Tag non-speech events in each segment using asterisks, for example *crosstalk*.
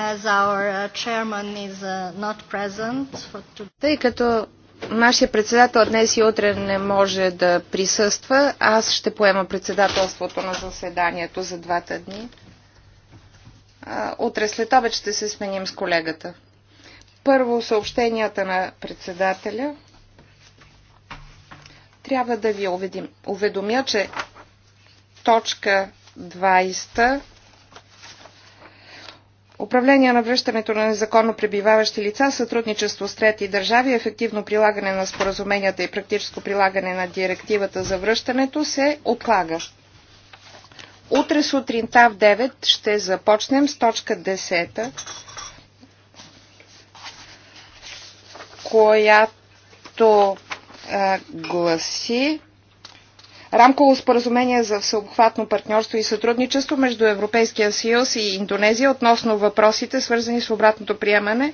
Uh, uh, Тъй като нашия председател днес и утре не може да присъства, аз ще поема председателството на заседанието за двата дни. Утре след обед ще се сменим с колегата. Първо съобщенията на председателя. Трябва да ви уведомя, че точка 20 управление на връщането на незаконно пребиваващи лица, сътрудничество с трети държави, ефективно прилагане на споразуменията и практическо прилагане на директивата за връщането се отлага. Утре сутринта в 9 ще започнем с точка 10, която а, гласи рамково споразумение за всеобхватно партньорство и сътрудничество между Европейския съюз и Индонезия относно въпросите, свързани с обратното приемане.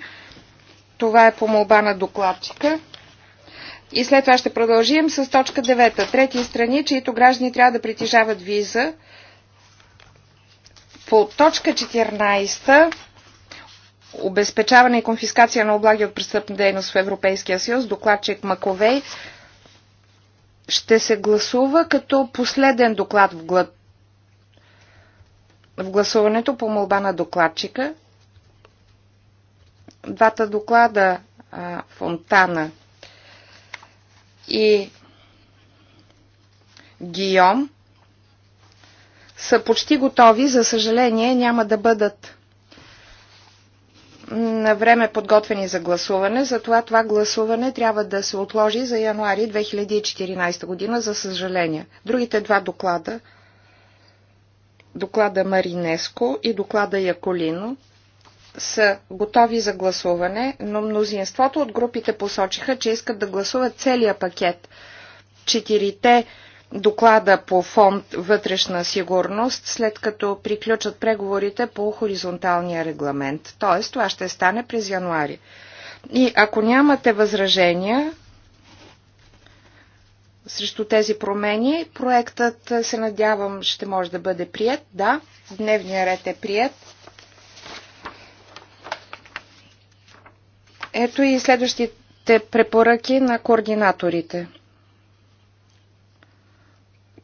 Това е по молба на докладчика. И след това ще продължим с точка 9. Трети страни, чието граждани трябва да притежават виза. По точка 14 обезпечаване и конфискация на облаги от престъпна дейност в Европейския съюз, докладчик Маковей, ще се гласува като последен доклад в, глад... в гласуването по молба на докладчика. Двата доклада а, Фонтана и Гийом са почти готови, за съжаление няма да бъдат на време подготвени за гласуване, затова това гласуване трябва да се отложи за януари 2014 година, за съжаление. Другите два доклада, доклада Маринеско и доклада Яколино, са готови за гласуване, но мнозинството от групите посочиха, че искат да гласуват целия пакет. Четирите доклада по фонд вътрешна сигурност, след като приключат преговорите по хоризонталния регламент. Тоест, това ще стане през януари. И ако нямате възражения срещу тези промени, проектът е, се надявам ще може да бъде прият. Да, дневния ред е прият. Ето и следващите препоръки на координаторите.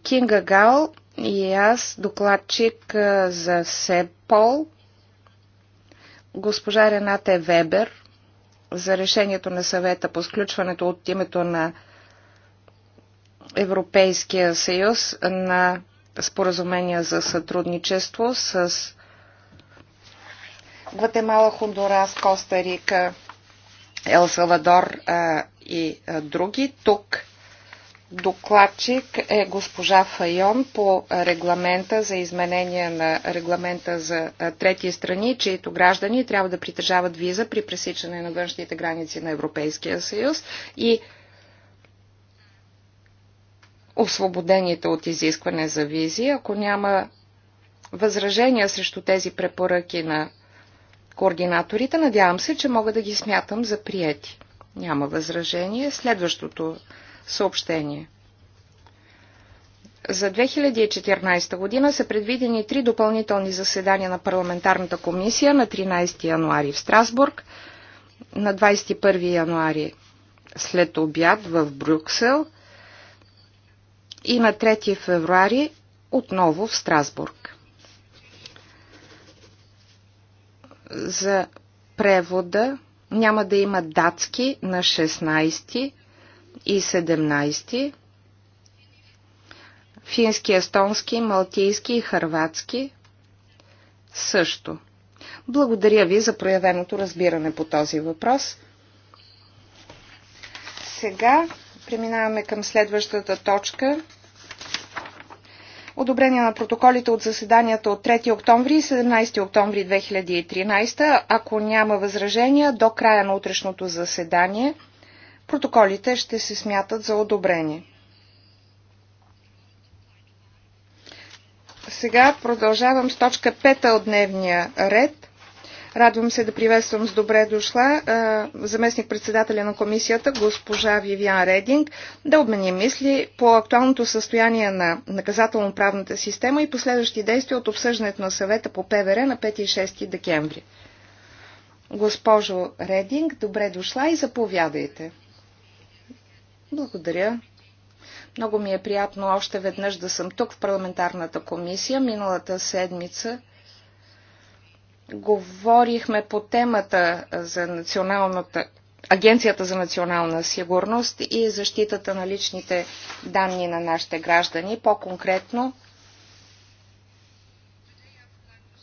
Кинга Гал и аз, докладчик за СЕПОЛ, госпожа Рената Вебер за решението на съвета по сключването от името на Европейския съюз на споразумения за сътрудничество с Гватемала, Хондурас, Коста Рика, Ел Салвадор а, и а, други. Тук Докладчик е госпожа Файон по регламента за изменение на регламента за трети страни, чието граждани трябва да притежават виза при пресичане на външните граници на Европейския съюз и освободените от изискване за визи. Ако няма възражения срещу тези препоръки на координаторите, надявам се, че мога да ги смятам за приети. Няма възражение. Следващото съобщение. За 2014 година са предвидени три допълнителни заседания на парламентарната комисия на 13 януари в Страсбург, на 21 януари след обяд в Брюксел и на 3 февруари отново в Страсбург. За превода няма да има датски на 16 и 17, фински, естонски, малтийски и хърватски също. Благодаря ви за проявеното разбиране по този въпрос. Сега преминаваме към следващата точка. Одобрение на протоколите от заседанията от 3 октомври и 17 октомври 2013. Ако няма възражения, до края на утрешното заседание – протоколите ще се смятат за одобрени. Сега продължавам с точка 5 от дневния ред. Радвам се да приветствам с добре дошла е, заместник-председателя на комисията, госпожа Вивиан Рединг, да обмени мисли по актуалното състояние на наказателно-правната система и последващи действия от обсъждането на съвета по ПВР на 5 и 6 декември. Госпожо Рединг, добре дошла и заповядайте. Благодаря. Много ми е приятно още веднъж да съм тук в парламентарната комисия. Миналата седмица говорихме по темата за националната Агенцията за национална сигурност и защитата на личните данни на нашите граждани, по-конкретно,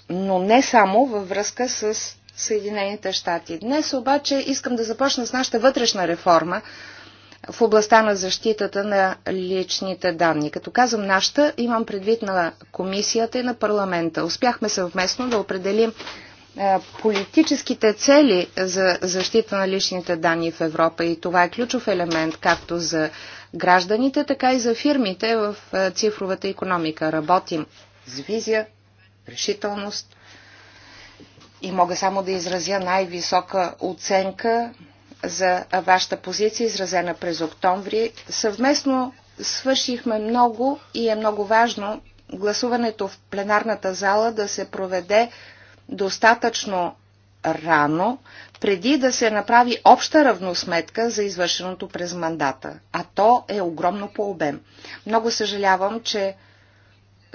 но не само във връзка с Съединените щати. Днес обаче искам да започна с нашата вътрешна реформа, в областта на защитата на личните данни. Като казвам нашата, имам предвид на комисията и на парламента. Успяхме съвместно да определим политическите цели за защита на личните данни в Европа и това е ключов елемент както за гражданите, така и за фирмите в цифровата економика. Работим с визия, решителност и мога само да изразя най-висока оценка за вашата позиция, изразена през октомври. Съвместно свършихме много и е много важно гласуването в пленарната зала да се проведе достатъчно рано, преди да се направи обща равносметка за извършеното през мандата. А то е огромно по обем. Много съжалявам, че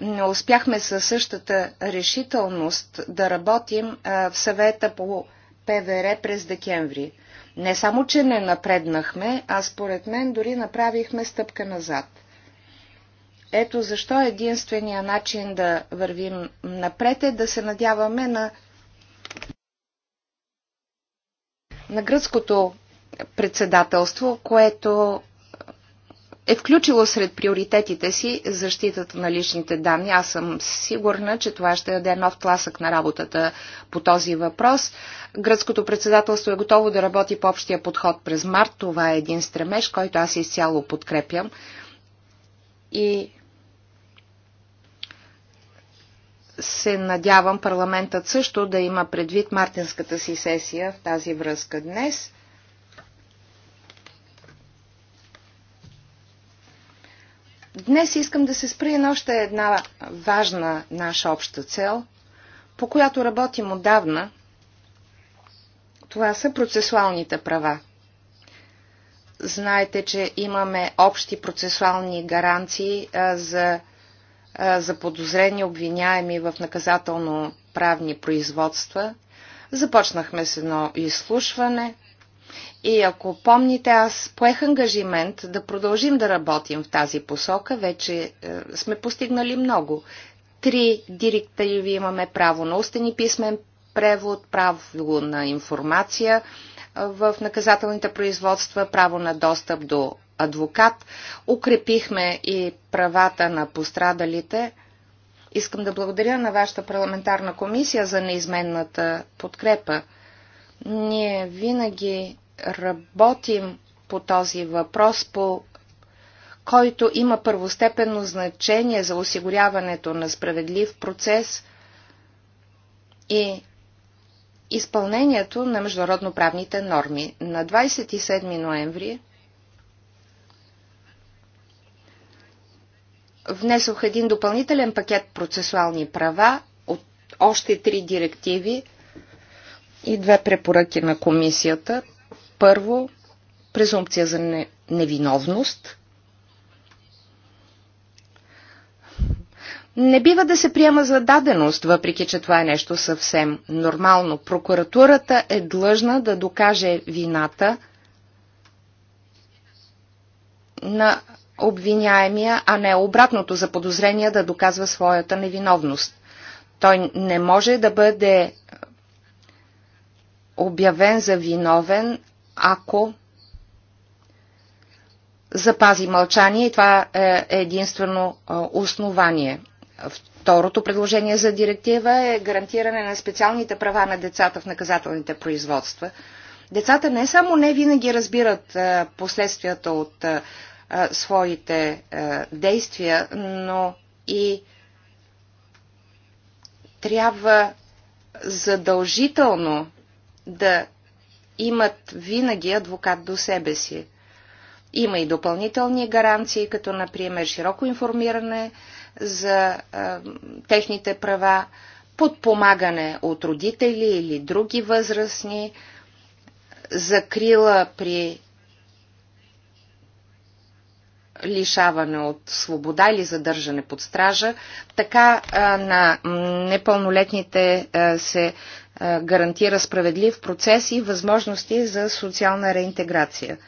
не успяхме със същата решителност да работим в съвета по ПВР през декември. Не само, че не напреднахме, а според мен дори направихме стъпка назад. Ето защо единствения начин да вървим напред е да се надяваме на, на гръцкото председателство, което е включило сред приоритетите си защитата на личните данни. Аз съм сигурна, че това ще даде нов тласък на работата по този въпрос. Гръцкото председателство е готово да работи по общия подход през март. Това е един стремеж, който аз изцяло подкрепям. И се надявам парламентът също да има предвид мартинската си сесия в тази връзка днес – Днес искам да се спри на още една важна наша обща цел, по която работим отдавна. Това са процесуалните права. Знаете, че имаме общи процесуални гаранции за, за подозрени обвиняеми в наказателно-правни производства. Започнахме с едно изслушване и ако помните, аз поех ангажимент да продължим да работим в тази посока. Вече е, сме постигнали много. Три директиви имаме право на устен и писмен превод, право на информация е, в наказателните производства, право на достъп до адвокат. Укрепихме и правата на пострадалите. Искам да благодаря на вашата парламентарна комисия за неизменната подкрепа. Ние винаги работим по този въпрос, по който има първостепенно значение за осигуряването на справедлив процес и изпълнението на международноправните норми. На 27 ноември внесох един допълнителен пакет процесуални права от още три директиви и две препоръки на комисията – първо, презумпция за невиновност. Не бива да се приема за даденост, въпреки че това е нещо съвсем нормално. Прокуратурата е длъжна да докаже вината на обвиняемия, а не обратното за подозрение да доказва своята невиновност. Той не може да бъде обявен за виновен, ако запази мълчание и това е единствено основание. Второто предложение за директива е гарантиране на специалните права на децата в наказателните производства. Децата не само не винаги разбират последствията от своите действия, но и трябва задължително да имат винаги адвокат до себе си. Има и допълнителни гаранции, като например широко информиране за е, техните права, подпомагане от родители или други възрастни, закрила при лишаване от свобода или задържане под стража. Така а, на непълнолетните а, се гарантира справедлив процес и възможности за социална реинтеграция.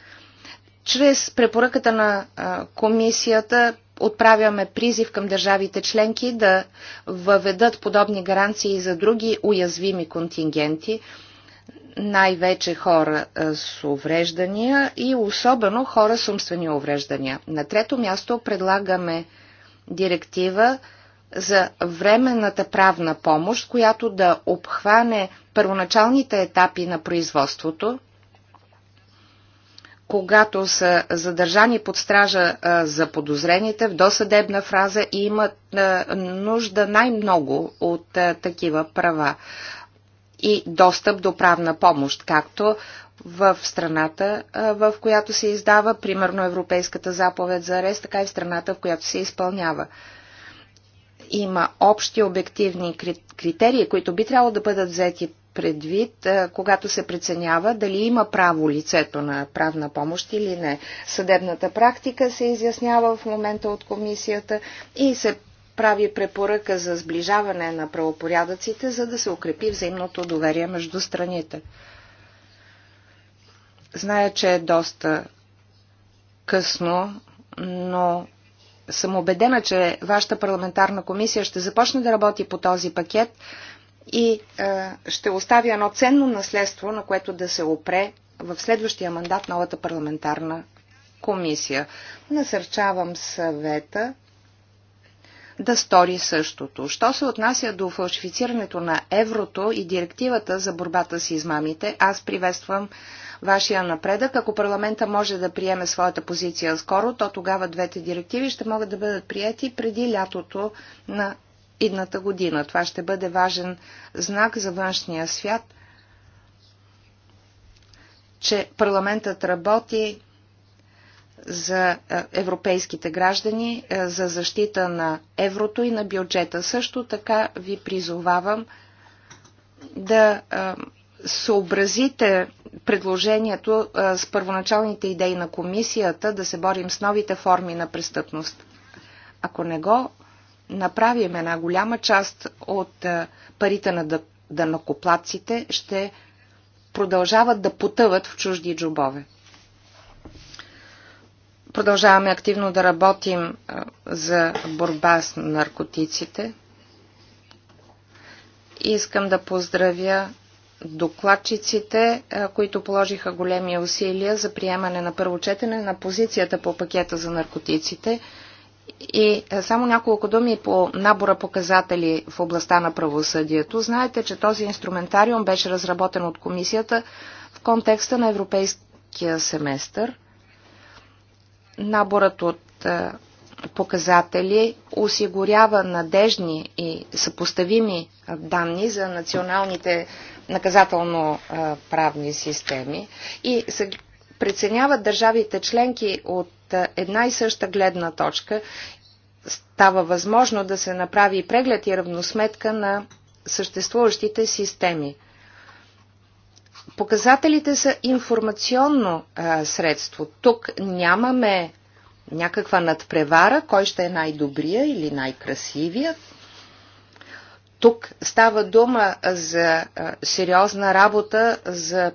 Чрез препоръката на комисията отправяме призив към държавите членки да въведат подобни гаранции за други уязвими контингенти, най-вече хора с увреждания и особено хора с умствени увреждания. На трето място предлагаме директива за временната правна помощ, която да обхване първоначалните етапи на производството, когато са задържани под стража за подозрените в досъдебна фраза и имат нужда най-много от такива права и достъп до правна помощ, както в страната, в която се издава, примерно Европейската заповед за арест, така и в страната, в която се изпълнява. Има общи обективни критерии, които би трябвало да бъдат взети предвид, когато се преценява дали има право лицето на правна помощ или не. Съдебната практика се изяснява в момента от комисията и се прави препоръка за сближаване на правопорядъците, за да се укрепи взаимното доверие между страните. Зная, че е доста късно, но съм убедена, че вашата парламентарна комисия ще започне да работи по този пакет и е, ще остави едно ценно наследство, на което да се опре в следващия мандат новата парламентарна комисия. Насърчавам съвета да стори същото. Що се отнася до фалшифицирането на еврото и директивата за борбата с измамите, аз приветствам вашия напредък. Ако парламента може да приеме своята позиция скоро, то тогава двете директиви ще могат да бъдат прияти преди лятото на идната година. Това ще бъде важен знак за външния свят, че парламентът работи за е, европейските граждани, е, за защита на еврото и на бюджета. Също така ви призовавам да е, съобразите предложението с първоначалните идеи на комисията да се борим с новите форми на престъпност. Ако не го направим, една голяма част от парите на данакоплаците ще продължават да потъват в чужди джобове. Продължаваме активно да работим за борба с наркотиците. Искам да поздравя докладчиците, които положиха големи усилия за приемане на първо четене на позицията по пакета за наркотиците. И само няколко думи по набора показатели в областта на правосъдието. Знаете, че този инструментариум беше разработен от комисията в контекста на европейския семестър – Наборът от е, показатели осигурява надежни и съпоставими е, данни за националните наказателно-правни системи и се преценяват държавите членки от е, една и съща гледна точка. Става възможно да се направи преглед и равносметка на съществуващите системи. Показателите са информационно а, средство. Тук нямаме някаква надпревара, кой ще е най-добрия или най-красивия. Тук става дума за а, сериозна работа за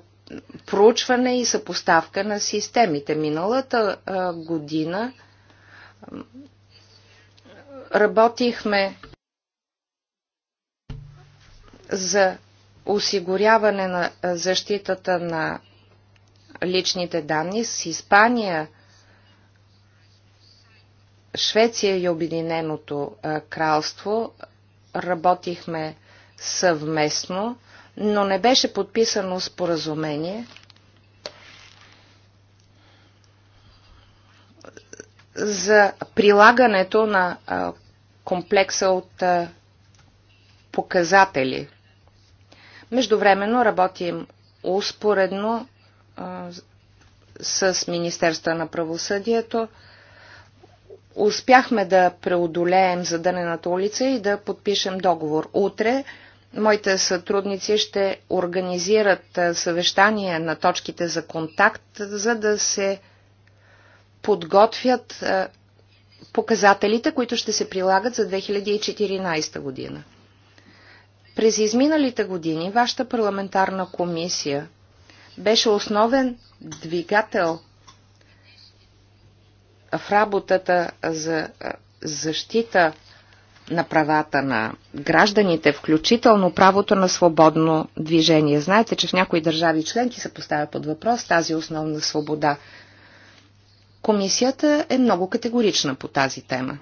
проучване и съпоставка на системите. Миналата а, година работихме за осигуряване на защитата на личните данни с Испания, Швеция и Обединеното кралство работихме съвместно, но не беше подписано споразумение. за прилагането на комплекса от показатели – Междувременно работим успоредно а, с Министерства на правосъдието. Успяхме да преодолеем задънената улица и да подпишем договор. Утре моите сътрудници ще организират съвещания на точките за контакт, за да се подготвят показателите, които ще се прилагат за 2014 година. През изминалите години вашата парламентарна комисия беше основен двигател в работата за защита на правата на гражданите, включително правото на свободно движение. Знаете, че в някои държави членки се поставя под въпрос тази основна свобода. Комисията е много категорична по тази тема.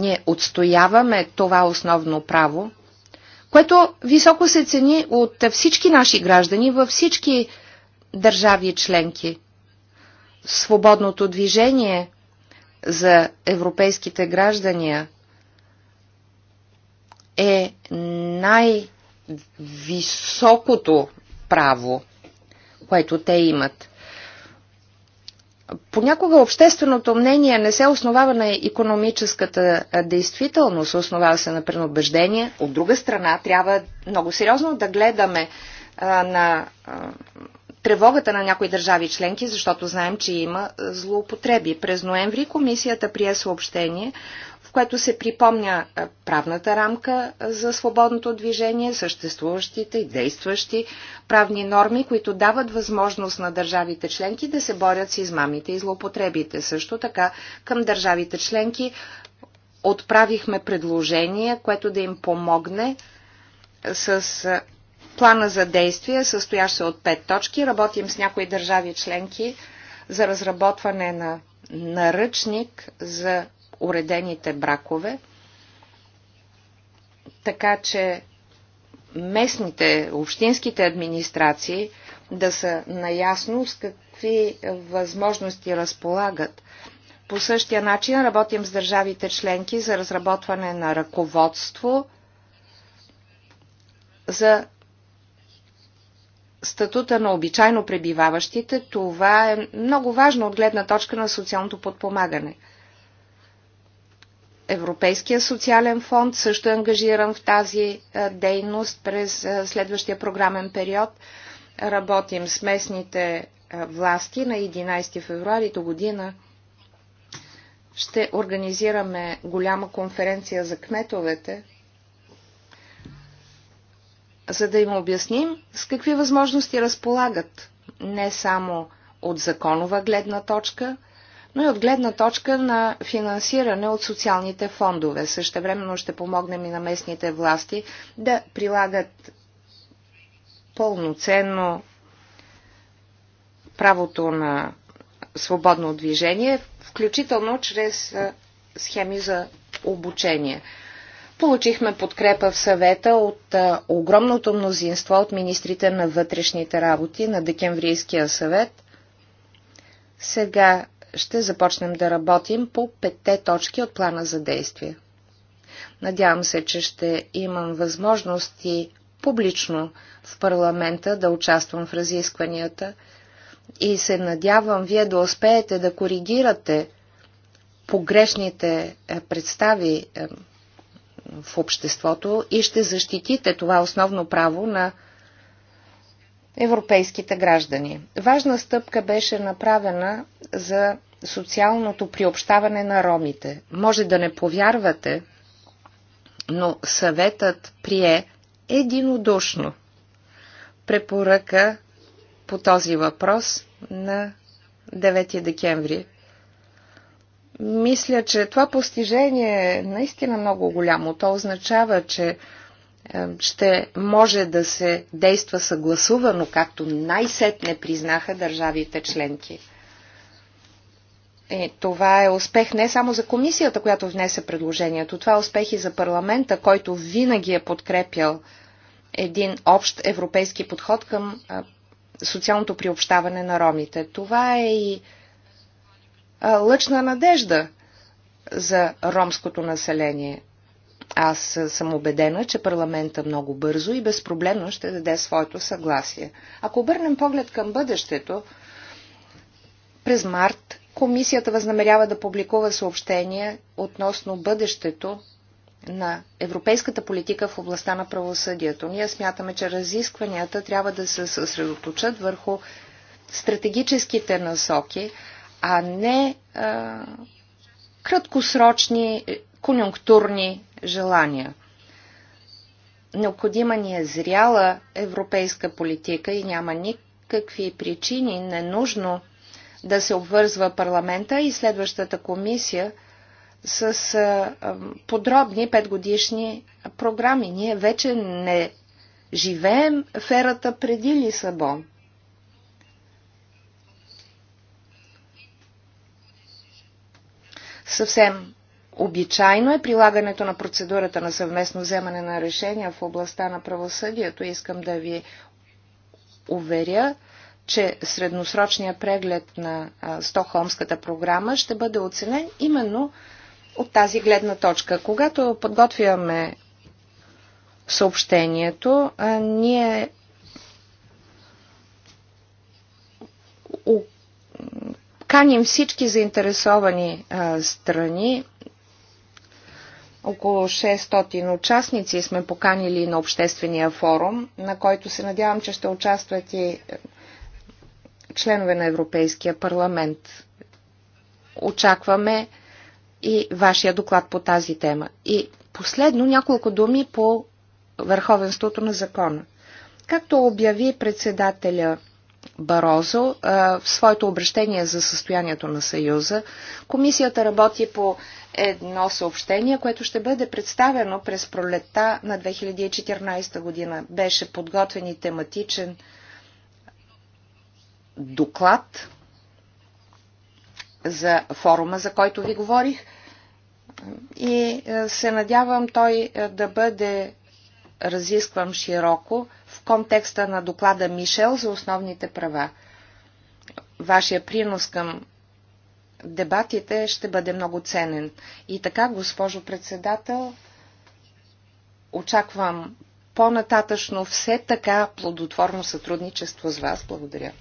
Ние отстояваме това основно право, което високо се цени от всички наши граждани във всички държави членки. Свободното движение за европейските граждани е най-високото право, което те имат. Понякога общественото мнение не се основава на економическата действителност, основава се на пренобеждение. От друга страна, трябва много сериозно да гледаме а, на а, тревогата на някои държави членки, защото знаем, че има злоупотреби. През ноември комисията прие съобщение в което се припомня правната рамка за свободното движение, съществуващите и действащи правни норми, които дават възможност на държавите членки да се борят с измамите и злоупотребите. Също така към държавите членки отправихме предложение, което да им помогне с плана за действие, състоящ се от пет точки. Работим с някои държави членки за разработване на наръчник за уредените бракове, така че местните, общинските администрации да са наясно с какви възможности разполагат. По същия начин работим с държавите членки за разработване на ръководство за статута на обичайно пребиваващите. Това е много важно от гледна точка на социалното подпомагане – Европейския социален фонд също е ангажиран в тази дейност през следващия програмен период. Работим с местните власти на 11 февруари до година. Ще организираме голяма конференция за кметовете, за да им обясним с какви възможности разполагат не само от законова гледна точка – но и от гледна точка на финансиране от социалните фондове. Същевременно ще помогнем и на местните власти да прилагат пълноценно правото на свободно движение, включително чрез схеми за обучение. Получихме подкрепа в съвета от огромното мнозинство от министрите на вътрешните работи на Декемврийския съвет. Сега ще започнем да работим по петте точки от плана за действие. Надявам се, че ще имам възможности публично в парламента да участвам в разискванията и се надявам вие да успеете да коригирате погрешните е, представи е, в обществото и ще защитите това основно право на европейските граждани. Важна стъпка беше направена за социалното приобщаване на ромите. Може да не повярвате, но съветът прие единодушно препоръка по този въпрос на 9 декември. Мисля, че това постижение е наистина много голямо. То означава, че ще може да се действа съгласувано, както най-сетне признаха държавите членки. И е, това е успех не само за комисията, която внесе предложението, това е успех и за парламента, който винаги е подкрепял един общ европейски подход към социалното приобщаване на ромите. Това е и лъчна надежда за ромското население. Аз съм убедена, че парламента много бързо и безпроблемно ще даде своето съгласие. Ако обърнем поглед към бъдещето, през март комисията възнамерява да публикува съобщение относно бъдещето на европейската политика в областта на правосъдието. Ние смятаме, че разискванията трябва да се съсредоточат върху стратегическите насоки, а не а, краткосрочни, конюнктурни желания. Необходима ни е зряла европейска политика и няма никакви причини ненужно да се обвързва парламента и следващата комисия с подробни петгодишни програми. Ние вече не живеем в ерата преди Лисабон. Съвсем Обичайно е прилагането на процедурата на съвместно вземане на решения в областта на правосъдието. Искам да ви уверя, че средносрочният преглед на Стокхолмската програма ще бъде оценен именно от тази гледна точка. Когато подготвяме съобщението, ние каним всички заинтересовани страни около 600 участници сме поканили на обществения форум, на който се надявам, че ще участват и е, членове на Европейския парламент. Очакваме и вашия доклад по тази тема. И последно няколко думи по върховенството на закона. Както обяви председателя Барозо в своето обращение за състоянието на Съюза. Комисията работи по едно съобщение, което ще бъде представено през пролетта на 2014 година. Беше подготвен и тематичен доклад за форума, за който ви говорих. И е, се надявам той е, да бъде разисквам широко в контекста на доклада Мишел за основните права. Вашия принос към дебатите ще бъде много ценен. И така, госпожо председател, очаквам по-нататъчно все така плодотворно сътрудничество с вас. Благодаря.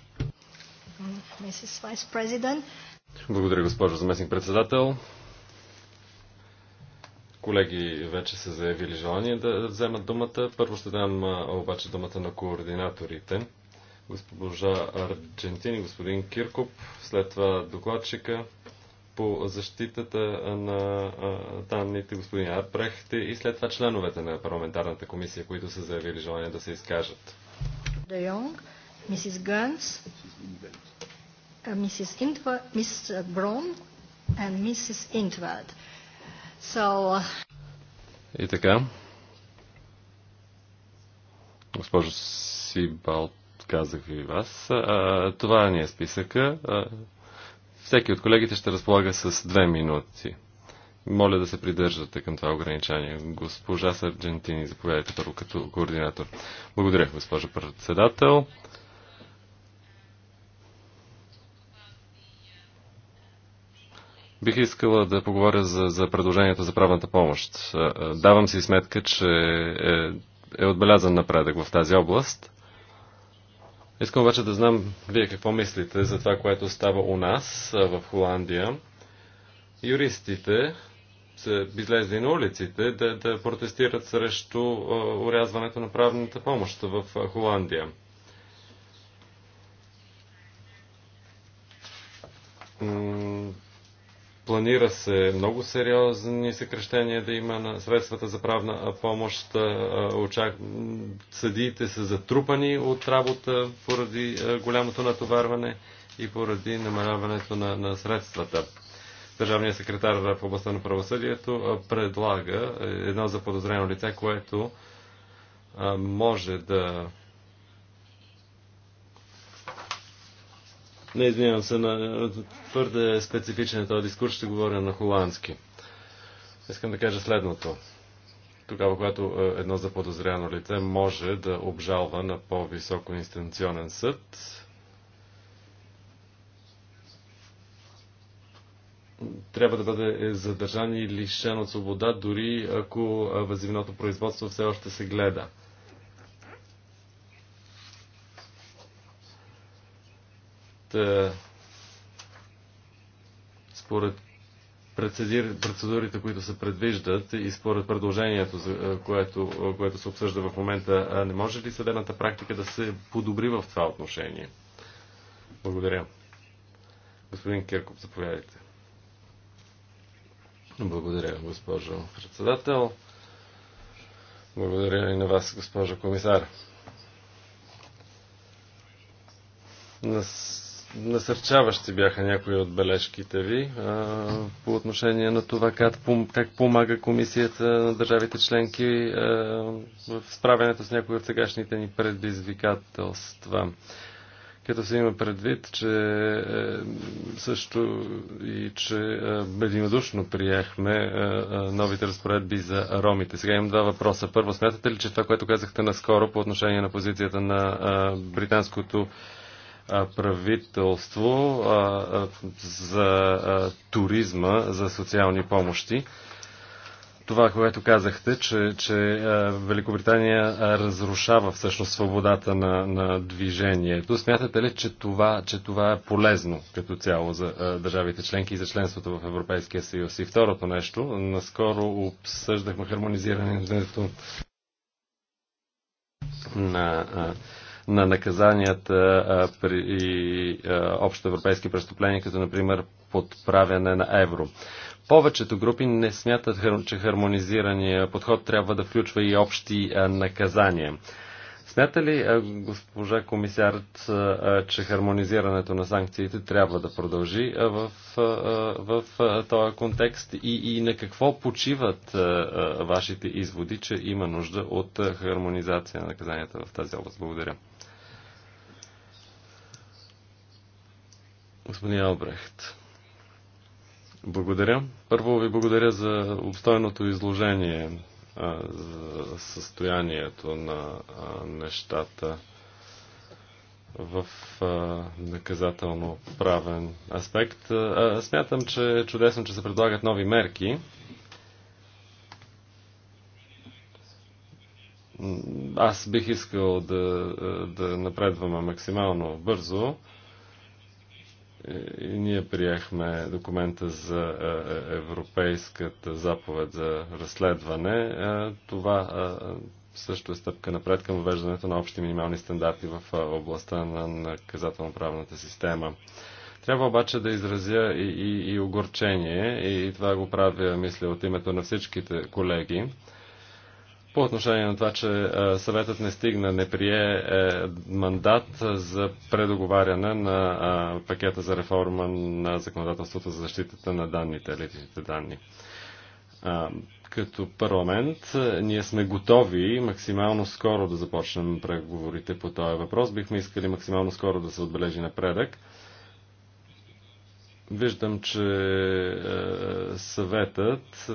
Благодаря, госпожо заместник председател колеги вече са заявили желание да вземат думата. Първо ще дам обаче думата на координаторите. Госпожа Арджентин и господин Киркоп, след това докладчика по защитата на данните господин Арпрехте и след това членовете на парламентарната комисия, които са заявили желание да се изкажат. Де Йонг, мисис Ганс, мисис Интва, мисис Брон и мисис Интвард. So... И така. Госпожо Сибал, казах ви вас. А, това ни е списъка. А, всеки от колегите ще разполага с две минути. Моля да се придържате към това ограничение. Госпожа Сарджентини, заповядайте първо като координатор. Благодаря, госпожо председател. Бих искала да поговоря за, за предложението за правната помощ. Е, е, давам си сметка, че е, е отбелязан напредък в тази област. Искам обаче да знам вие какво мислите за това, което става у нас е, в Холандия. Юристите са излезли на улиците да, да протестират срещу урязването на правната помощ в Холандия. Планира се много сериозни съкрещения да има на средствата за правна помощ. Очак... Съдиите са затрупани от работа поради голямото натоварване и поради намаляването на, на средствата. Държавният секретар в областта на правосъдието предлага е, едно заподозрено лице, което може да Не, извинявам се, на... твърде специфичен е този дискурс, ще говоря на холандски. Искам да кажа следното. Тогава, когато е, едно заподозряно лице може да обжалва на по-високо инстанционен съд, трябва да бъде е, задържан и лишен от свобода, дори ако е, възивното производство все още се гледа. Е, според процедурите, които се предвиждат и според предложението, е, което, е, което се обсъжда в момента, не може ли съдебната практика да се подобри в това отношение? Благодаря. Господин Кирков, заповядайте. Благодаря, госпожо председател. Благодаря и на вас, госпожо комисар. На Насърчаващи бяха някои от бележките ви а, по отношение на това как, как помага комисията на държавите членки а, в справянето с някои от сегашните ни предизвикателства. Като се има предвид, че е, също и че е, единодушно приехме е, новите разпоредби за ромите. Сега имам два въпроса. Първо, смятате ли, че това, което казахте наскоро по отношение на позицията на британското правителство за туризма, за социални помощи. Това, което казахте, че, че Великобритания разрушава всъщност свободата на, на движението. Смятате ли, че това, че това е полезно като цяло за държавите членки и за членството в Европейския съюз? И второто нещо, наскоро обсъждахме хармонизирането на на наказанията при общоевропейски престъпления, като например подправяне на евро. Повечето групи не смятат, че хармонизирания подход трябва да включва и общи наказания. Смята ли госпожа комисарът, че хармонизирането на санкциите трябва да продължи в, в този контекст и, и на какво почиват вашите изводи, че има нужда от хармонизация на наказанията в тази област? Благодаря. Господин Албрехт. Благодаря. Първо ви благодаря за обстойното изложение за състоянието на нещата в наказателно-правен аспект. Смятам, че е чудесно, че се предлагат нови мерки. Аз бих искал да, да напредваме максимално бързо. Е, и ние приехме документа за е, е, Европейската заповед за разследване. Това също е стъпка напред към въвеждането на общи минимални стандарти в областта на наказателно-правната система. Трябва обаче да изразя и, и, и огорчение, и това го правя, мисля, от името на всичките колеги, по отношение на това, че съветът не стигна, не прие е, мандат за предоговаряне на пакета за реформа на законодателството за защитата на данните, личните данни. Като парламент е, ние сме готови максимално скоро да започнем преговорите по този въпрос. Бихме искали максимално скоро да се отбележи напредък Виждам, че е, съветът е,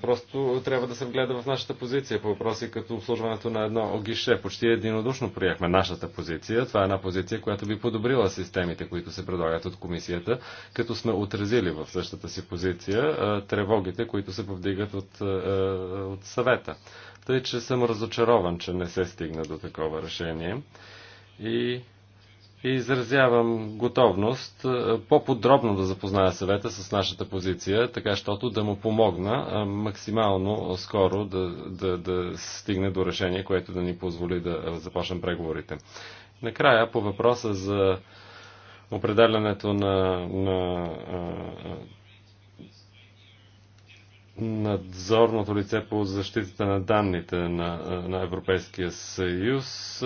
просто трябва да се вгледа в нашата позиция по въпроси като обслужването на едно огише. Почти единодушно приехме нашата позиция. Това е една позиция, която би подобрила системите, които се предлагат от комисията, като сме отразили в същата си позиция е, тревогите, които се повдигат от, от съвета. Тъй, че съм разочарован, че не се стигна до такова решение. И и изразявам готовност е, по-подробно да запозная съвета с нашата позиция, така щото да му помогна е, максимално скоро да, да, да стигне до решение, което да ни позволи да е, започнем преговорите. Накрая по въпроса за определянето на, на надзорното лице по защитата на данните на, на Европейския съюз.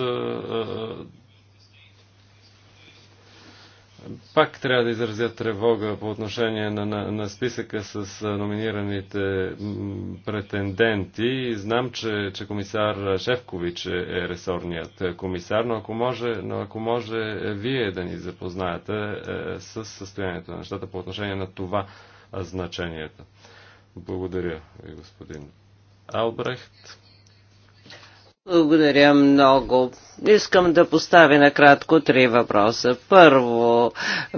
Пак трябва да изразя тревога по отношение на, на, на списъка с номинираните претенденти. Знам, че, че комисар Шевкович е, е ресорният е, комисар, но ако може, но ако може е, вие да ни запознаете с състоянието на нещата по отношение на това значението. Благодаря ви, господин Албрехт. Благодаря много. Искам да поставя накратко три въпроса. Първо,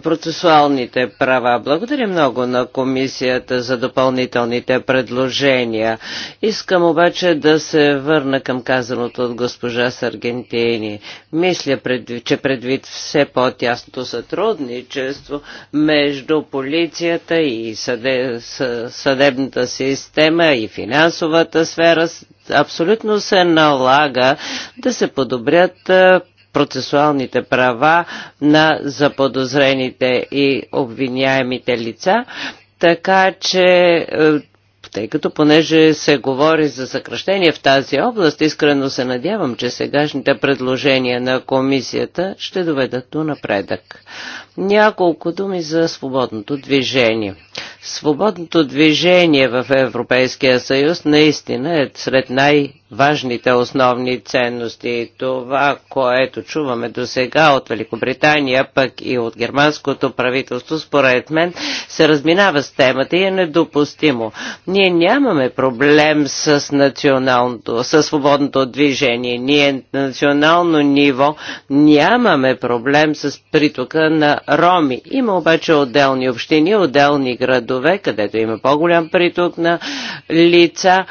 процесуалните права. Благодаря много на комисията за допълнителните предложения. Искам обаче да се върна към казаното от госпожа Саргентини. Мисля, че предвид все по-тясното сътрудничество между полицията и съдебната система и финансовата сфера, абсолютно се налага да се подобрят гарантират процесуалните права на заподозрените и обвиняемите лица, така че тъй като понеже се говори за съкръщение в тази област, искрено се надявам, че сегашните предложения на комисията ще доведат до напредък. Няколко думи за свободното движение. Свободното движение в Европейския съюз наистина е сред най- важните основни ценности. Това, което чуваме до сега от Великобритания, пък и от германското правителство, според мен, се разминава с темата и е недопустимо. Ние нямаме проблем с националното, с свободното движение. Ние на национално ниво нямаме проблем с притока на роми. Има обаче отделни общини, отделни градове, където има по-голям приток на лица,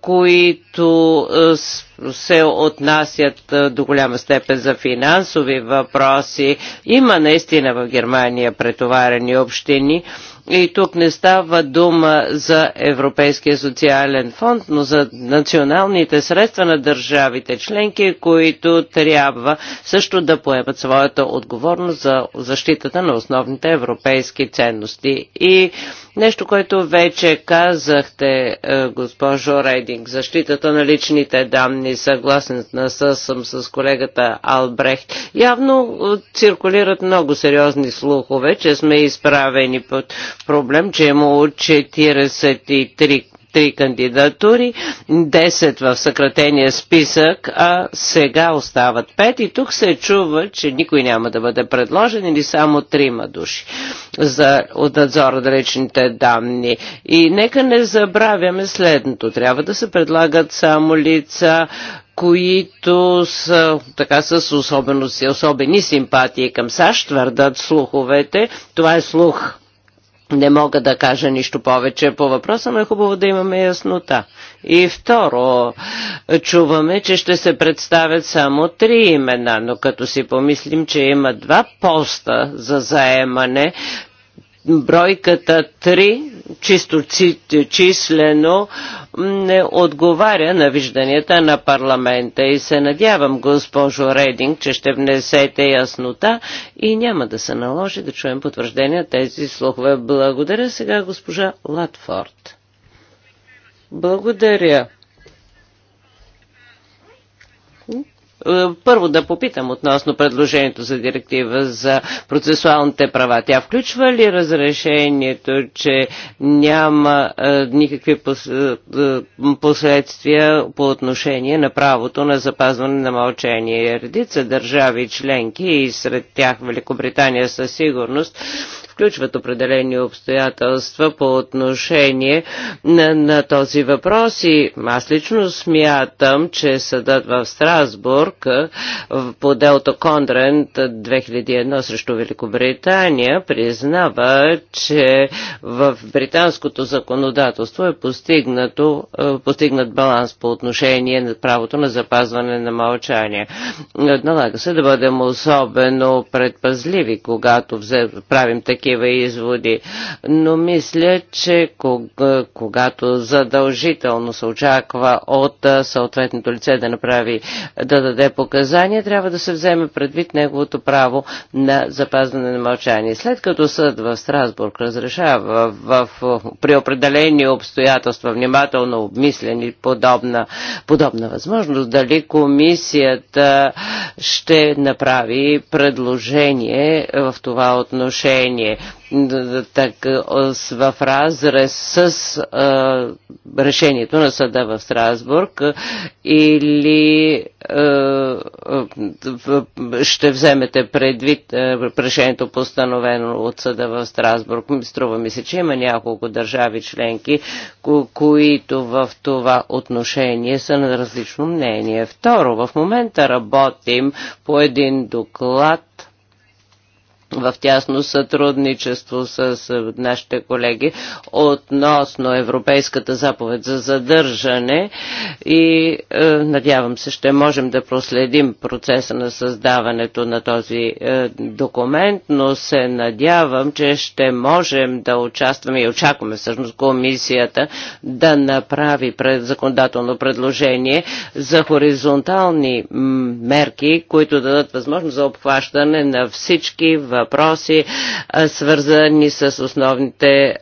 които които е, се отнасят е, до голяма степен за финансови въпроси. Има наистина в Германия претоварени общини, и тук не става дума за Европейския социален фонд, но за националните средства на държавите членки, които трябва също да поемат своята отговорност за защитата на основните европейски ценности. И Нещо, което вече казахте, е, госпожо Рейдинг, защитата на личните данни, съгласен с, съм с колегата Албрехт. Явно е, циркулират много сериозни слухове, че сме изправени под проблем, че е има 43 три кандидатури, 10 в съкратения списък, а сега остават 5 и тук се чува, че никой няма да бъде предложен или само трима души за, от надзора на речните данни. И нека не забравяме следното. Трябва да се предлагат само лица, които са така с особено, особени симпатии към САЩ, твърдат слуховете. Това е слух не мога да кажа нищо повече по въпроса, но е хубаво да имаме яснота. И второ, чуваме, че ще се представят само три имена, но като си помислим, че има два поста за заемане, бройката 3 чисто числено не отговаря на вижданията на парламента и се надявам, госпожо Рейдинг, че ще внесете яснота и няма да се наложи да чуем потвърждение тези слухове. Благодаря сега госпожа Латфорд. Благодаря. Е, първо да попитам относно предложението за директива за процесуалните права. Тя включва ли разрешението, че няма е, никакви е, последствия по отношение на правото на запазване на мълчание? Редица държави членки и сред тях Великобритания със сигурност изключват определени обстоятелства по отношение на, на този въпрос и аз лично смятам, че съдът в Страсбург по делото Кондрент 2001 срещу Великобритания признава, че в британското законодателство е постигнато, постигнат баланс по отношение на правото на запазване на мълчание. Налага се да бъдем особено предпазливи, когато правим такива такива изводи. Но мисля, че когато задължително се очаква от съответното лице да направи, да даде показания, трябва да се вземе предвид неговото право на запазване на мълчание. След като съд в Страсбург разрешава в, в, при определени обстоятелства внимателно обмислени подобна, подобна възможност, дали комисията ще направи предложение в това отношение так, в разрез с а, решението на съда в Страсбург или а, ще вземете предвид а, решението постановено от съда в Страсбург. Струва ми се, че има няколко държави членки, ко които в това отношение са на различно мнение. Второ, в момента работим по един доклад в тясно сътрудничество с нашите колеги относно Европейската заповед за задържане и е, надявам се ще можем да проследим процеса на създаването на този е, документ, но се надявам, че ще можем да участваме и очакваме всъщност комисията да направи законодателно предложение за хоризонтални мерки, които дадат възможност за обхващане на всички в въпроси, свързани с основните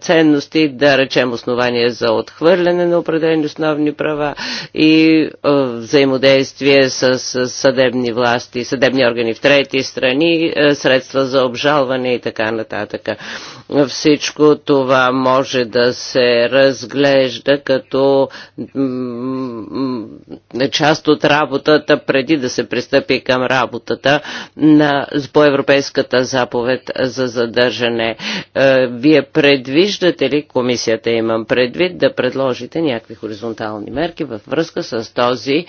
ценности, да речем основания за отхвърляне на определени основни права и взаимодействие с съдебни власти, съдебни органи в трети страни, средства за обжалване и така нататък. Всичко това може да се разглежда като част от работата преди да се пристъпи към работата на по Европейската заповед за задържане. Е, вие предвиждате ли, комисията имам предвид, да предложите някакви хоризонтални мерки във връзка с този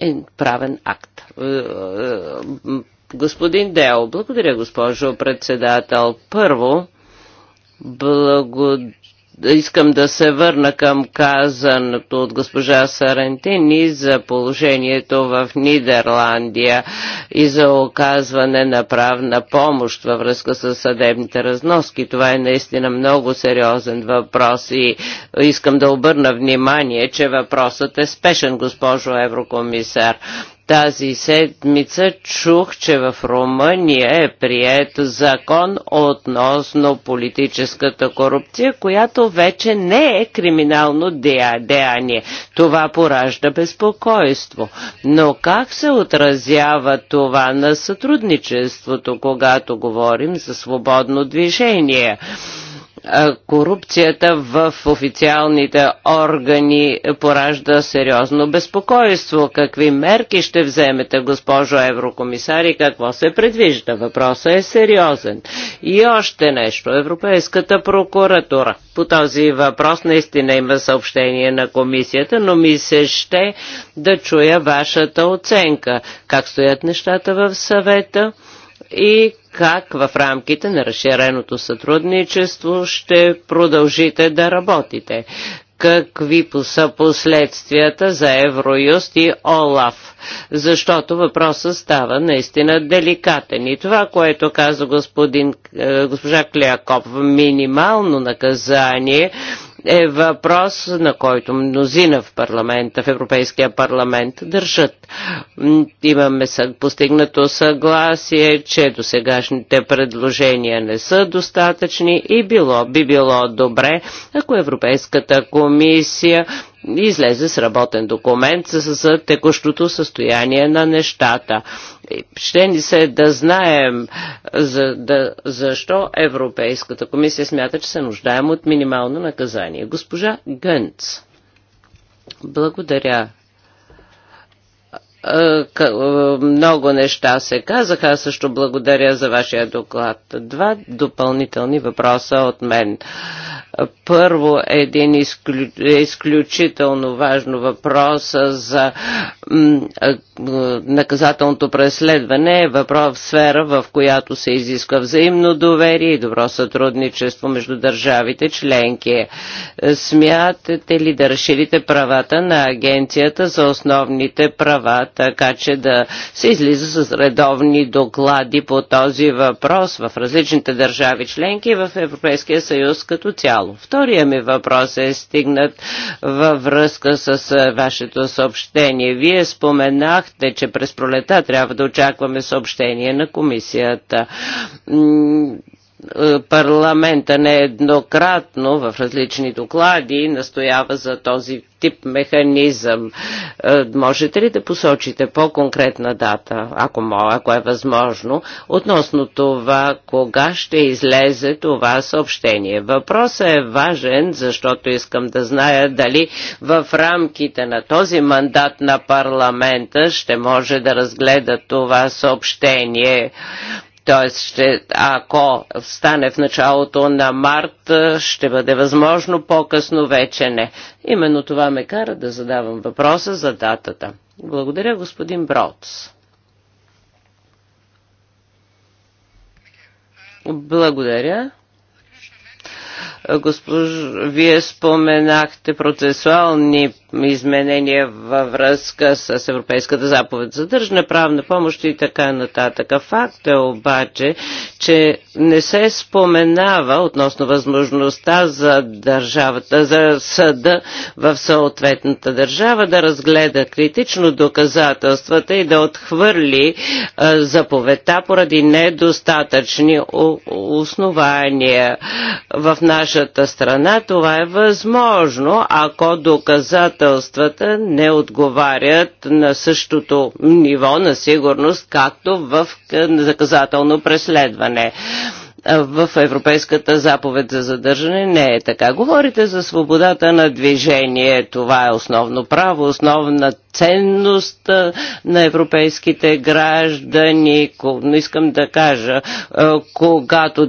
е, правен акт? Е, господин Део, благодаря, госпожо председател. Първо, благодаря искам да се върна към казаното от госпожа Сарантини за положението в Нидерландия и за оказване на правна помощ във връзка с съдебните разноски. Това е наистина много сериозен въпрос и искам да обърна внимание, че въпросът е спешен, госпожо Еврокомисар. Тази седмица чух, че в Румъния е прият закон относно политическата корупция, която вече не е криминално деяние. Това поражда безпокойство. Но как се отразява това на сътрудничеството, когато говорим за свободно движение? корупцията в официалните органи поражда сериозно безпокойство. Какви мерки ще вземете, госпожо еврокомисар, и какво се предвижда? Въпросът е сериозен. И още нещо. Европейската прокуратура. По този въпрос наистина има съобщение на комисията, но ми се ще да чуя вашата оценка. Как стоят нещата в съвета? и как в рамките на разширеното сътрудничество ще продължите да работите? Какви са последствията за Евроюст и ОЛАФ? Защото въпросът става наистина деликатен. И това, което каза господин, е, госпожа Клеякоп, минимално наказание е въпрос, на който мнозина в парламента, в Европейския парламент държат. Имаме постигнато съгласие, че досегашните предложения не са достатъчни и било, би било добре, ако Европейската комисия излезе с работен документ за, за текущото състояние на нещата ще ни се да знаем за, да, защо Европейската комисия смята, че се нуждаем от минимално наказание. Госпожа Гънц. Благодаря. Много неща се казаха. Аз също благодаря за вашия доклад. Два допълнителни въпроса от мен първо, един е изключително важно въпрос за наказателното преследване е въпрос в сфера, в която се изисква взаимно доверие и добро сътрудничество между държавите членки. Смятате ли да разширите правата на Агенцията за основните права, така че да се излиза с редовни доклади по този въпрос в различните държави членки и в Европейския съюз като цяло? Втория ми въпрос е стигнат във връзка с вашето съобщение. Вие споменахте, че през пролета трябва да очакваме съобщение на комисията. Е, парламента нееднократно в различни доклади настоява за този тип механизъм. Е, можете ли да посочите по-конкретна дата, ако, мога, ако е възможно, относно това, кога ще излезе това съобщение? Въпросът е важен, защото искам да зная дали в рамките на този мандат на парламента ще може да разгледа това съобщение т.е. ще, ако стане в началото на март, ще бъде възможно, по-късно вече не. Именно това ме кара да задавам въпроса за датата. Благодаря, господин Бродс. Благодаря. Госпож, вие споменахте процесуални изменения във връзка с Европейската заповед за държна правна помощ и така нататък. Факт е обаче, че не се споменава относно възможността за държавата, за съда в съответната държава да разгледа критично доказателствата и да отхвърли заповедта поради недостатъчни основания. В нашата страна това е възможно, ако доказателството обстоятелствата не отговарят на същото ниво на сигурност, както в наказателно преследване в Европейската заповед за задържане не е така. Говорите за свободата на движение. Това е основно право, основна ценност на европейските граждани. Искам да кажа, когато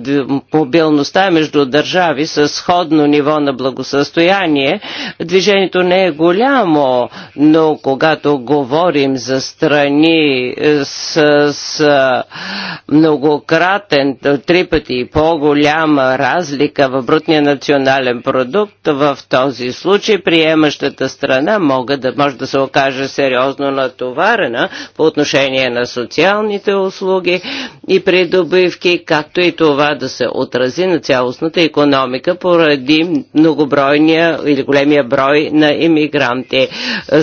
мобилността е между държави с сходно ниво на благосъстояние, движението не е голямо, но когато говорим за страни е, с, с многократен, три пъти и по-голяма разлика в брутния национален продукт, в този случай приемащата страна може да, може да се окаже кажа, сериозно натоварена по отношение на социалните услуги и придобивки, както и това да се отрази на цялостната економика поради многобройния или големия брой на иммигранти.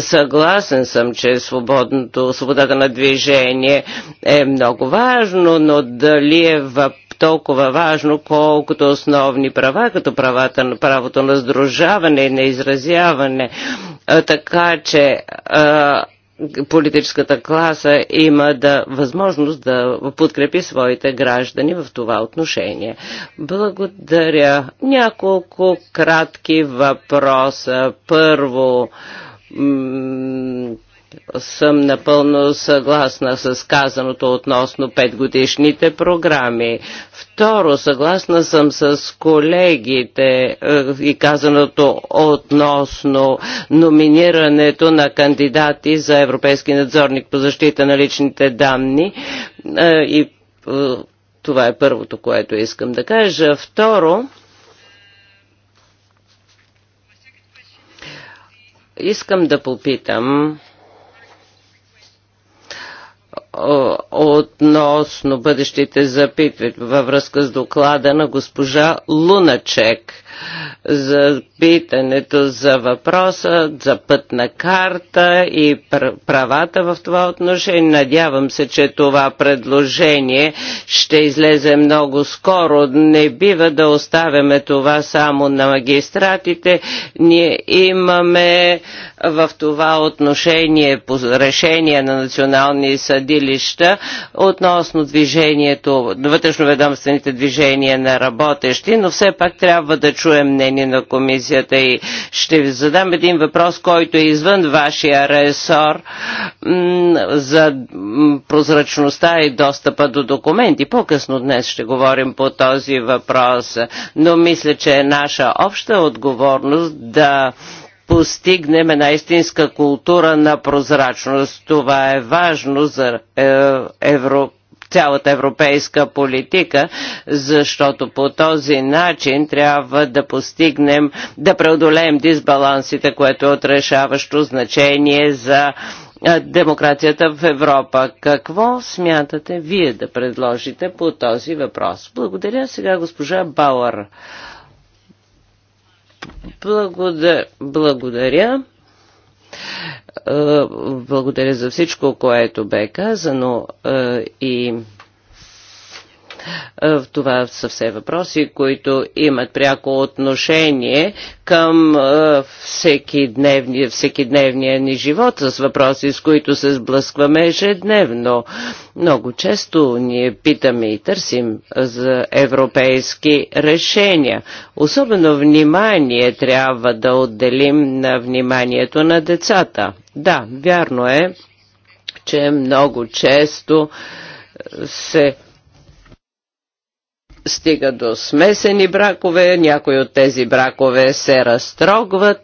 Съгласен съм, че свободното, свободата на движение е много важно, но дали е въпрос толкова важно, колкото основни права, като правата, правото на сдружаване и на изразяване. Така че политическата класа има да, възможност да подкрепи своите граждани в това отношение. Благодаря. Няколко кратки въпроса. Първо, съм напълно съгласна с казаното относно петгодишните програми. Второ, съгласна съм с колегите е, и казаното относно номинирането на кандидати за Европейски надзорник по защита на личните данни е, и е, това е първото, което искам да кажа. Второ, искам да попитам относно бъдещите запитвания във връзка с доклада на госпожа Луначек – за питането, за въпроса, за пътна карта и правата в това отношение. Надявам се, че това предложение ще излезе много скоро. Не бива да оставяме това само на магистратите. Ние имаме в това отношение по решение на национални съдилища относно движението, вътрешноведомствените движения на работещи, но все пак трябва да чуем чуем мнение на комисията и ще ви задам един въпрос, който е извън вашия ресор за прозрачността и достъпа до документи. По-късно днес ще говорим по този въпрос, но мисля, че е наша обща отговорност да постигнем една истинска култура на прозрачност. Това е важно за е, Европа цялата европейска политика, защото по този начин трябва да постигнем, да преодолеем дисбалансите, което е отрешаващо значение за демокрацията в Европа. Какво смятате вие да предложите по този въпрос? Благодаря сега госпожа Бауър. Благодаря. Благодаря. Е, благодаря за всичко, което бе казано е, и е, това са все въпроси, които имат пряко отношение към е, всеки, дневни, всеки дневния ни живот, с въпроси, с които се сблъскваме ежедневно. Много често ние питаме и търсим за европейски решения. Особено внимание трябва да отделим на вниманието на децата. Да, вярно е, че много често се стига до смесени бракове, някои от тези бракове се разтрогват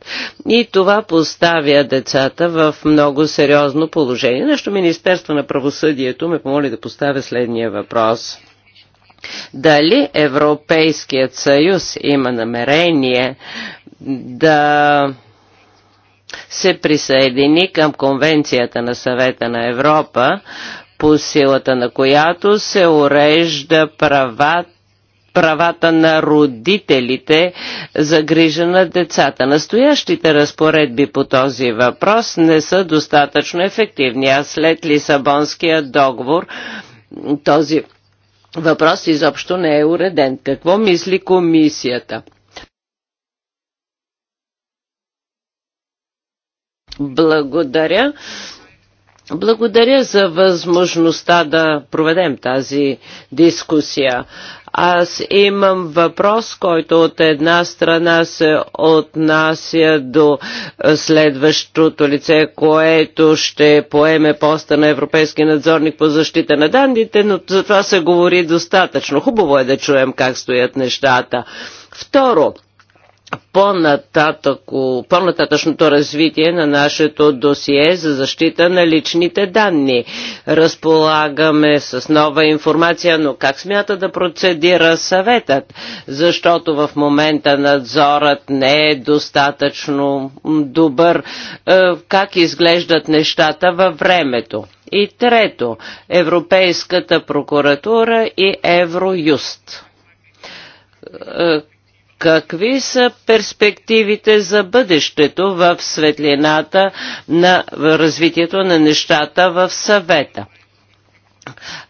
и това поставя децата в много сериозно положение. Нещо Министерство на правосъдието ме помоли да поставя следния въпрос. Дали Европейският съюз има намерение да се присъедини към Конвенцията на съвета на Европа, по силата на която се урежда правата правата на родителите за грижа на децата. Настоящите разпоредби по този въпрос не са достатъчно ефективни, а след Лисабонския договор този въпрос изобщо не е уреден. Какво мисли комисията? Благодаря. Благодаря за възможността да проведем тази дискусия. Аз имам въпрос, който от една страна се отнася до е, следващото лице, което ще поеме поста на Европейски надзорник по защита на данните, но за това се говори достатъчно. Хубаво е да чуем как стоят нещата. Второ, по-нататъчното развитие на нашето досие за защита на личните данни. Разполагаме с нова информация, но как смята да процедира съветът? Защото в момента надзорът не е достатъчно добър. Е, как изглеждат нещата във времето? И трето, Европейската прокуратура и Евроюст е, Какви са перспективите за бъдещето в светлината на развитието на нещата в съвета?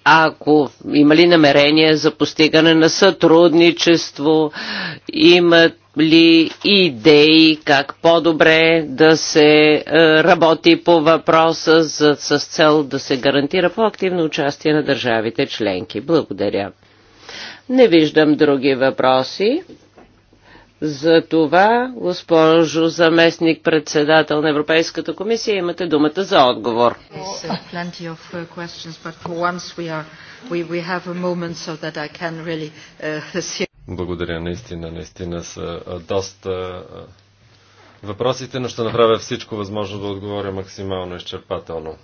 Ако има ли намерение за постигане на сътрудничество, имат ли идеи как по-добре да се е, работи по въпроса за, с цел да се гарантира по-активно участие на държавите членки? Благодаря. Не виждам други въпроси. За това, госпожо заместник председател на Европейската комисия, имате думата за отговор. Благодаря, наистина, наистина са доста въпросите, но ще направя всичко възможно да отговоря максимално изчерпателно.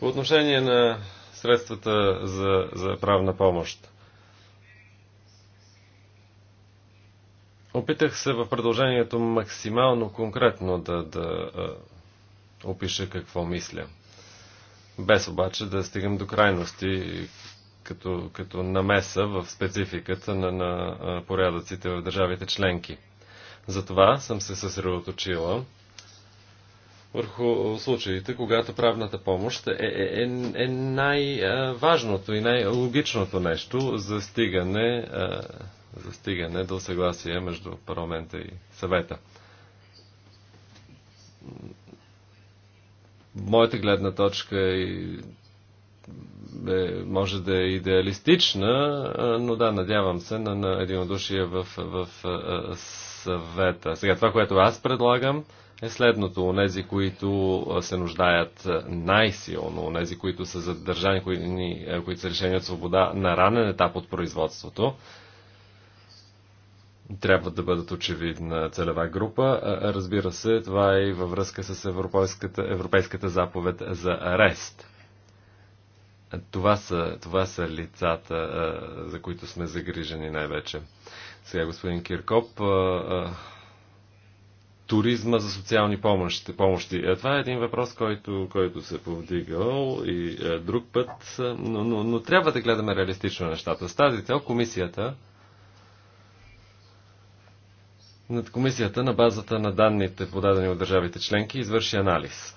По отношение на средствата за, за правна помощ. Опитах се в продължението максимално конкретно да, да опиша какво мисля. Без обаче да стигам до крайности, като, като намеса в спецификата на, на порядъците в държавите членки. Затова съм се съсредоточила върху случаите, когато правната помощ е, е, е, е най-важното и най-логичното нещо за стигане за стигане до съгласие между парламента и съвета. Моята гледна точка и е, е, може да е идеалистична, но да, надявам се на, на единодушие в, в, в съвета. Сега, това, което аз предлагам, е следното. Онези, които се нуждаят най-силно, онези, които са задържани, които, които са решени от свобода на ранен етап от производството, трябва да бъдат очевидна целева група. Разбира се, това е и във връзка с европейската, европейската заповед за арест. Това са, това са лицата, за които сме загрижени най-вече. Сега, господин Киркоп, туризма за социални помощи. помощи. Това е един въпрос, който, който се повдигал и друг път, но, но, но трябва да гледаме реалистично нещата. С тази цел комисията над комисията на базата на данните, подадени от държавите членки, извърши анализ.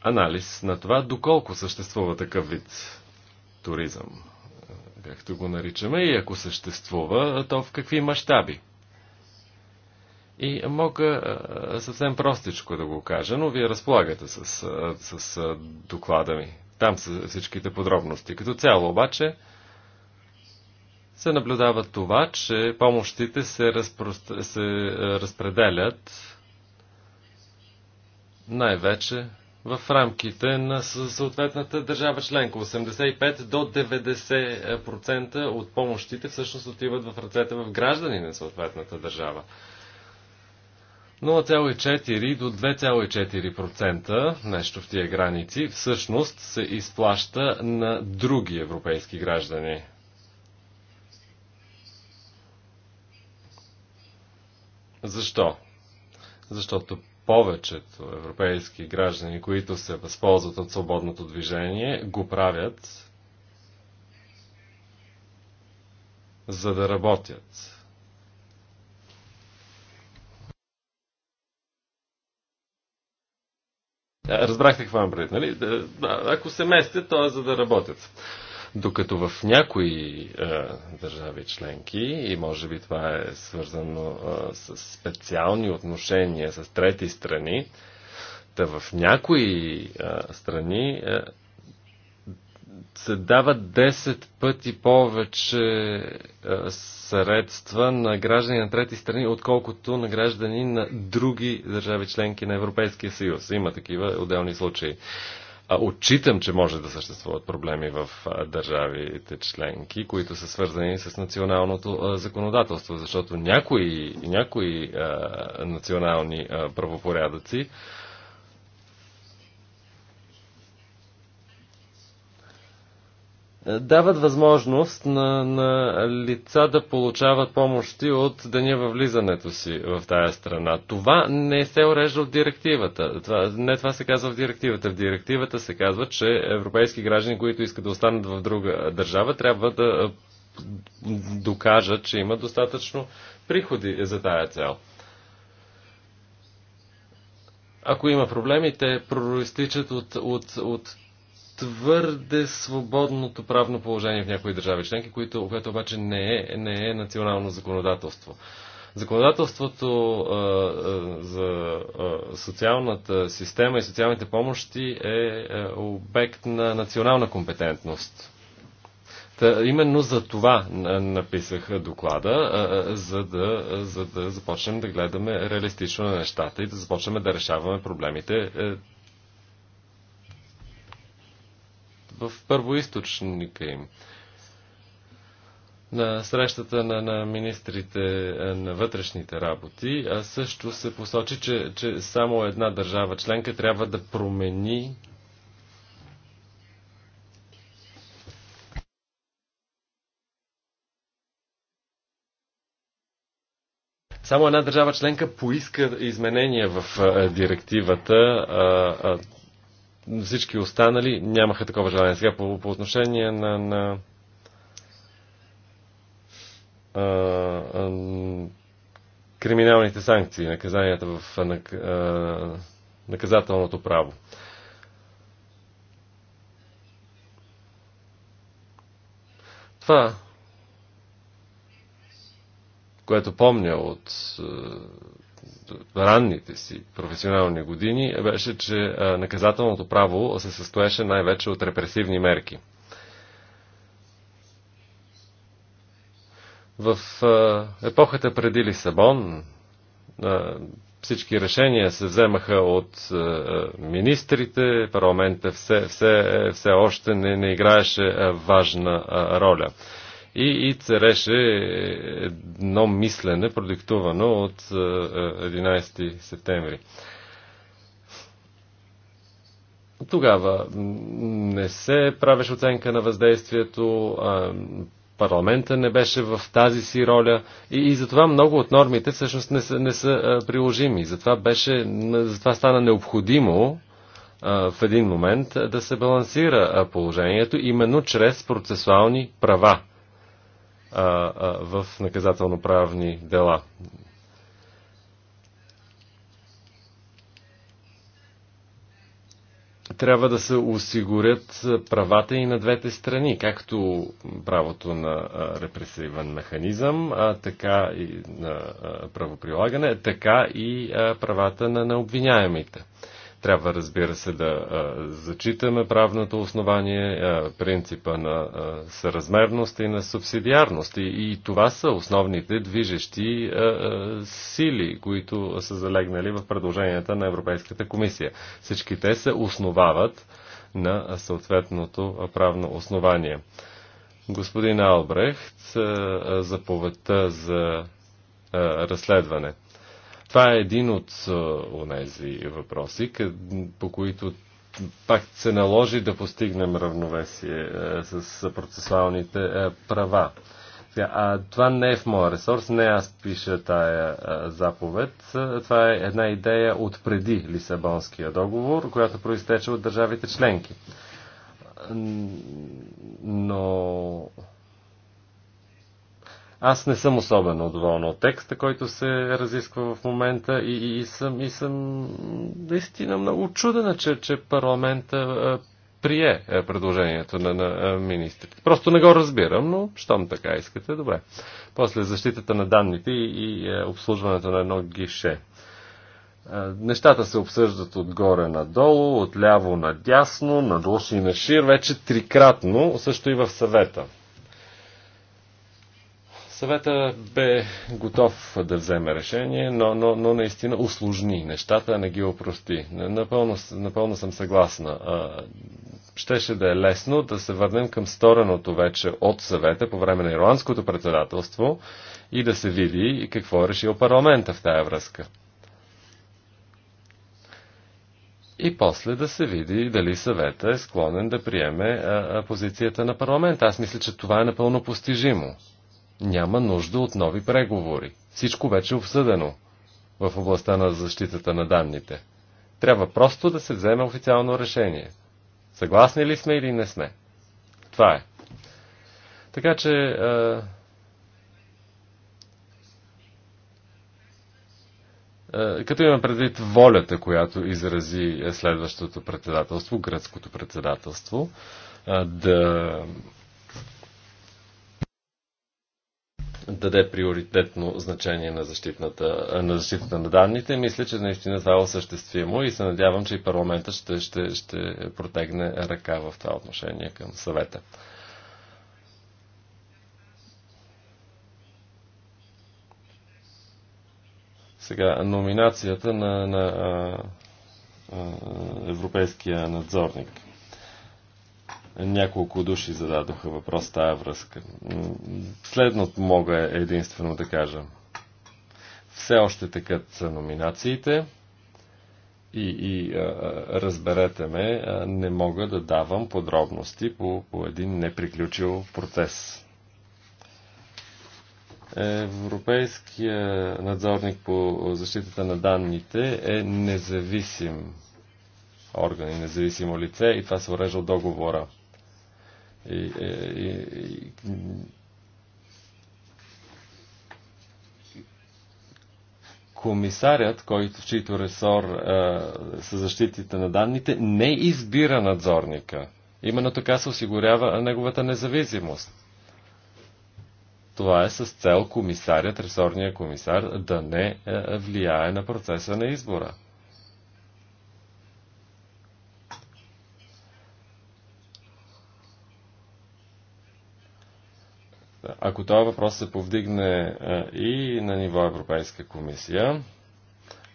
Анализ на това, доколко съществува такъв вид туризъм, както го наричаме, и ако съществува, то в какви мащаби. И мога съвсем простичко да го кажа, но вие разполагате с, с доклада ми. Там са всичките подробности. Като цяло обаче, се наблюдава това, че помощите се, разпро... се е, разпределят най-вече в рамките на съответната държава членка. 85 до 90% от помощите всъщност отиват в ръцете в граждани на съответната държава. 0,4 до 2,4% нещо в тия граници всъщност се изплаща на други европейски граждани. Защо? Защото повечето европейски граждани, които се възползват от свободното движение, го правят за да работят. Разбрахте какво имам предвид, нали? Ако се местят, то е за да работят. Докато в някои е, държави членки, и може би това е свързано е, с специални отношения с трети страни, да в някои е, страни е, се дават 10 пъти повече е, средства на граждани на трети страни, отколкото на граждани на други държави членки на Европейския съюз. Има такива отделни случаи. Отчитам, че може да съществуват проблеми в държавите членки, които са свързани с националното законодателство, защото някои, някои национални правопорядъци дават възможност на, на лица да получават помощи от деня във влизането си в тая страна. Това не се урежда от директивата. Това, не това се казва в директивата. В директивата се казва, че европейски граждани, които искат да останат в друга държава, трябва да докажат, че има достатъчно приходи за тая цел. Ако има проблеми, те проистичат от, от, от твърде свободното правно положение в някои държави членки, което, което обаче не е, не е национално законодателство. Законодателството а, а, за а, социалната система и социалните помощи е а, е обект на национална компетентност. Та, именно за това написах доклада, а, за да, за да започнем да гледаме реалистично на нещата и да започнем да решаваме проблемите е, в първоисточника им. На срещата на, на министрите е, на вътрешните работи а също се посочи, че, че само една държава членка трябва да промени Само една държава членка поиска изменения в е, директивата, всички останали нямаха такова желание. Сега по, по отношение на, на а, а, криминалните санкции, наказанията в а, а, наказателното право. Това, което помня от ранните си професионални години беше, че наказателното право се състоеше най-вече от репресивни мерки. В епохата преди Лисабон всички решения се вземаха от министрите, парламента все, все, все още не, не играеше важна роля и, и цареше едно мислене, продиктувано от 11 е, септември. Тогава не се правеше оценка на въздействието, парламента не беше в тази си роля и, и затова много от нормите всъщност не са, не са е, приложими. Затова, беше, затова стана необходимо е, в един момент да се балансира положението именно чрез процесуални права в наказателно-правни дела. трябва да се осигурят правата и на двете страни, както правото на репресивен механизъм, а така и на правоприлагане, така и правата на необвиняемите. Трябва, разбира се, да зачитаме правното основание, принципа на съразмерност и на субсидиарност. И това са основните движещи сили, които са залегнали в предложенията на Европейската комисия. Всички те се основават на съответното правно основание. Господин Албрехт, заповедта за разследване – това е един от тези въпроси, по които пак се наложи да постигнем равновесие е, с процесуалните е, права. А, това не е в моя ресурс, не аз пиша тая заповед. Е, това е една идея от преди Лисабонския договор, която произтеча от държавите членки. Но аз не съм особено доволен от текста, който се разисква в момента и, и, и, съм, и съм наистина много чудена, че, че парламента прие е, предложението на, на министрите. Просто не го разбирам, но щом така искате, добре. После защитата на данните и, и е, обслужването на едно гише. нещата се обсъждат отгоре надолу, отляво надясно, надлъж и на шир, вече трикратно, също и в съвета. Съвета бе готов да вземе решение, но, но, но наистина усложни нещата, не ги опрости. Напълно, напълно съм съгласна. Щеше да е лесно да се върнем към стореното вече от съвета по време на ирландското председателство и да се види какво е решил парламента в тая връзка. и после да се види дали съвета е склонен да приеме позицията на парламента. Аз мисля, че това е напълно постижимо. Няма нужда от нови преговори. Всичко вече е обсъдено в областта на защитата на данните. Трябва просто да се вземе официално решение. Съгласни ли сме или не сме? Това е. Така че. А... като имам предвид волята, която изрази е следващото председателство, гръцкото председателство, да даде приоритетно значение на защитната, на защитата на данните. Мисля, че наистина това е осъществимо и се надявам, че и парламента ще, ще, ще протегне ръка в това отношение към съвета. Сега, номинацията на, на а, а, европейския надзорник – няколко души зададоха въпрос в тази връзка. Следното мога единствено да кажа. Все още текат номинациите и, и а, разберете ме, а, не мога да давам подробности по, по един неприключил процес. Европейския надзорник по защитата на данните е независим орган и независимо лице и това се урежда от договора и, е, и, и, комисарят, който в чийто ресор е, са защитите на данните, не избира надзорника. Именно така се осигурява неговата независимост. Това е с цел комисарят, ресорния комисар, да не е, влияе на процеса на избора. ако този въпрос се повдигне е, и на ниво Европейска комисия,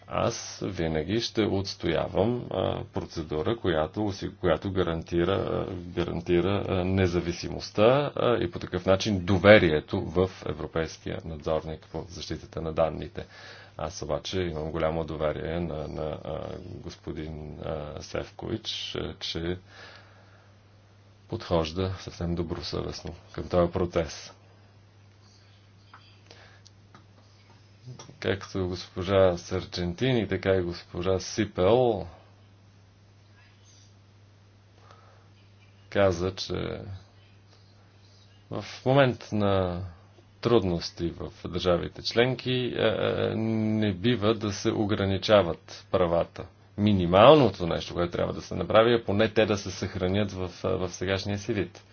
аз винаги ще отстоявам е, процедура, която, която гарантира, гарантира е, независимостта и по такъв начин доверието в Европейския надзорник по защитата на данните. Аз обаче имам голямо доверие на, на господин Севкович, че подхожда съвсем добросъвестно към този процес. както госпожа Сърчентини, така и госпожа Сипел каза, че в момент на трудности в държавите членки е, е, е, не бива да се ограничават правата. Минималното нещо, което трябва да се направи, е поне те да се съхранят в, в сегашния си вид.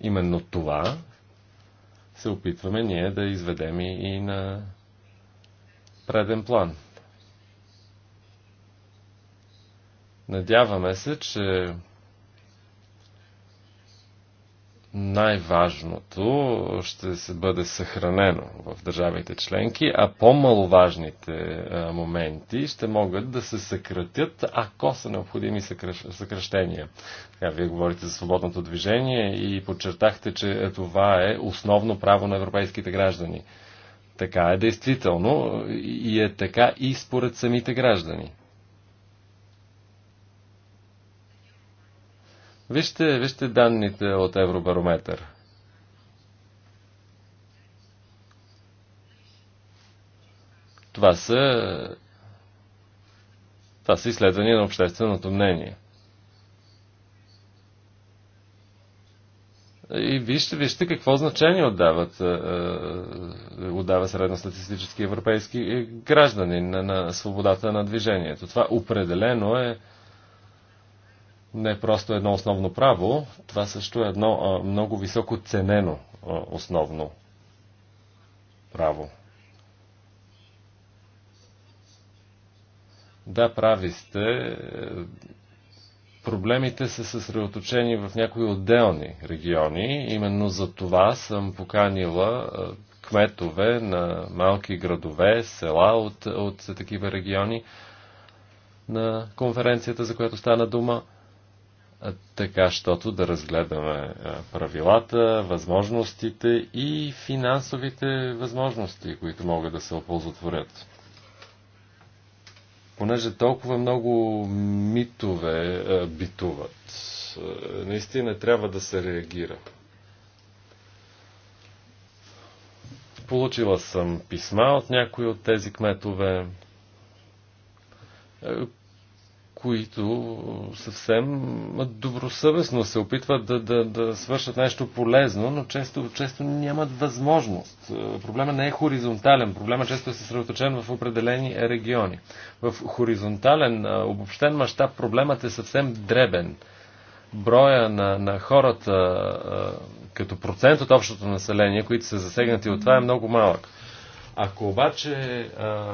Именно това се опитваме ние да изведем и на преден план. Надяваме се, че най-важното ще се бъде съхранено в държавите членки, а по-маловажните моменти ще могат да се съкратят, ако са необходими съкръщения. Така, вие говорите за свободното движение и подчертахте, че това е основно право на европейските граждани. Така е действително и е така и според самите граждани. Вижте, вижте данните от Евробарометър. Това са, това са изследвания на общественото мнение. И вижте, вижте какво значение отдават, е, е, отдава средностатистически европейски е, граждани на, на свободата на движението. Това определено е не просто едно основно право, това също е едно много високо ценено основно право. Да, прави сте проблемите са съсредоточени в някои отделни региони. Именно за това съм поканила кметове на малки градове, села от, от такива региони на конференцията, за която стана дума, така, щото да разгледаме правилата, възможностите и финансовите възможности, които могат да се оползотворят понеже толкова много митове е, битуват. Е, наистина трябва да се реагира. Получила съм писма от някои от тези кметове, е, които съвсем добросъвестно се опитват да, да, да свършат нещо полезно, но често, често нямат възможност. Проблема не е хоризонтален, проблема често е съсредоточен в определени региони. В хоризонтален, обобщен мащаб проблемът е съвсем дребен. Броя на, на хората като процент от общото население, които са засегнати от това, е много малък. Ако обаче а,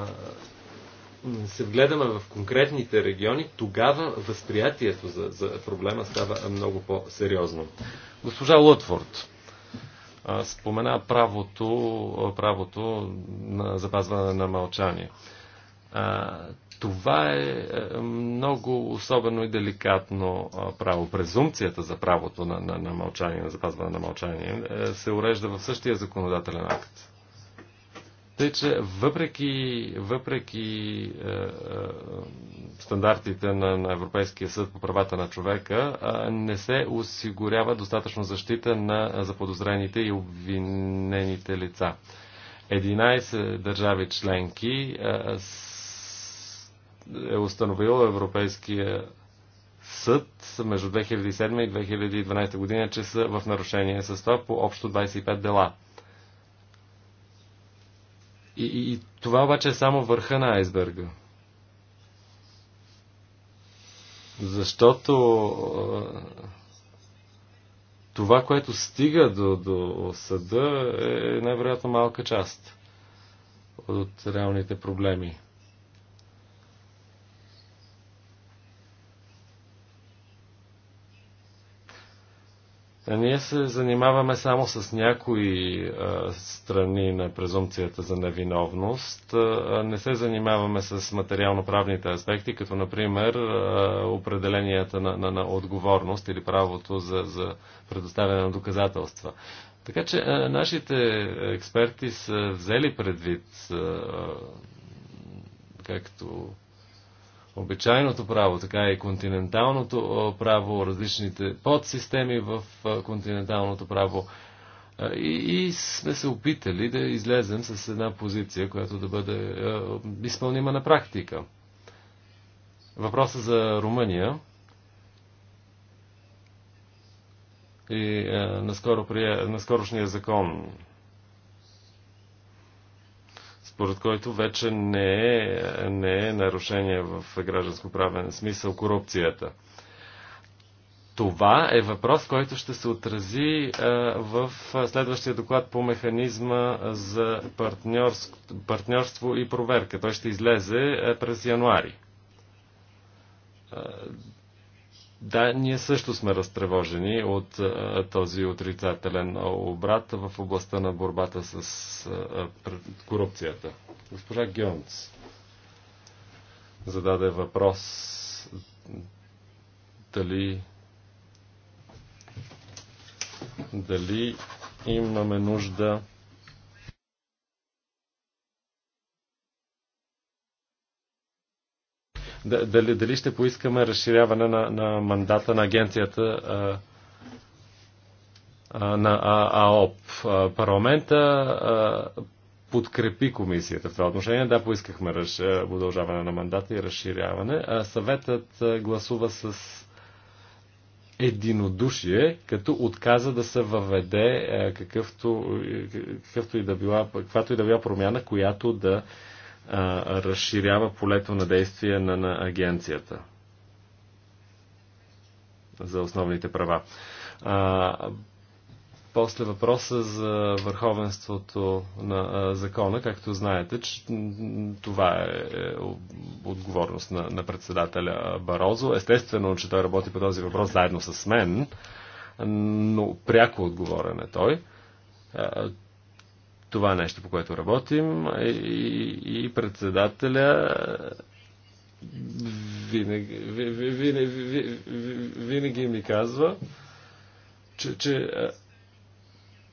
се вгледаме в конкретните региони, тогава възприятието за, за проблема става много по-сериозно. Госпожа Лутфорд спомена правото, правото на запазване на мълчание. Това е, е много особено и деликатно право. Презумпцията за правото на, на, на мълчание, на запазване на мълчание, е, се урежда в същия законодателен акт. Тъй, че въпреки, въпреки е, е, стандартите на, на Европейския съд по правата на човека, е, не се осигурява достатъчно защита на заподозрените и обвинените лица. 11 държави членки е, е установил Европейския съд между 2007 и 2012 година, че са в нарушение с това по общо 25 дела. И, и, и това обаче е само върха на айсберга. Защото това, което стига до, до съда, е най-вероятно малка част от реалните проблеми. Ние се занимаваме само с някои страни на презумпцията за невиновност. Не се занимаваме с материално-правните аспекти, като например определенията на, на, на отговорност или правото за, за предоставяне на доказателства. Така че нашите експерти са взели предвид както обичайното право, така и континенталното право, различните подсистеми в континенталното право. И, и сме се опитали да излезем с една позиция, която да бъде изпълнима на практика. Въпросът за Румъния. И е, наскоро прие, наскорошния закон според който вече не е, не е нарушение в гражданско-правен смисъл корупцията. Това е въпрос, който ще се отрази е, в следващия доклад по механизма за партньорство и проверка. Той ще излезе е, през януари е, да, ние също сме разтревожени от а, този отрицателен обрат в областта на борбата с а, корупцията. Госпожа Гьонц зададе въпрос дали дали имаме нужда дали, дали ще поискаме разширяване на, на мандата на агенцията а, а, на АОП. Парламента а, подкрепи комисията в това отношение. Да, поискахме раз, продължаване на мандата и разширяване. А съветът гласува с единодушие, като отказа да се въведе какъвто, какъвто и да била, каквато и да била промяна, която да а, разширява полето на действие на, на агенцията за основните права. А, после въпроса за върховенството на а, закона, както знаете, че това е, е отговорност на, на председателя Барозо. Естествено, че той работи по този въпрос заедно с мен, но пряко отговорен е той. Това е нещо, по което работим и, и председателя винаги, винаги, винаги, ми казва, че, че,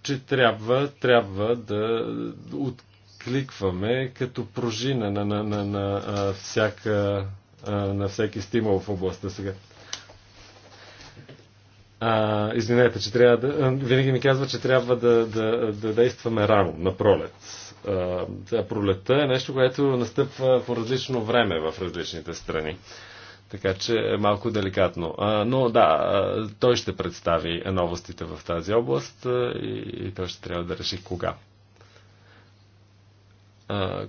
че трябва, трябва да откликваме като пружина на, на, на, на, всяка, на всеки стимул в областта сега. А, извинете, че трябва да. Винаги ми казва, че трябва да, да, да действаме рано, на пролет. А, пролетта е нещо, което настъпва по различно време в различните страни. Така че е малко деликатно. А, но да, той ще представи новостите в тази област и, и той ще трябва да реши кога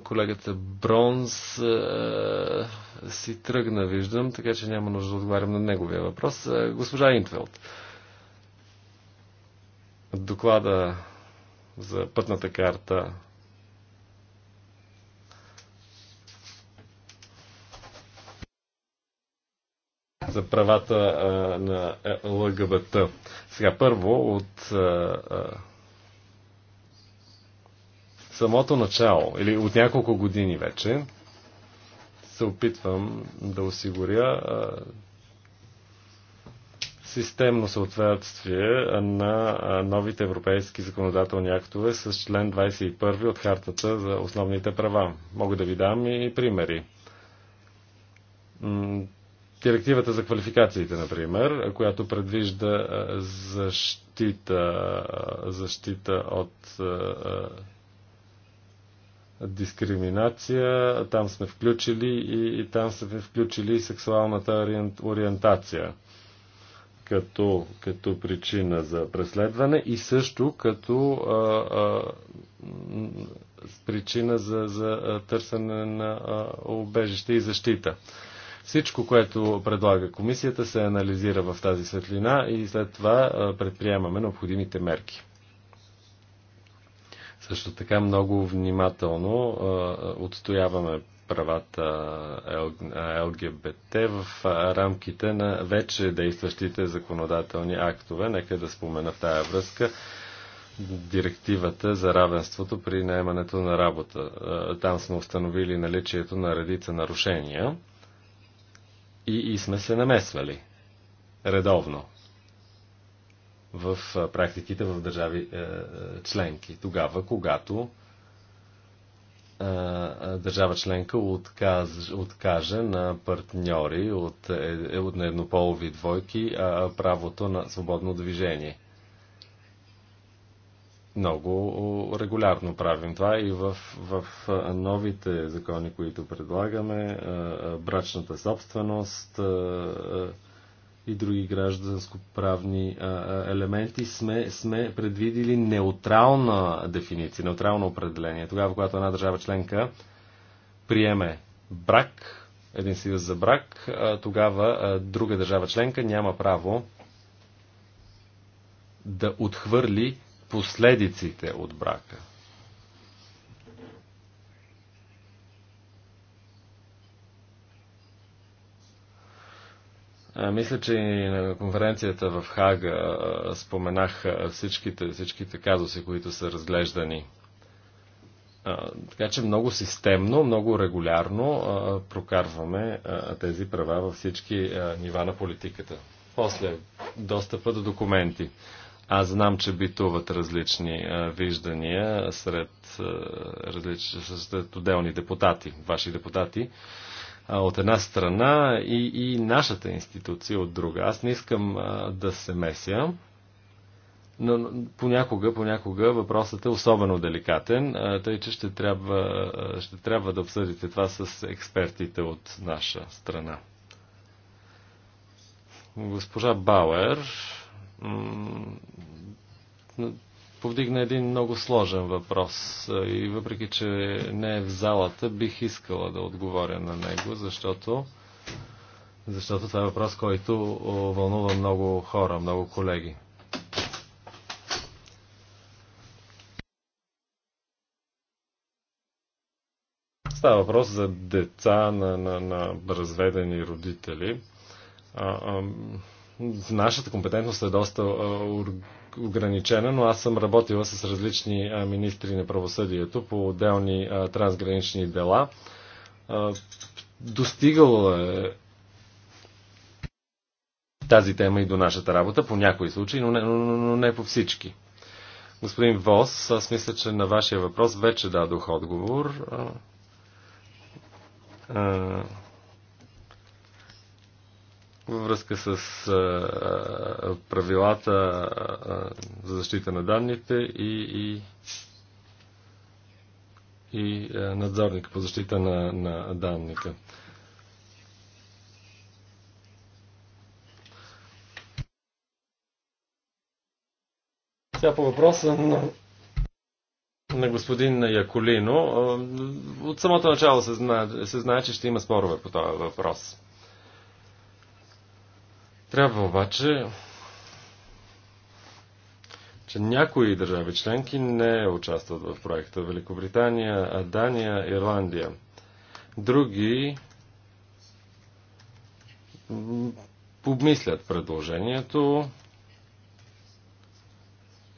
колегата Бронз а, си тръгна, виждам, така че няма нужда да отговарям на неговия въпрос. А, госпожа Интвелд, доклада за пътната карта за правата а, на ЛГБТ. Сега първо от а, самото начало, или от няколко години вече, се опитвам да осигуря системно съответствие на новите европейски законодателни актове с член 21 от Хартата за основните права. Мога да ви дам и примери. Директивата за квалификациите, например, която предвижда защита, защита от дискриминация, там сме включили и, и там сме включили и сексуалната ориентация като, като причина за преследване и също като а, а, причина за, за търсене на а, убежище и защита. Всичко, което предлага комисията, се анализира в тази светлина и след това предприемаме необходимите мерки. Също така много внимателно отстояваме правата ЛГБТ в рамките на вече действащите законодателни актове. Нека да спомена в тая връзка директивата за равенството при наемането на работа. Там сме установили наличието на редица нарушения и, и сме се намесвали редовно в практиките в държави е, е, членки. Тогава, когато държава членка отказ, откаже на партньори от, е, от еднополови двойки правото на свободно движение. Много регулярно правим това и в, в новите закони, които предлагаме, брачната собственост, и други гражданско-правни елементи, сме, сме предвидили неутрална дефиниция, неутрално определение. Тогава, когато една държава членка приеме брак, един съюз за брак, тогава друга държава членка няма право да отхвърли последиците от брака. Мисля, че и на конференцията в Хага споменах всичките, всичките казуси, които са разглеждани. Така че много системно, много регулярно прокарваме тези права във всички нива на политиката. После достъпа до документи. Аз знам, че битуват различни виждания сред, различ... сред отделни депутати, ваши депутати от една страна и, и нашата институция от друга. Аз не искам а, да се меся, но понякога, понякога въпросът е особено деликатен, а, тъй че ще трябва, ще трябва да обсъдите това с експертите от наша страна. Госпожа Бауер повдигна един много сложен въпрос и въпреки, че не е в залата, бих искала да отговоря на него, защото, защото това е въпрос, който вълнува много хора, много колеги. Става въпрос за деца на, на, на разведени родители. А, а, нашата компетентност е доста а, ограничена, но аз съм работила с различни министри на правосъдието по отделни трансгранични дела. Достигало е тази тема и до нашата работа по някои случаи, но не, но не по всички. Господин Вос, аз мисля, че на вашия въпрос вече дадох отговор във връзка с правилата за защита на данните и, и, и надзорника по защита на, на данните. Сега по въпроса на, на господин Яколино. От самото начало се знае, се знае, че ще има спорове по този въпрос. Трябва обаче, че някои държави членки не участват в проекта. Великобритания, Дания, Ирландия. Други обмислят предложението.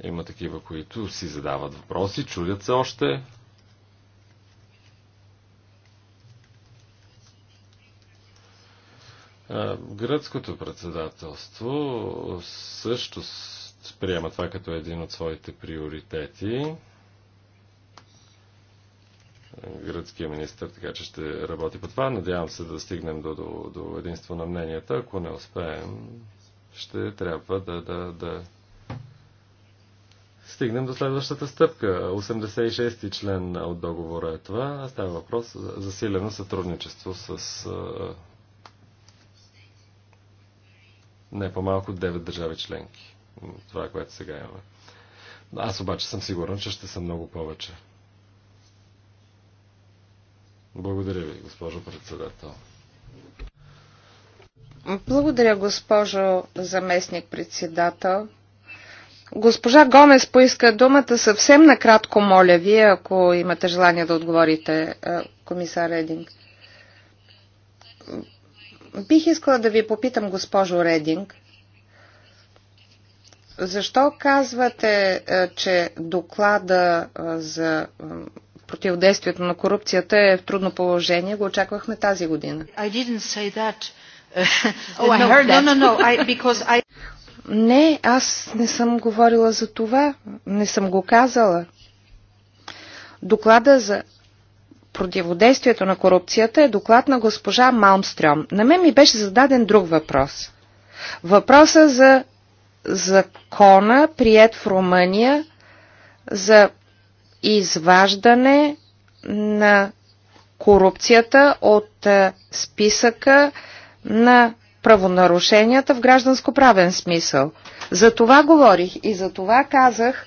Има такива, които си задават въпроси, чудят се още. Гръцкото председателство също приема това като един от своите приоритети. Гръцкия министр, така че ще работи по това. Надявам се да стигнем до, до, до единство на мненията. Ако не успеем, ще трябва да, да, да стигнем до следващата стъпка. 86-ти член от договора е това. Става въпрос за засилено сътрудничество с не по-малко от 9 държави членки. Това, е което сега имаме. Аз обаче съм сигурен, че ще са много повече. Благодаря ви, госпожо председател. Благодаря, госпожо заместник-председател. Госпожа Гомес поиска думата съвсем накратко, моля ви, ако имате желание да отговорите, е, комисар Рединг. Бих искала да ви попитам, госпожо Рединг, защо казвате, е, че доклада е, за е, противодействието на корупцията е в трудно положение? Го очаквахме тази година. *laughs* Oh, не, аз не съм говорила за това. Не съм го казала. Доклада за противодействието на корупцията е доклад на госпожа Малмстрём. На мен ми беше зададен друг въпрос. Въпроса за закона, прият в Румъния, за изваждане на корупцията от е, списъка на правонарушенията в гражданско-правен смисъл. За това говорих и за това казах,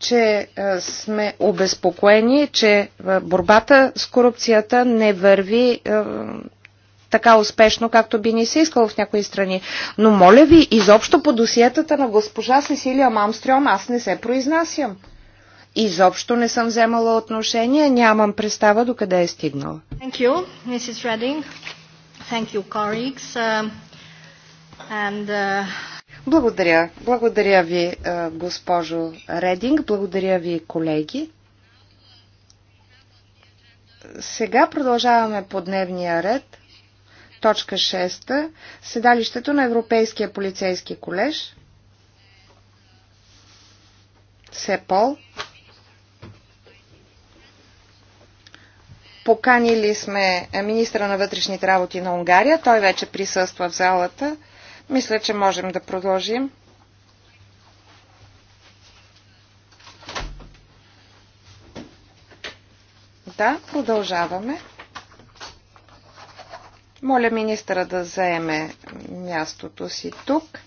че е, сме обезпокоени, че е, борбата с корупцията не върви е, така успешно, както би ни се искало в някои страни. Но моля ви, изобщо по досиетата на госпожа Сесилия Мамстрем аз не се произнасям. Изобщо не съм вземала отношение, нямам представа до къде е стигнала. Thank you, Mrs. Redding. Thank you, colleagues. Uh, and uh, благодаря. Благодаря ви, е, госпожо Рединг. Благодаря ви, колеги. Сега продължаваме по дневния ред. Точка 6. Седалището на Европейския полицейски колеж. СЕПОЛ. Поканили сме министра на вътрешните работи на Унгария. Той вече присъства в залата. Мисля, че можем да продължим. Да, продължаваме. Моля министъра да заеме мястото си тук.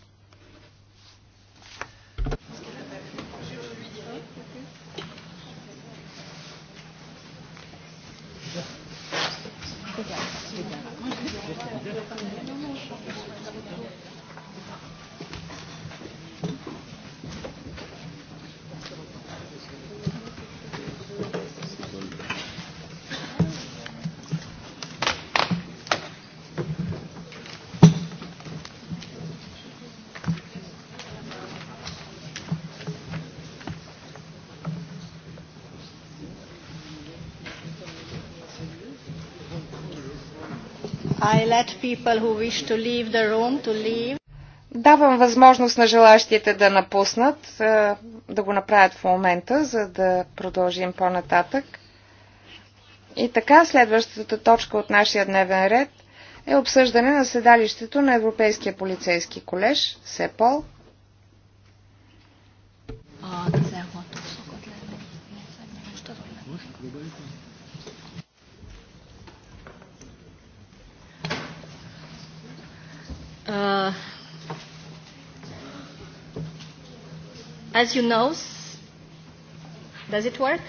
I let people who wish to leave the room to leave. Давам възможност на желащите да напуснат, е, да го направят в момента, за да продължим по-нататък. И така, следващата точка от нашия дневен ред е обсъждане на седалището на Европейския полицейски колеж, СЕПОЛ, Uh, as you know, does it work?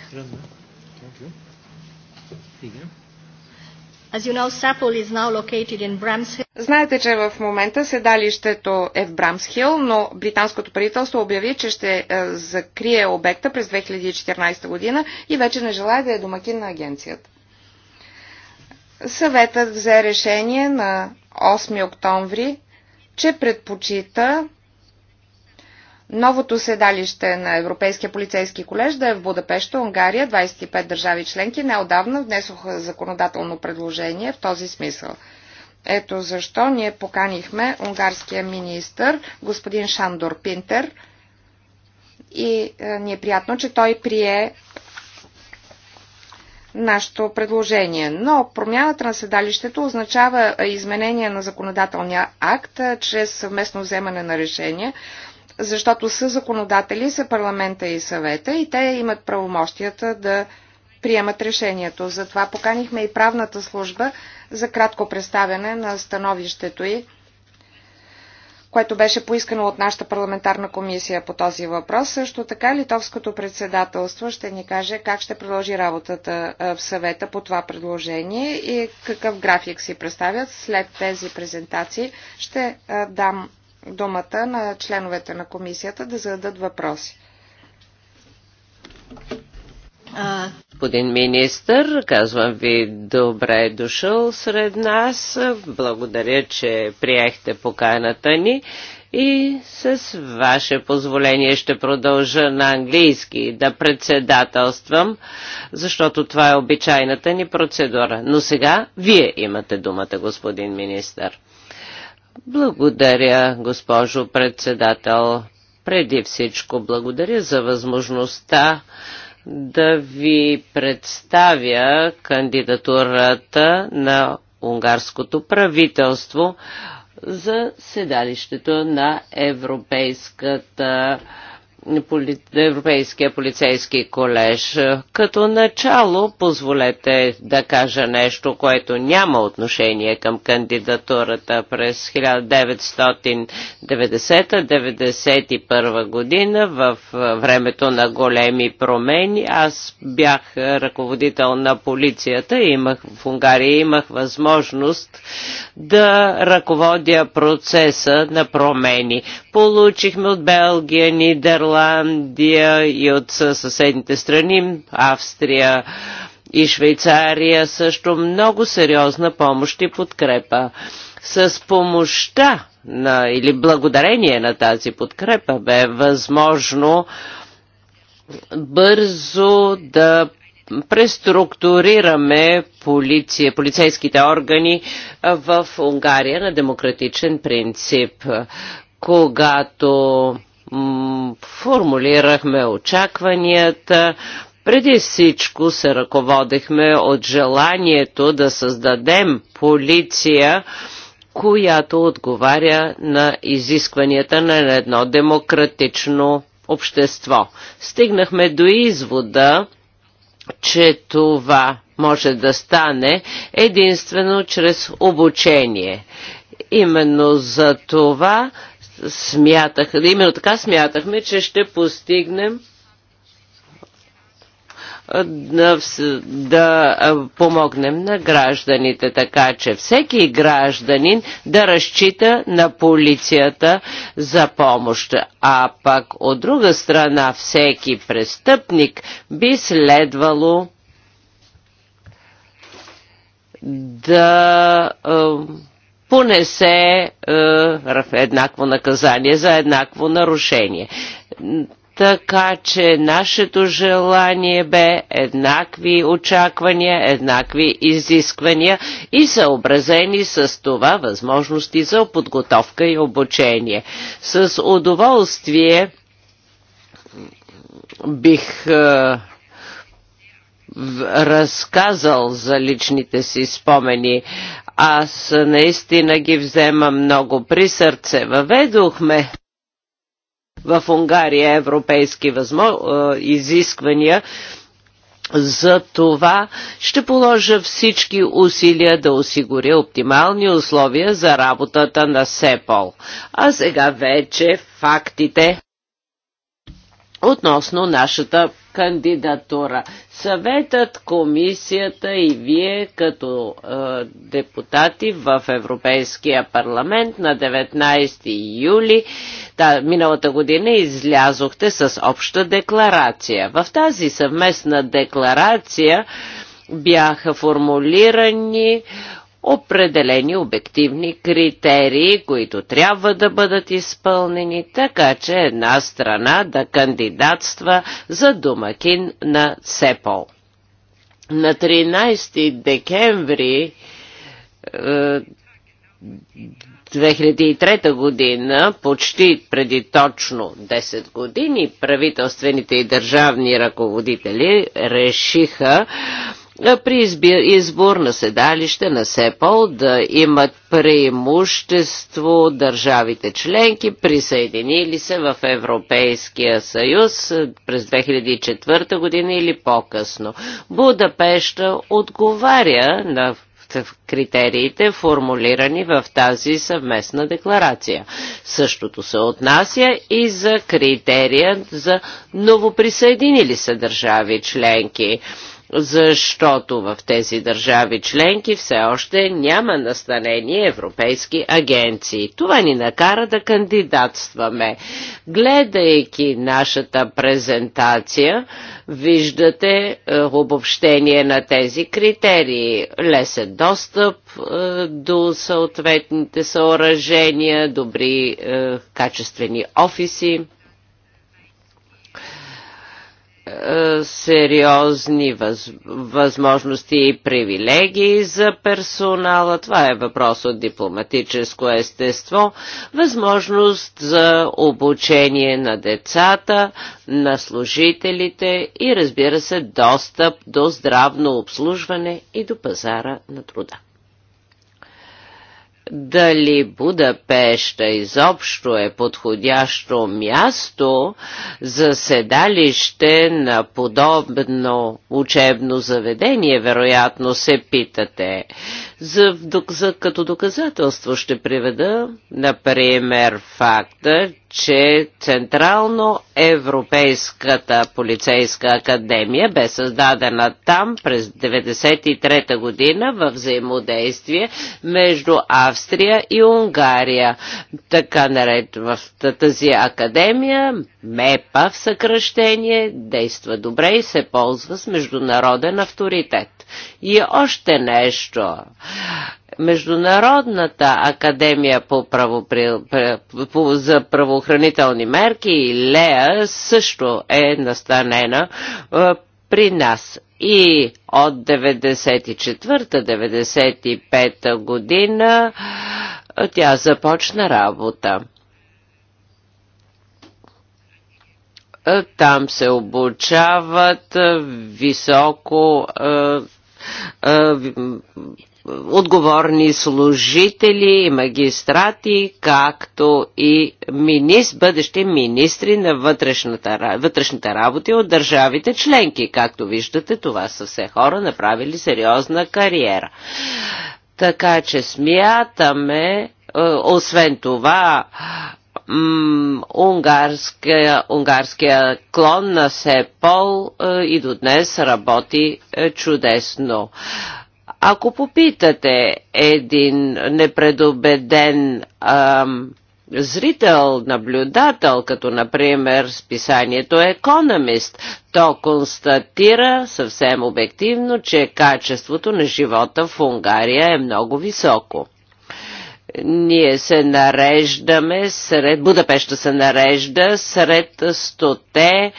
As you know, Sapol is now located in Bramshill. Знаете, че в момента седалището е в Брамсхил, но британското правителство обяви, че ще е, закрие обекта през 2014 година и вече не желая да е домакин на агенцията. Съветът взе решение на 8 октомври че предпочита новото седалище на Европейския полицейски колеж да е в Будапешта, Унгария. 25 държави членки неодавна внесоха законодателно предложение в този смисъл. Ето защо ние поканихме унгарския министр, господин Шандор Пинтер, и е, ни е приятно, че той прие нашето предложение. Но промяната на седалището означава изменение на законодателния акт чрез съвместно вземане на решения, защото са законодатели, са парламента и съвета и те имат правомощията да приемат решението. Затова поканихме и правната служба за кратко представяне на становището и което беше поискано от нашата парламентарна комисия по този въпрос. Също така литовското председателство ще ни каже как ще продължи работата в съвета по това предложение и какъв график си представят. След тези презентации ще дам думата на членовете на комисията да зададат въпроси. Господин министр, казвам ви добре е дошъл сред нас. Благодаря, че приехте поканата ни и с ваше позволение ще продължа на английски да председателствам, защото това е обичайната ни процедура. Но сега вие имате думата, господин министър. Благодаря, госпожо председател. Преди всичко благодаря за възможността да ви представя кандидатурата на унгарското правителство за седалището на Европейската Европейския полицейски колеж. Като начало, позволете да кажа нещо, което няма отношение към кандидатурата през 1990-91 година в времето на големи промени. Аз бях ръководител на полицията и имах, в Унгария имах възможност да ръководя процеса на промени. Получихме от Белгия, Нидерланд, Холандия и от съседните страни, Австрия и Швейцария също много сериозна помощ и подкрепа. С помощта на, или благодарение на тази подкрепа бе възможно бързо да преструктурираме полиция, полицейските органи в Унгария на демократичен принцип. Когато формулирахме очакванията, преди всичко се ръководихме от желанието да създадем полиция, която отговаря на изискванията на едно демократично общество. Стигнахме до извода, че това може да стане единствено чрез обучение. Именно за това Смятаха, именно така смятахме, че ще постигнем да, да помогнем на гражданите, така че всеки гражданин да разчита на полицията за помощ. А пък от друга страна всеки престъпник би следвало да понесе е, еднакво наказание за еднакво нарушение. Така че нашето желание бе еднакви очаквания, еднакви изисквания и съобразени с това възможности за подготовка и обучение. С удоволствие бих е, разказал за личните си спомени. Аз наистина ги взема много при сърце. Въведохме в Унгария европейски възмо... Е, изисквания за това ще положа всички усилия да осигуря оптимални условия за работата на СЕПОЛ. А сега вече фактите относно нашата кандидатура. Съветът, комисията и вие като е, депутати в Европейския парламент на 19 юли та, миналата година излязохте с обща декларация. В тази съвместна декларация бяха формулирани определени обективни критерии, които трябва да бъдат изпълнени, така че една страна да кандидатства за домакин на СЕПОЛ. На 13 декември 2003 е, година, почти преди точно 10 години, правителствените и държавни ръководители решиха при избор на седалище на СЕПОЛ да имат преимущество държавите членки, присъединили се в Европейския съюз през 2004 година или по-късно. Будапешта отговаря на критериите, формулирани в тази съвместна декларация. Същото се отнася и за критерия за новоприсъединили се държави членки защото в тези държави членки все още няма настанени европейски агенции. Това ни накара да кандидатстваме. Гледайки нашата презентация, виждате е, обобщение на тези критерии. Лесен достъп е, до съответните съоръжения, добри е, качествени офиси, сериозни въз, възможности и привилегии за персонала. Това е въпрос от дипломатическо естество. Възможност за обучение на децата, на служителите и разбира се достъп до здравно обслужване и до пазара на труда дали Будапешта изобщо е подходящо място за седалище на подобно учебно заведение, вероятно се питате. За, за, като доказателство ще приведа, например, факта, че Централно Европейската полицейска академия бе създадена там през 1993 година в взаимодействие между Австрия и Унгария. Така наред в тази академия МЕПА в съкръщение действа добре и се ползва с международен авторитет. И още нещо. Международната академия по право, по, за правоохранителни мерки и Лея също е настанена е, при нас. И от 94-95 година е, тя започна работа. Е, там се обучават високо отговорни служители и магистрати, както и минис, бъдещи министри на вътрешните работи от държавите членки. Както виждате, това са все хора, направили сериозна кариера. Така че смятаме, е, освен това, унгарския, унгарския клон на Сепол е, и до днес работи е, чудесно. Ако попитате един непредобеден ам, зрител, наблюдател, като например списанието Economist, то констатира съвсем обективно, че качеството на живота в Унгария е много високо ние се нареждаме сред, Будапешта се нарежда сред стоте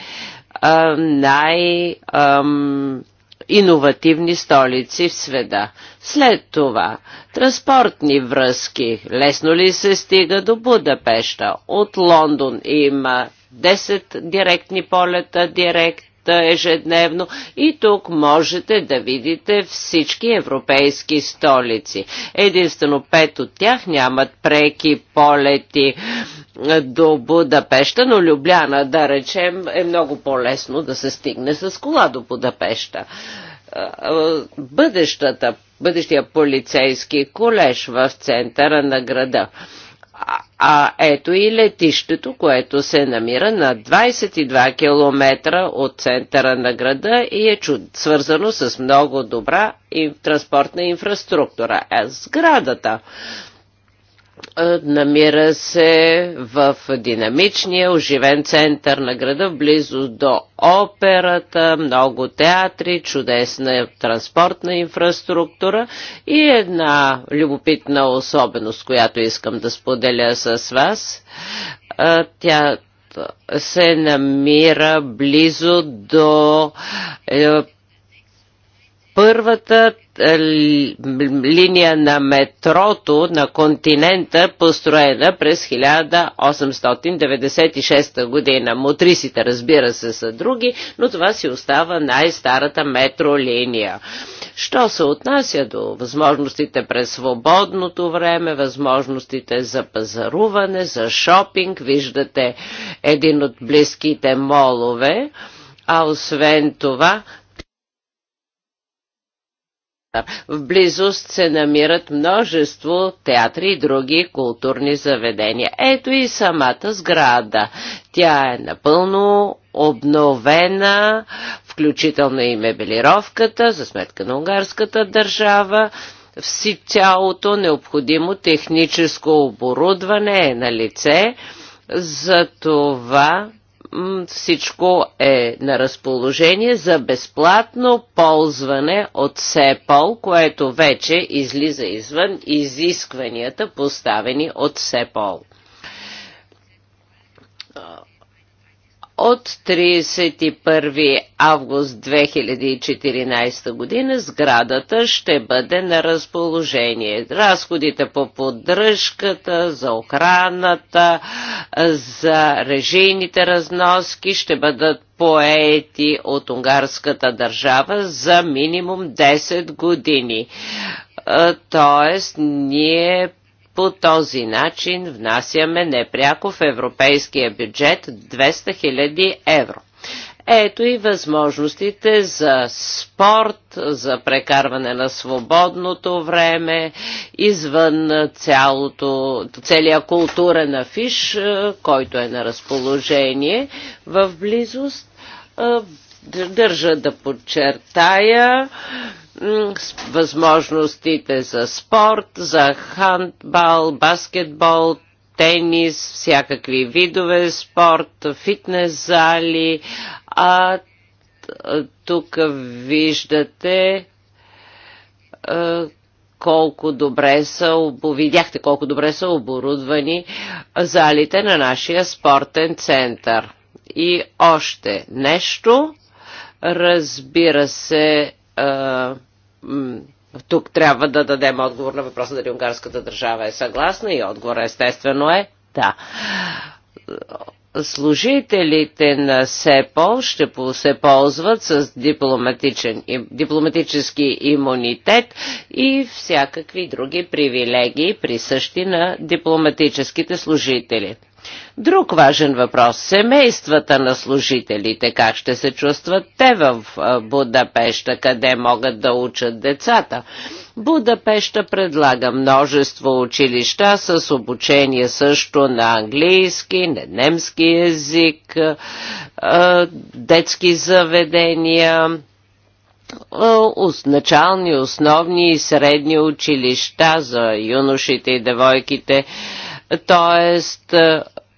най- ам, иновативни столици в света. След това транспортни връзки. Лесно ли се стига до Будапешта? От Лондон има 10 директни полета директ ежедневно и тук можете да видите всички европейски столици. Единствено пет от тях нямат преки полети до Будапешта, но Любляна, да речем, е много по-лесно да се стигне с кола до Будапешта. Бъдещата, бъдещия полицейски колеж в центъра на града а ето и летището, което се намира на 22 км от центъра на града и е чуд, свързано с много добра и транспортна инфраструктура. А е, сградата е, намира се в динамичния, оживен център на града, близо до операта, много театри, чудесна транспортна инфраструктура и една любопитна особеност, която искам да споделя с вас. Е, тя се намира близо до е, първата е, линия на метрото на континента, построена през 1896 година. Мотрисите, разбира се, са други, но това си остава най-старата метролиния. Що се отнася до възможностите през свободното време, възможностите за пазаруване, за шопинг, виждате един от близките молове, а освен това в близост се намират множество театри и други културни заведения. Ето и самата сграда. Тя е напълно обновена, включително и мебелировката за сметка на унгарската държава. Вси цялото необходимо техническо оборудване е на лице. За това всичко е на разположение за безплатно ползване от СЕПОЛ, което вече излиза извън изискванията поставени от СЕПОЛ. от 31 август 2014 година сградата ще бъде на разположение. Разходите по поддръжката, за охраната, за режийните разноски ще бъдат поети от унгарската държава за минимум 10 години. Е, тоест, ние по този начин внасяме непряко в европейския бюджет 200 000 евро. Ето и възможностите за спорт, за прекарване на свободното време, извън цялото, целият културен афиш, който е на разположение в близост държа да подчертая възможностите за спорт, за хандбал, баскетбол, тенис, всякакви видове спорт, фитнес зали, а тук виждате колко добре са, видяхте колко добре са оборудвани залите на нашия спортен център. И още нещо, Разбира се, тук трябва да дадем отговор на въпроса дали унгарската държава е съгласна и отговор естествено е да. Служителите на СЕПОЛ ще се ползват с дипломатичен, дипломатически имунитет и всякакви други привилегии, присъщи на дипломатическите служители. Друг важен въпрос – семействата на служителите. Как ще се чувстват те в Будапешта? Къде могат да учат децата? Будапешта предлага множество училища с обучение също на английски, на немски язик, детски заведения, начални, основни и средни училища за юношите и девойките – Тоест,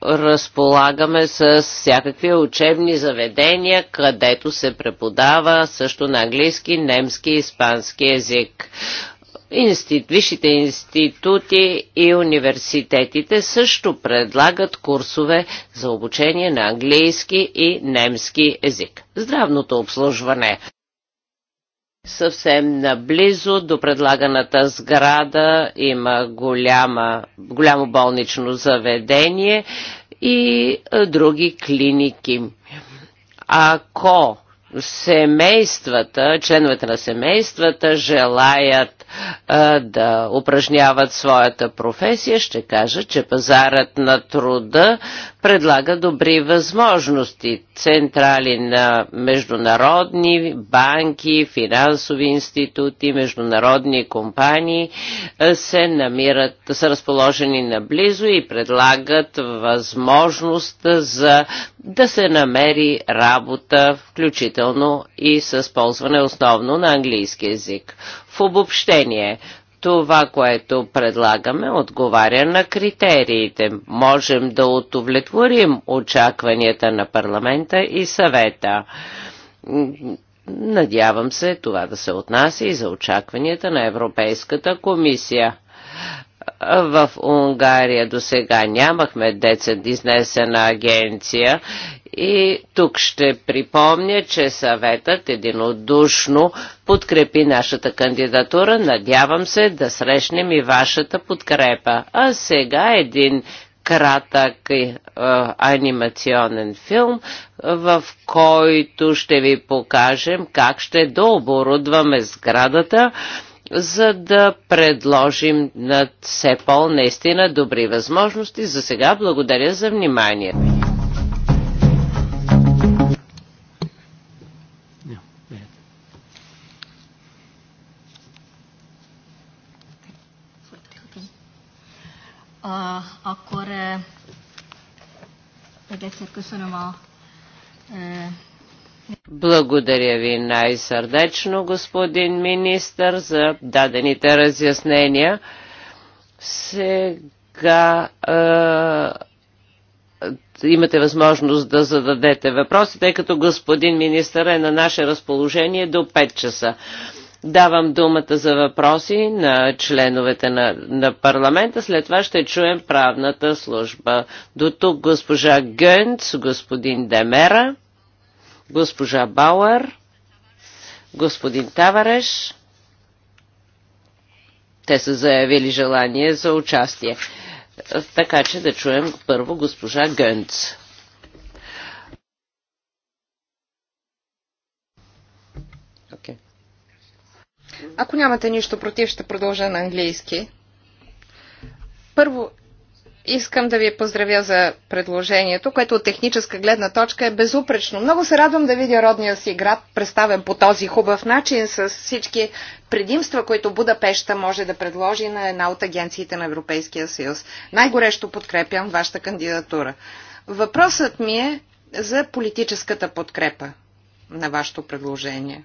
разполагаме с всякакви учебни заведения, където се преподава също на английски, немски и испански език. Институт, висшите институти и университетите също предлагат курсове за обучение на английски и немски език. Здравното обслужване съвсем наблизо до предлаганата сграда има голяма, голямо болнично заведение и е, други клиники. Ако семействата, членовете на семействата желаят а, е, да упражняват своята професия, ще кажа, че пазарът на труда предлага добри възможности. Централи на международни банки, финансови институти, международни компании се намират, са разположени наблизо и предлагат възможност за да се намери работа, включително и с ползване основно на английски язик. В обобщение, това, което предлагаме, отговаря на критериите. Можем да удовлетворим очакванията на парламента и съвета. Надявам се това да се отнася и за очакванията на Европейската комисия. В Унгария до сега нямахме децентизнесена изнесена агенция и тук ще припомня, че съветът единодушно подкрепи нашата кандидатура. Надявам се да срещнем и вашата подкрепа. А сега един кратък е, анимационен филм, в който ще ви покажем как ще дооборудваме сградата, за да предложим на по наистина добри възможности. За сега благодаря за вниманието. a, akkor e, még egyszer köszönöm a e, благодаря ви най-сърдечно, господин министр, за дадените разяснения. Сега е, имате възможност да зададете въпроси, тъй като господин министър е на наше разположение до 5 часа. Давам думата за въпроси на членовете на, на парламента. След това ще чуем правната служба. До тук госпожа Гънц, господин Демера, госпожа Бауър, господин Тавареш. Те са заявили желание за участие. Така че да чуем първо госпожа Гънц. Okay. Ако нямате нищо против, ще продължа на английски. Първо, искам да ви поздравя за предложението, което от техническа гледна точка е безупречно. Много се радвам да видя родния си град представен по този хубав начин с всички предимства, които Будапешта може да предложи на една от агенциите на Европейския съюз. Най-горещо подкрепям вашата кандидатура. Въпросът ми е за политическата подкрепа на вашето предложение.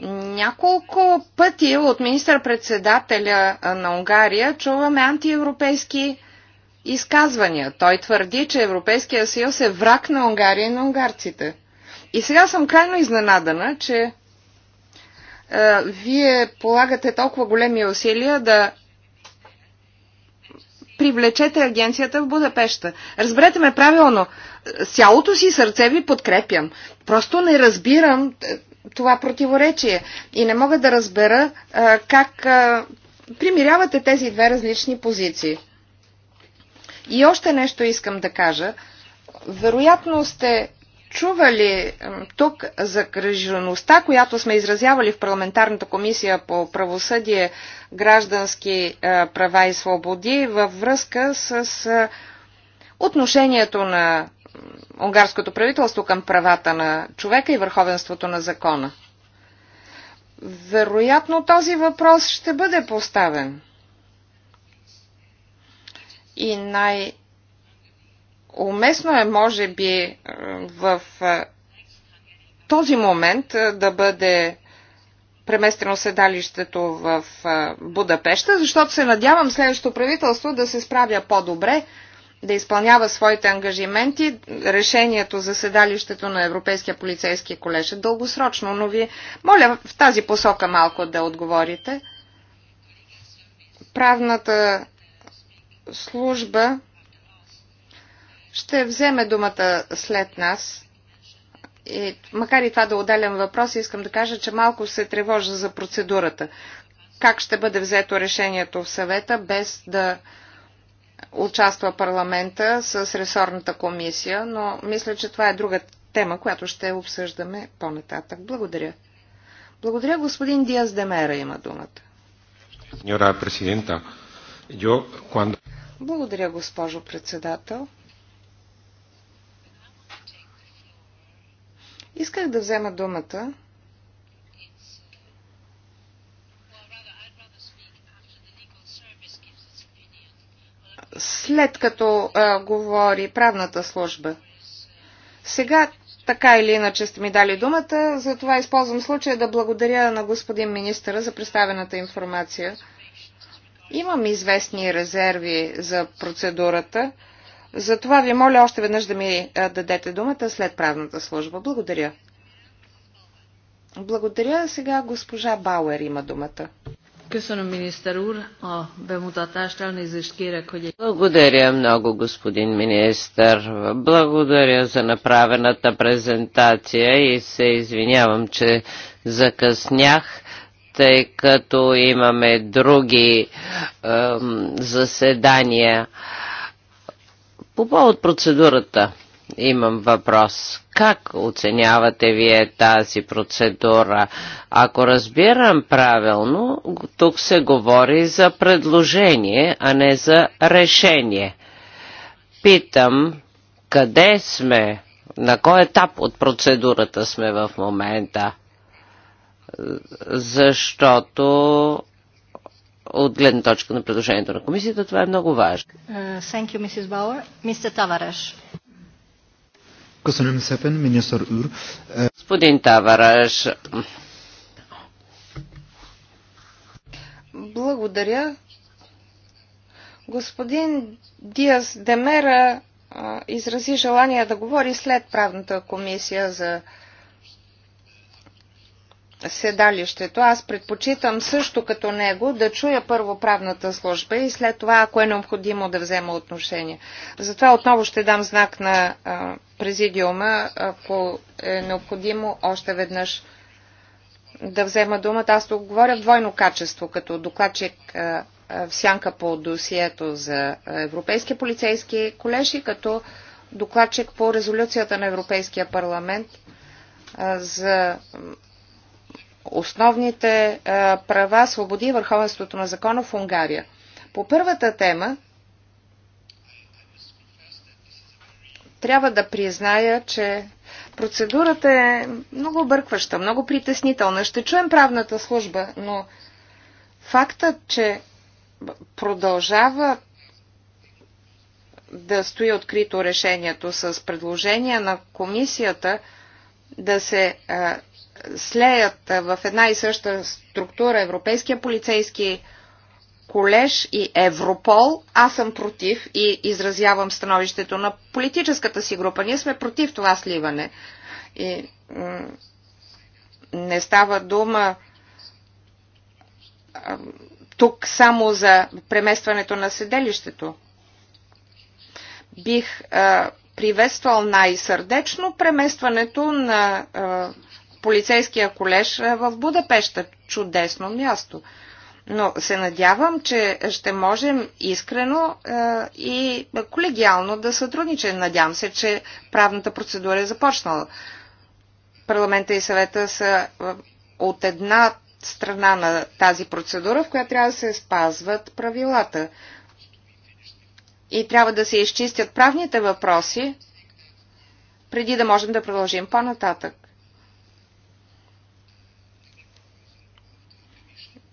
Няколко пъти от министър-председателя на Унгария чуваме антиевропейски изказвания. Той твърди, че Европейския съюз е враг на Унгария и на унгарците. И сега съм крайно изненадана, че е, вие полагате толкова големи усилия да привлечете агенцията в Будапешта. Разберете ме правилно, с цялото си сърце ви подкрепям. Просто не разбирам това противоречие. И не мога да разбера а, как а, примирявате тези две различни позиции. И още нещо искам да кажа. Вероятно сте чували тук кръжеността, която сме изразявали в парламентарната комисия по правосъдие, граждански права и свободи във връзка с отношението на унгарското правителство към правата на човека и върховенството на закона. Вероятно този въпрос ще бъде поставен. И най- уместно е, може би, е, в е, този момент е, да бъде преместено седалището в Будапеща, защото се надявам следващото правителство да се справя по-добре да изпълнява своите ангажименти. Решението за седалището на Европейския полицейски колеж е дългосрочно, но ви моля в тази посока малко да отговорите. Правната служба ще вземе думата след нас. И, макар и това да е отделям въпрос, искам да кажа, че малко се тревожа за процедурата. Как ще бъде взето решението в съвета, без да участва парламента с ресорната комисия, но мисля, че това е друга тема, която ще обсъждаме по-нататък. Благодаря. Благодаря, господин Диас Демера има думата. Сеньора президента, yo, cuando... Благодаря, госпожо председател. Исках да взема думата, след като а, говори правната служба. Сега, така или иначе сте ми дали думата, затова използвам случая да благодаря на господин министъра за представената информация. Имам известни резерви за процедурата, затова ви моля още веднъж да ми дадете думата след правната служба. Благодаря. Благодаря. Сега госпожа Бауер има думата. Благодаря много, господин министър. Благодаря за направената презентация и се извинявам, че закъснях тъй като имаме други заседания. По повод процедурата Имам въпрос. Как оценявате вие тази процедура? Ако разбирам правилно, тук се говори за предложение, а не за решение. Питам, къде сме? На кой етап от процедурата сме в момента? Защото от гледна точка на предложението на комисията, това е много важно. Uh, thank you, Mrs. Bauer. Mr. Tavares. Господин Тавараш. Благодаря. Господин Диас Демера изрази желание да говори след правната комисия за седалището. Аз предпочитам също като него да чуя първо правната служба и след това, ако е необходимо, да взема отношение. Затова отново ще дам знак на президиума, ако е необходимо още веднъж да взема думата. Аз тук говоря в двойно качество, като докладчик в сянка по досието за Европейски полицейски колеж и като докладчик по резолюцията на Европейския парламент за основните е, права, свободи и върховенството на закона в Унгария. По първата тема трябва да призная, че процедурата е много объркваща, много притеснителна. Ще чуем правната служба, но фактът, че продължава да стои открито решението с предложение на комисията да се е, слеят в една и съща структура Европейския полицейски колеж и Европол, аз съм против и изразявам становището на политическата си група. Ние сме против това сливане. И не става дума тук само за преместването на седелището. Бих приветствал най-сърдечно преместването на а, полицейския колеж е, в Будапеща. Чудесно място. Но се надявам, че ще можем искрено е, и колегиално да сътрудничим. Надявам се, че правната процедура е започнала. Парламента и съвета са е, от една страна на тази процедура, в която трябва да се спазват правилата. И трябва да се изчистят правните въпроси, преди да можем да продължим по-нататък.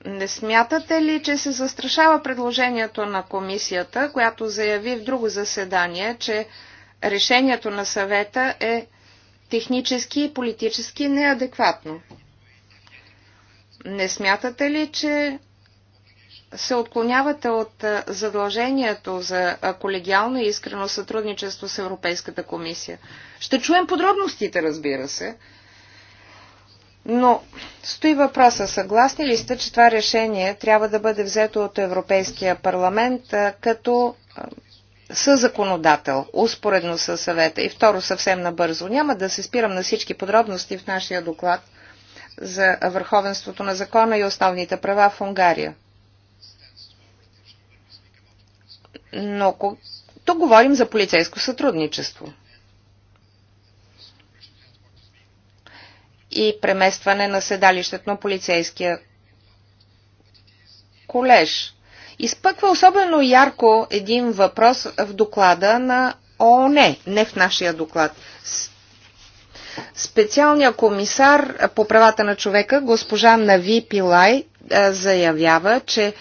Не смятате ли, че се застрашава предложението на комисията, която заяви в друго заседание, че решението на съвета е технически и политически неадекватно? Не смятате ли, че се отклонявате от задължението за колегиално и искрено сътрудничество с Европейската комисия? Ще чуем подробностите, разбира се, но стои въпроса, съгласни ли сте, че това решение трябва да бъде взето от Европейския парламент като съзаконодател, успоредно със съвета. И второ, съвсем набързо. Няма да се спирам на всички подробности в нашия доклад за върховенството на закона и основните права в Унгария. Но тук говорим за полицейско сътрудничество. и преместване на седалището на полицейския колеж. Изпъква особено ярко един въпрос в доклада на ООН, не в нашия доклад. Специалния комисар по правата на човека, госпожа Нави Пилай, е, заявява, че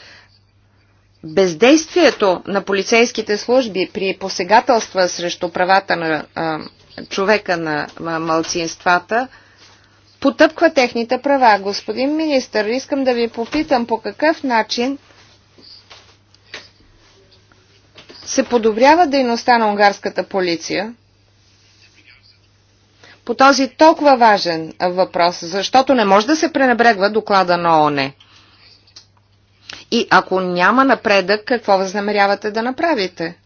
бездействието на полицейските служби при посегателства срещу правата на е, човека на е, малцинствата – потъпква техните права. Господин министр, искам да ви попитам по какъв начин се подобрява дейността на унгарската полиция по този толкова важен въпрос, защото не може да се пренебрегва доклада на ОНЕ. И ако няма напредък, какво възнамерявате да направите?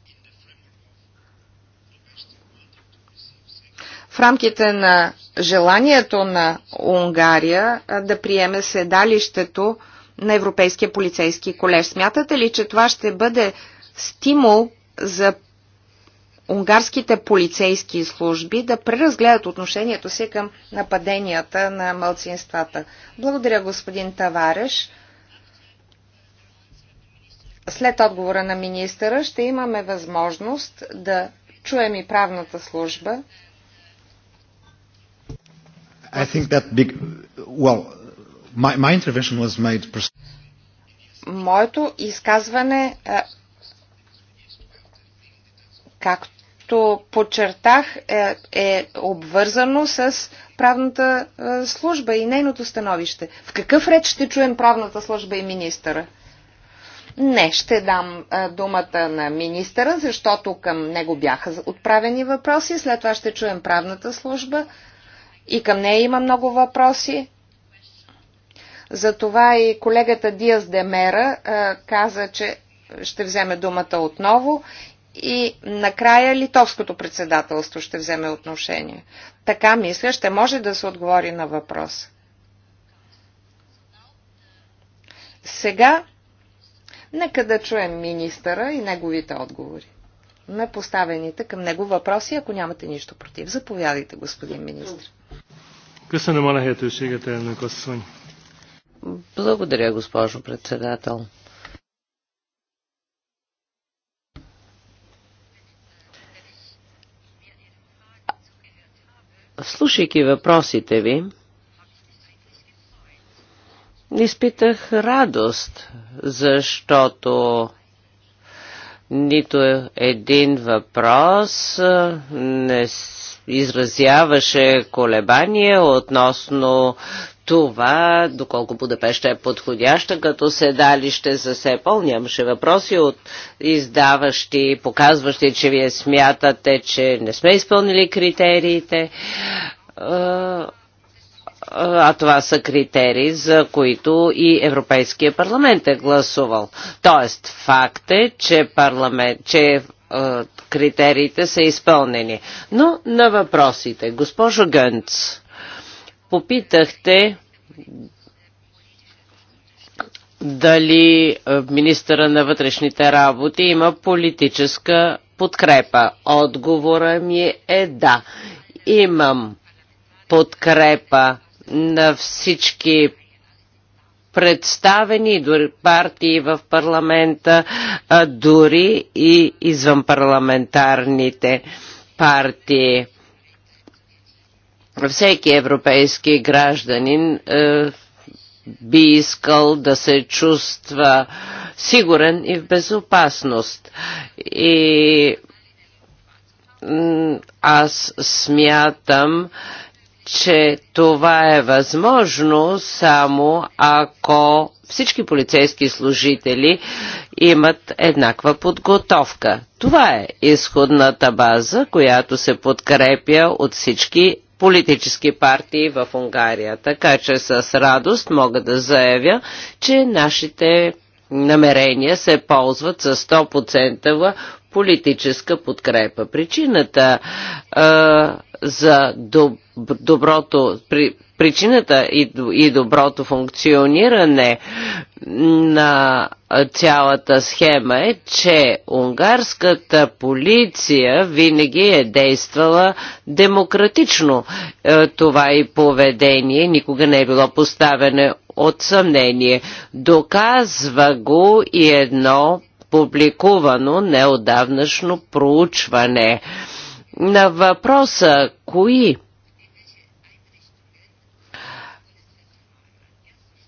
в рамките на желанието на Унгария да приеме седалището на Европейския полицейски колеж. Смятате ли, че това ще бъде стимул за унгарските полицейски служби да преразгледат отношението си към нападенията на мълцинствата? Благодаря, господин Тавареш. След отговора на министъра ще имаме възможност да чуем и правната служба I think that big, well, my, my intervention was made... Моето изказване, е, както подчертах, е, е обвързано с правната е, служба и нейното становище. В какъв ред ще чуем правната служба и министъра? Не, ще дам а, е, думата на министъра, защото към него бяха отправени въпроси. След това ще чуем правната служба. И към нея има много въпроси. Затова и колегата Диас Демера каза, че ще вземе думата отново и накрая литовското председателство ще вземе отношение. Така, мисля, ще може да се отговори на въпрос. Сега, нека да чуем министъра и неговите отговори на поставените към него въпроси, ако нямате нищо против. Заповядайте, господин министр. Köszönöm a lehetőséget, elnök asszony. Благодаря, госпожо председател. Слушайки въпросите ви, изпитах радост, защото нито един въпрос не изразяваше колебание относно това, доколко Будапеща е подходяща като седалище за СЕПОЛ. Нямаше въпроси от издаващи, показващи, че вие смятате, че не сме изпълнили критериите а това са критерии, за които и Европейския парламент е гласувал. Тоест, факт е, че, парламент, че е, критериите са изпълнени. Но на въпросите. Госпожо Гънц, попитахте дали е, министъра на вътрешните работи има политическа подкрепа. Отговора ми е да. Имам подкрепа на всички представени дори партии в парламента, а дори и извън парламентарните партии. Всеки европейски гражданин е, би искал да се чувства сигурен и в безопасност. И аз смятам, че това е възможно само ако всички полицейски служители имат еднаква подготовка. Това е изходната база, която се подкрепя от всички политически партии в Унгария. Така че с радост мога да заявя, че нашите намерения се ползват с 100% политическа подкрепа. Причината а, за доброто, при, причината и, и доброто функциониране на цялата схема е, че унгарската полиция винаги е действала демократично. Е, това и поведение никога не е било поставено от съмнение. Доказва го и едно публикувано неодавнашно проучване. На въпроса кои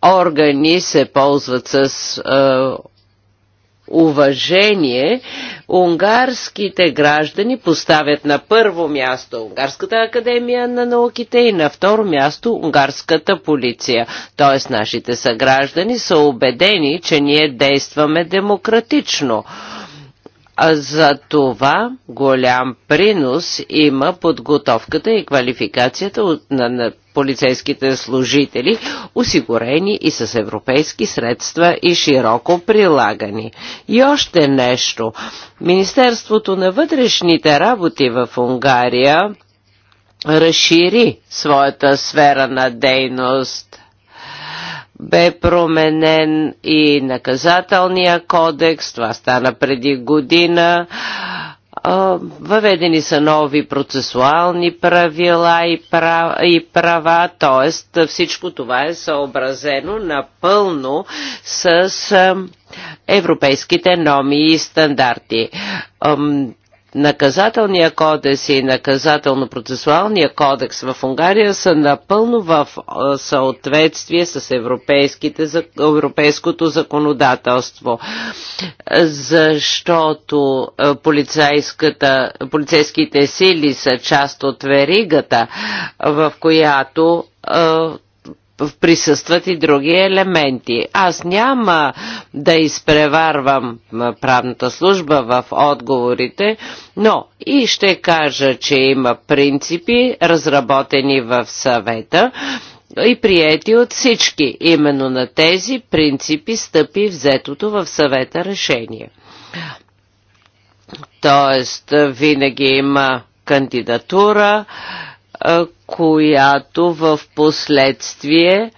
органи се ползват с е, уважение, унгарските граждани поставят на първо място Унгарската академия на науките и на второ място унгарската полиция. Тоест нашите съграждани са убедени, че ние действаме демократично. А за това голям принос има подготовката и квалификацията на полицейските служители, осигурени и с европейски средства и широко прилагани. И още нещо. Министерството на вътрешните работи в Унгария разшири своята сфера на дейност бе променен и наказателния кодекс, това стана преди година. Въведени са нови процесуални правила и права, и права т.е. всичко това е съобразено напълно с европейските номи и стандарти. Наказателния кодекс и наказателно-процесуалния кодекс в Унгария са напълно в съответствие с европейското законодателство, защото полицейските сили са част от веригата, в която присъстват и други елементи. Аз няма да изпреварвам правната служба в отговорите, но и ще кажа, че има принципи, разработени в съвета и приети от всички. Именно на тези принципи стъпи взетото в съвета решение. Тоест, винаги има кандидатура, която в последствие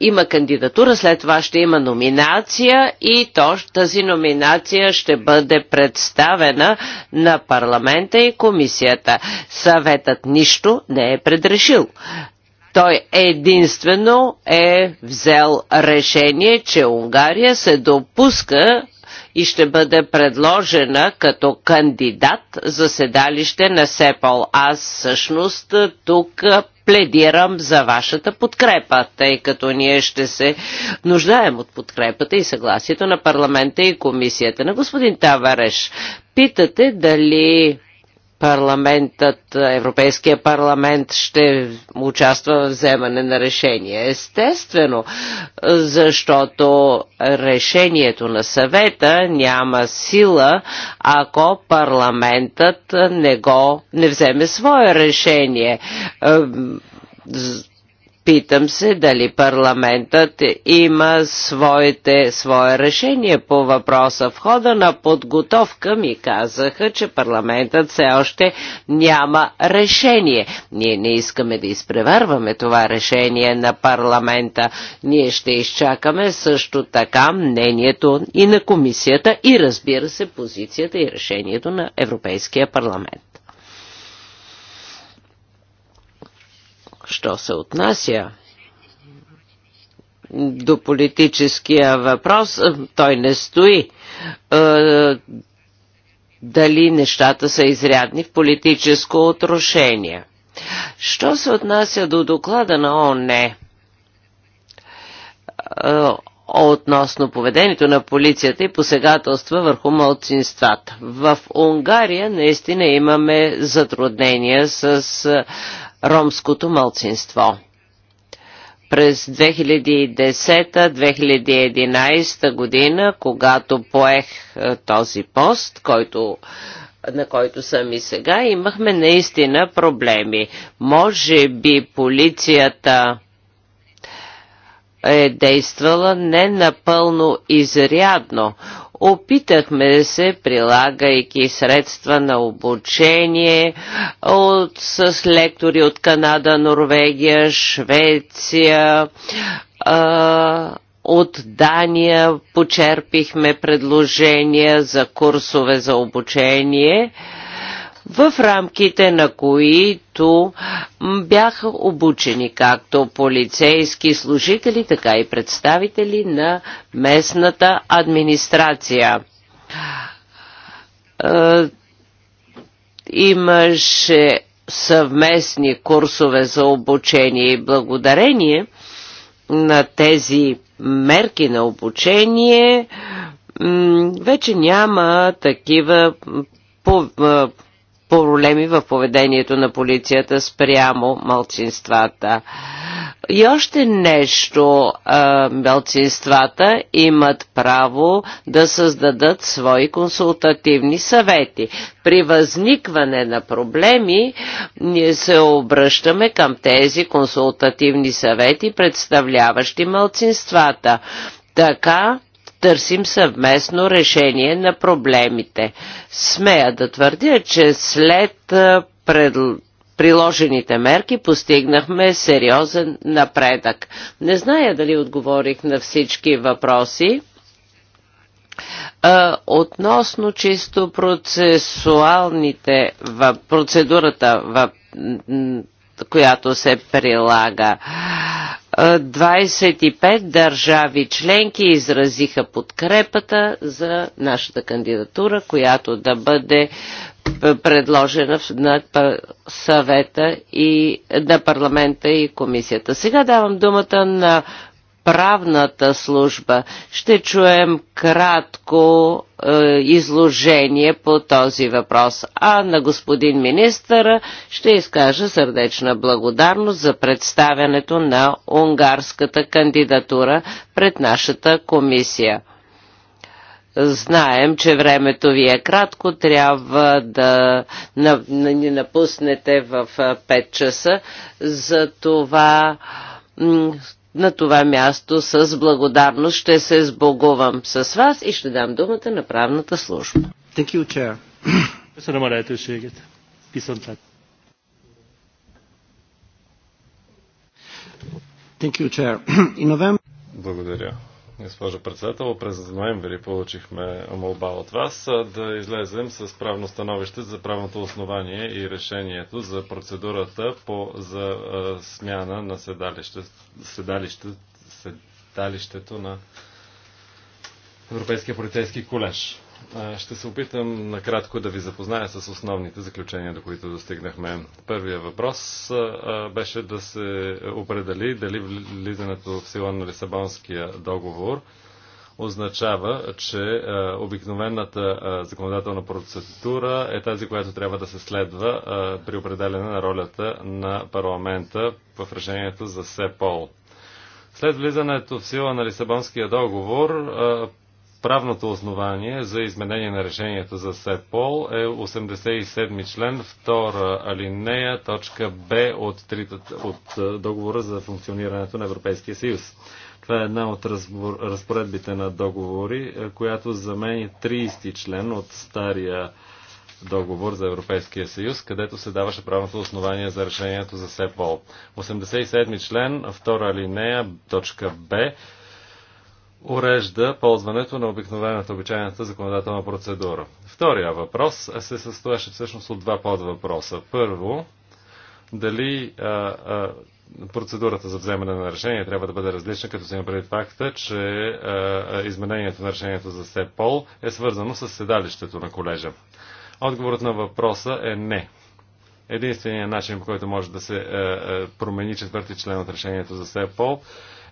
има кандидатура, след това ще има номинация и то, тази номинация ще бъде представена на парламента и комисията. Съветът нищо не е предрешил. Той единствено е взел решение, че Унгария се допуска и ще бъде предложена като кандидат за седалище на СЕПОЛ. Аз всъщност тук пледирам за вашата подкрепа, тъй като ние ще се нуждаем от подкрепата и съгласието на парламента и комисията. На господин Тавареш, питате дали парламентът, Европейския парламент ще участва в вземане на решение. Естествено, защото решението на съвета няма сила, ако парламентът не го не вземе свое решение Питам се дали парламентът има своите, свое решение по въпроса. В хода на подготовка ми казаха, че парламентът все още няма решение. Ние не искаме да изпреварваме това решение на парламента. Ние ще изчакаме също така мнението и на комисията и разбира се позицията и решението на Европейския парламент. Що се отнася до политическия въпрос, е, той не стои. Е, дали нещата са изрядни в политическо отрушение? Що се отнася до доклада на ООН е, относно поведението на полицията и посегателства върху малцинствата? В Унгария наистина имаме затруднения с ромското мълцинство. През 2010-2011 година, когато поех е, този пост, който на който съм и сега, имахме наистина проблеми. Може би полицията е действала не напълно изрядно, Опитахме се, прилагайки средства на обучение от, с лектори от Канада, Норвегия, Швеция, а, от Дания почерпихме предложения за курсове за обучение. А, в рамките на които бяха обучени както полицейски служители, така и представители на местната администрация е, имаше съвместни курсове за обучение и благодарение на тези мерки на обучение вече няма такива проблеми в поведението на полицията спрямо малцинствата. И още нещо, мълцинствата имат право да създадат свои консултативни съвети. При възникване на проблеми ние се обръщаме към тези консултативни съвети, представляващи мълцинствата. Така търсим съвместно решение на проблемите. Смея да твърдя, че след пред приложените мерки постигнахме сериозен напредък. Не зная дали отговорих на всички въпроси. Относно чисто процесуалните, процедурата, която се прилага 25 държави членки изразиха подкрепата за нашата кандидатура, която да бъде предложена на съвета и на парламента и комисията. Сега давам думата на правната служба. Ще чуем кратко е, изложение по този въпрос. А на господин министъра ще изкажа сърдечна благодарност за представянето на унгарската кандидатура пред нашата комисия. Знаем, че времето ви е кратко, трябва да ни напуснете в 5 е, часа, за това на това място с благодарност. Ще се сбогувам с вас и ще дам думата на правната служба. Thank you, Chair. Köszönöm a lehetőséget. Viszontlát. Thank you, Chair. *clears throat* In November... Благодаря, госпожо председател. През ноември получихме молба от вас да излезем с правно становище за правното основание и решението за процедурата по, за а, смяна на седалище, седалище, седалището на Европейския полицейски колеж. Ще се опитам накратко да ви запозная с основните заключения, до които достигнахме. Първия въпрос беше да се определи дали влизането в сила на Лисабонския договор означава, че обикновената законодателна процедура е тази, която трябва да се следва при определене на ролята на парламента в решението за СЕПОЛ. След влизането в сила на Лисабонския договор, правното основание за изменение на решението за СЕПОЛ е 87 член, 2 алинея, точка Б от, 3, от е, договора за функционирането на Европейския съюз. Това е една от разбор, разпоредбите на договори, е, която замени 30 член от стария договор за Европейския съюз, където се даваше правното основание за решението за СЕПОЛ. 87 член, 2 алинея, точка Б урежда ползването на обикновената обичайната законодателна процедура. Втория въпрос е- се състояше всъщност от два подвъпроса. Първо, дали а, а, процедурата за вземане на решение трябва да бъде различна, като се има преди факта, че а, изменението на решението за СЕПОЛ е свързано с седалището на колежа. Отговорът на въпроса е не. Единственият начин, по който може да се а, а, промени четвърти член от решението за СЕПОЛ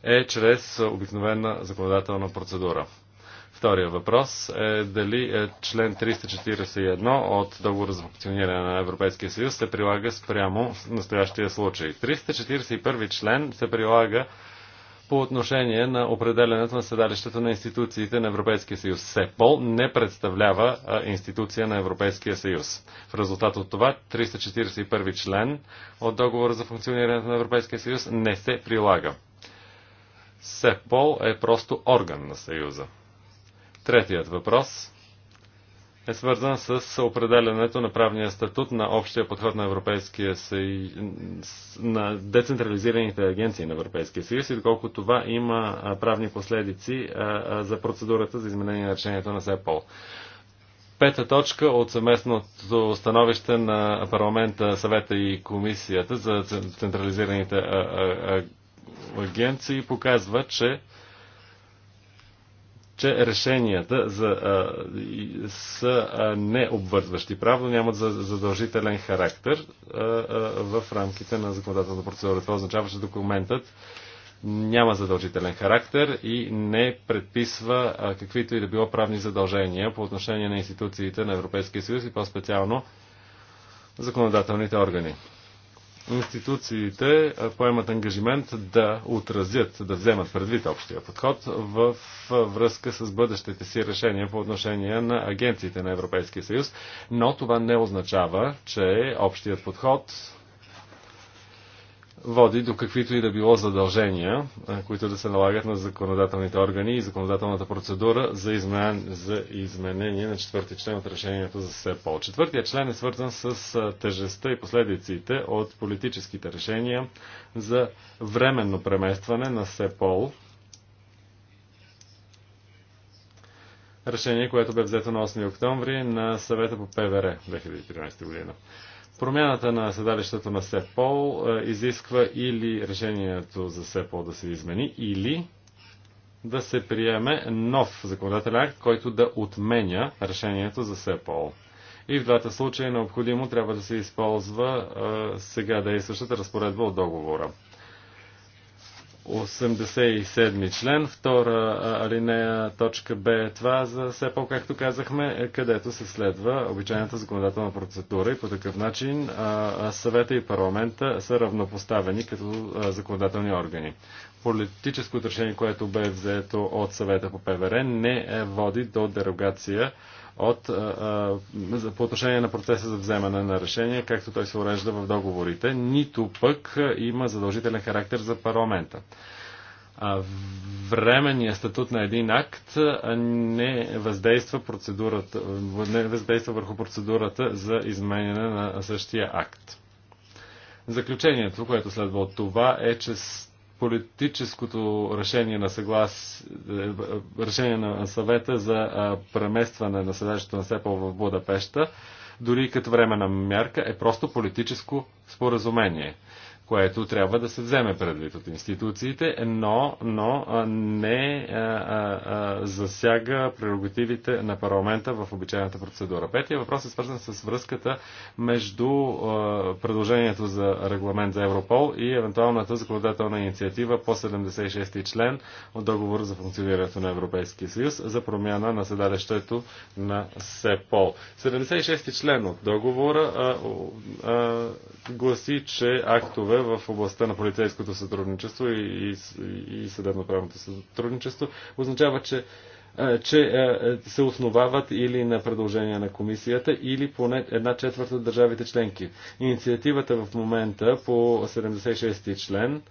е чрез обикновена законодателна процедура. Втория въпрос е дали е член 341 от договора за функциониране на Европейския съюз се прилага спрямо настоящия случай. 341 член се прилага по отношение на определенето на седалището на институциите на Европейския съюз. СЕПОЛ не представлява институция на Европейския съюз. В резултат от това 341 член от договора за функционирането на Европейския съюз не се прилага. СЕПОЛ е просто орган на Съюза. Третият въпрос е свързан с определенето на правния статут на общия подход на Европейския съюз, на децентрализираните агенции на Европейския съюз и доколко това има правни последици за процедурата за изменение на решението на СЕПОЛ. Пета точка от съместното становище на парламента, съвета и комисията за централизираните агенции показва, че че решенията за, а, са необвързващи Правда, нямат задължителен характер а, а, в рамките на законодателната процедура. Това означава, че документът няма задължителен характер и не предписва а, каквито и да било правни задължения по отношение на институциите на Европейския съюз и по-специално законодателните органи институциите поемат ангажимент да отразят, да вземат предвид общия подход в връзка с бъдещите си решения по отношение на агенциите на Европейския съюз, но това не означава, че общият подход води до каквито и да било задължения, които да се налагат на законодателните органи и законодателната процедура за, измен... за изменение на четвърти член от решението за СЕПОЛ. Четвъртия член е свързан с тежестта и последиците от политическите решения за временно преместване на СЕПОЛ. Решение, което бе взето на 8 октомври на съвета по ПВР 2013 година. Промяната на седалището на СЕПОЛ е, изисква или решението за СЕПОЛ да се измени, или да се приеме нов законодателен акт, който да отменя решението за СЕПОЛ. И в двата случая е необходимо трябва да се използва а, е, сега действащата разпоредба от договора. 87 член, втора алинея, точка Б е това за все по-както казахме, е, където се следва обичайната законодателна процедура и по такъв начин съвета и парламента са равнопоставени като законодателни органи. Политическото решение, което бе взето от съвета по ПВР, не е води до дерогация от, а, а, по отношение на процеса за вземане на решение, както той се урежда в договорите, нито пък има задължителен характер за парламента. Временният статут на един акт не въздейства, процедурата, не въздейства върху процедурата за изменяне на същия акт. Заключението, което следва от това е, че политическото решение на съглас, е, решение на съвета за преместване на седалището на СЕПАЛ в Будапешта, дори като време на мярка, е просто политическо споразумение което трябва да се вземе предвид от институциите, но, но не а, а, засяга прерогативите на парламента в обичайната процедура. Петия въпрос е свързан с връзката между а, предложението за регламент за Европол и евентуалната законодателна инициатива по 76 ти член от договор за функционирането на Европейския съюз за промяна на седалището на СЕПОЛ. 76 ти член от договора а, а, гласи, че актове планове в областта на полицейското сътрудничество и, и, и съдебно-правното сътрудничество, означава, че че се основават или на предложения на комисията, или поне една четвърта от държавите членки. Инициативата в момента по 76 ти член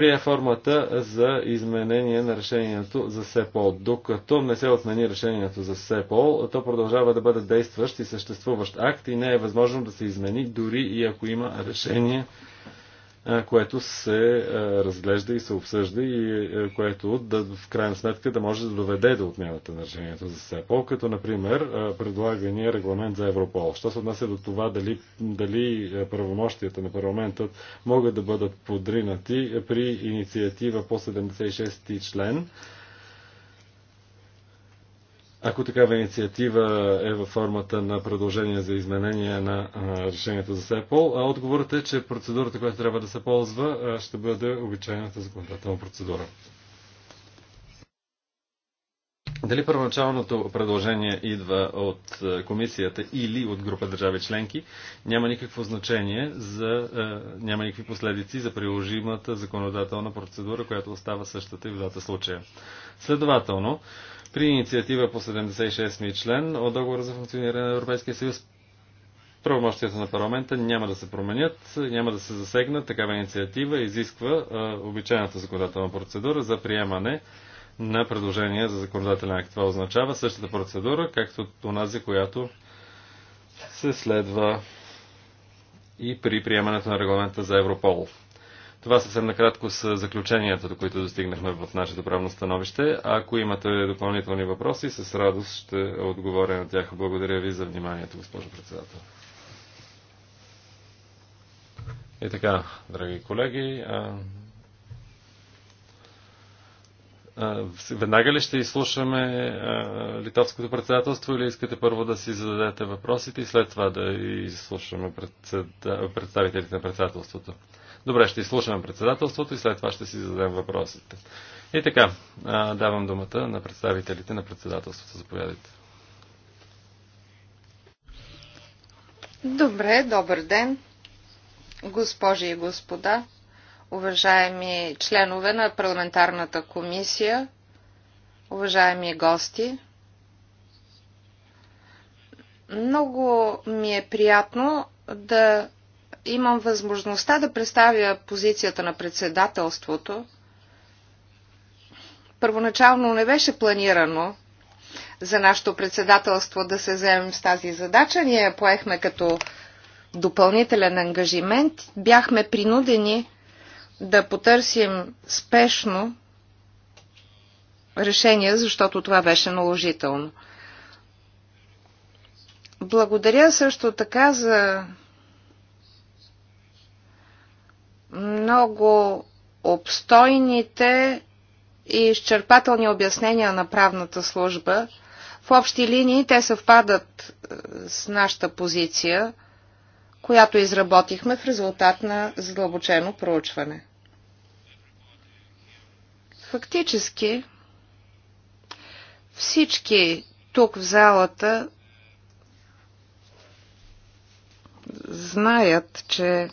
прие формата за изменение на решението за СЕПОЛ. Докато не се отмени решението за СЕПОЛ, то продължава да бъде действащ и съществуващ акт и не е възможно да се измени, дори и ако има решение което се разглежда и се обсъжда и което да, в крайна сметка да може да доведе до отмяната на решението за СЕПОЛ, като например предлагания регламент за Европол. Що се отнася до това дали, дали правомощията на парламентът могат да бъдат подринати при инициатива по 76 член, ако такава инициатива е във формата на продължение за изменение на решението за СЕПОЛ, а отговорът е, че процедурата, която трябва да се ползва, ще бъде обичайната законодателна процедура. Дали първоначалното предложение идва от комисията или от група държави членки, няма никакво значение за, няма никакви последици за приложимата законодателна процедура, която остава същата и в двата случая. Следователно, при инициатива по 76 ми член от договора за функциониране на Европейския съюз правомощията на парламента няма да се променят, няма да се засегнат. Такава инициатива изисква а, обичайната законодателна процедура за приемане на предложения за законодателен акт. Това означава същата процедура, както онази, която се следва и при приемането на регламента за Европол. Това съвсем накратко са заключенията, до които достигнахме в нашето правно становище. Ако имате допълнителни въпроси, с радост ще отговоря на тях. Благодаря ви за вниманието, госпожо председател. И така, драги колеги, а... веднага ли ще изслушаме литовското председателство или искате първо да си зададете въпросите и след това да изслушаме представителите на председателството? Добре, ще изслушаме председателството и след това ще си зададем въпросите. И така, давам думата на представителите на председателството. Заповядайте. Добре, добър ден, госпожи и господа, уважаеми членове на парламентарната комисия, уважаеми гости. Много ми е приятно да имам възможността да представя позицията на председателството. Първоначално не беше планирано за нашето председателство да се вземем с тази задача. Ние я поехме като допълнителен ангажимент. Бяхме принудени да потърсим спешно решение, защото това беше наложително. Благодаря също така за много обстойните и изчерпателни обяснения на правната служба. В общи линии те съвпадат е, с нашата позиция, която изработихме в резултат на задълбочено проучване. Фактически всички тук в залата знаят, че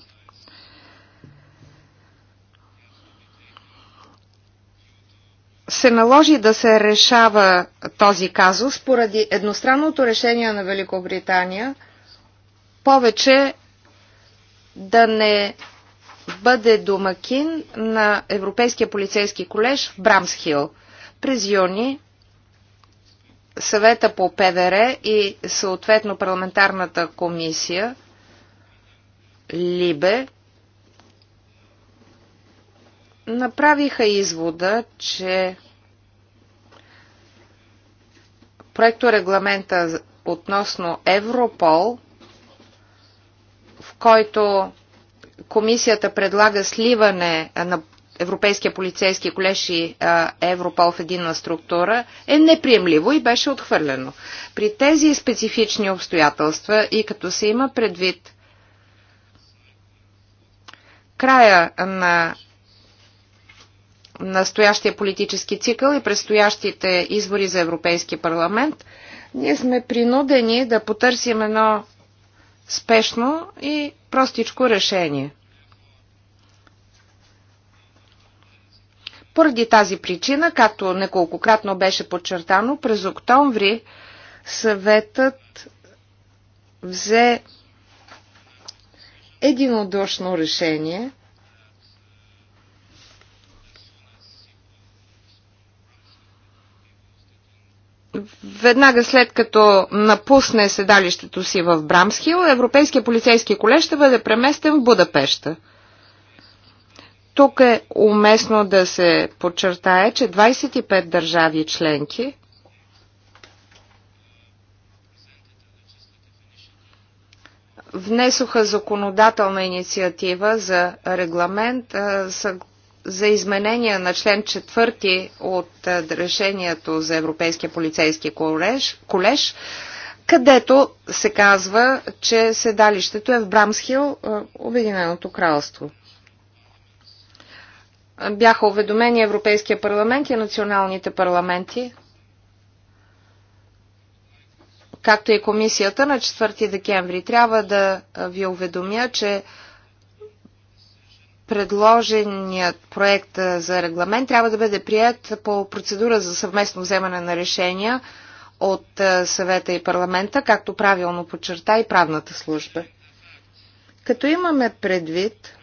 се наложи да се решава този казус поради едностранното решение на Великобритания повече да не бъде домакин на Европейския полицейски колеж в Брамсхил. През юни съвета по ПВР и съответно парламентарната комисия Либе направиха извода, че проекто регламента относно Европол, в който комисията предлага сливане на Европейския полицейски колеж и Европол в единна структура, е неприемливо и беше отхвърлено. При тези специфични обстоятелства и като се има предвид края на настоящия политически цикъл и предстоящите избори за Европейски парламент, ние сме принудени да потърсим едно спешно и простичко решение. Поради тази причина, както неколкократно беше подчертано, през октомври съветът взе единодушно решение – веднага след като напусне седалището си в Брамсхил, Европейския полицейски колеж ще бъде преместен в Будапеща. Тук е уместно да се подчертае, че 25 държави членки внесоха законодателна инициатива за регламент, за изменение на член 4 от решението за Европейския полицейски колеж, колеж където се казва, че седалището е в Брамсхил, Обединеното кралство. Бяха уведомени Европейския парламент и националните парламенти, както и комисията на 4 декември. Трябва да ви уведомя, че предложеният проект за регламент трябва да бъде прият по процедура за съвместно вземане на решения от съвета и парламента, както правилно подчерта и правната служба. Като имаме предвид,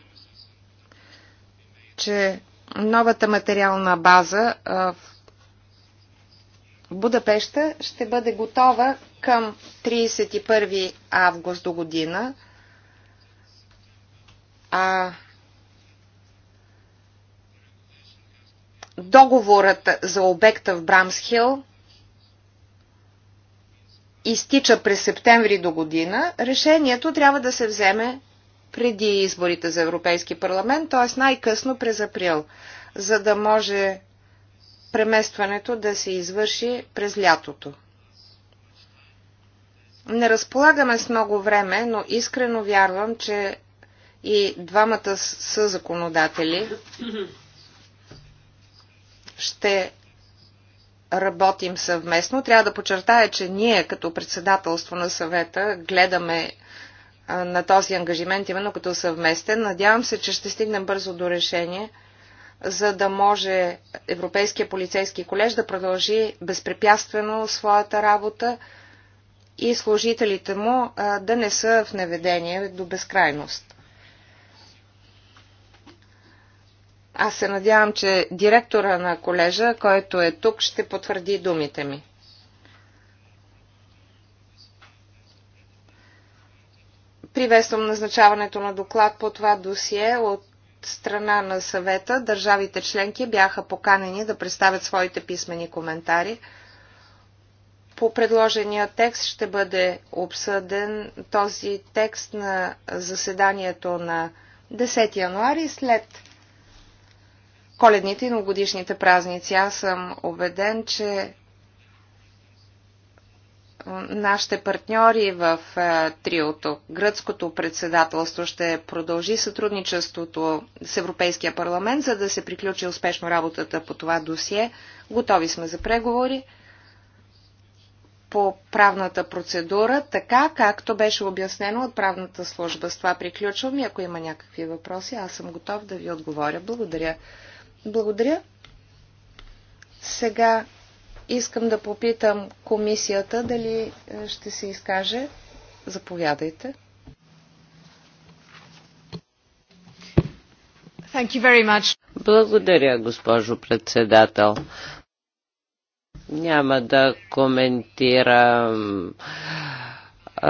че новата материална база в Будапеща ще бъде готова към 31 август до година, а договорът за обекта в Брамсхил изтича през септември до година, решението трябва да се вземе преди изборите за Европейски парламент, т.е. най-късно през април, за да може преместването да се извърши през лятото. Не разполагаме с много време, но искрено вярвам, че и двамата са законодатели ще работим съвместно. Трябва да подчертая, че ние като председателство на съвета гледаме на този ангажимент именно като съвместен. Надявам се, че ще стигнем бързо до решение, за да може Европейския полицейски колеж да продължи безпрепятствено своята работа и служителите му да не са в неведение до безкрайност. Аз се надявам, че директора на колежа, който е тук, ще потвърди думите ми. Приветствам назначаването на доклад по това досие от страна на съвета. Държавите членки бяха поканени да представят своите писмени коментари. По предложения текст ще бъде обсъден този текст на заседанието на 10 януари след коледните и новогодишните празници. Аз съм убеден, че нашите партньори в е, триото. Гръцкото председателство ще продължи сътрудничеството с Европейския парламент, за да се приключи успешно работата по това досие. Готови сме за преговори по правната процедура, така както беше обяснено от правната служба. С това приключвам и ако има някакви въпроси, аз съм готов да ви отговоря. Благодаря благодаря. Сега искам да попитам комисията дали е, ще се изкаже. Заповядайте. Thank you very much. Благодаря, госпожо председател. Няма да коментирам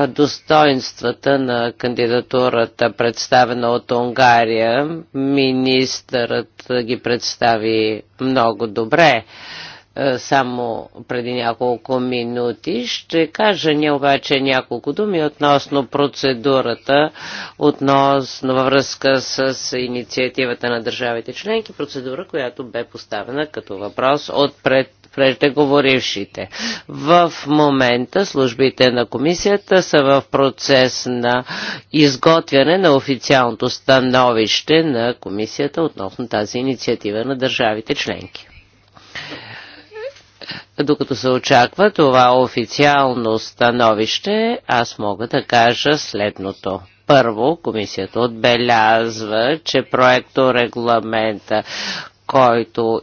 достоинствата на кандидатурата, представена от Унгария. Министърът ги представи много добре само преди няколко минути. Ще кажа ни обаче няколко думи относно процедурата, относно във връзка с инициативата на държавите членки, процедура, която бе поставена като въпрос от пред преждеговорившите. В момента службите на комисията са в процес на изготвяне на официалното становище на комисията относно тази инициатива на държавите членки. Докато се очаква това официално становище, аз мога да кажа следното. Първо, комисията отбелязва, че проекто регламента, който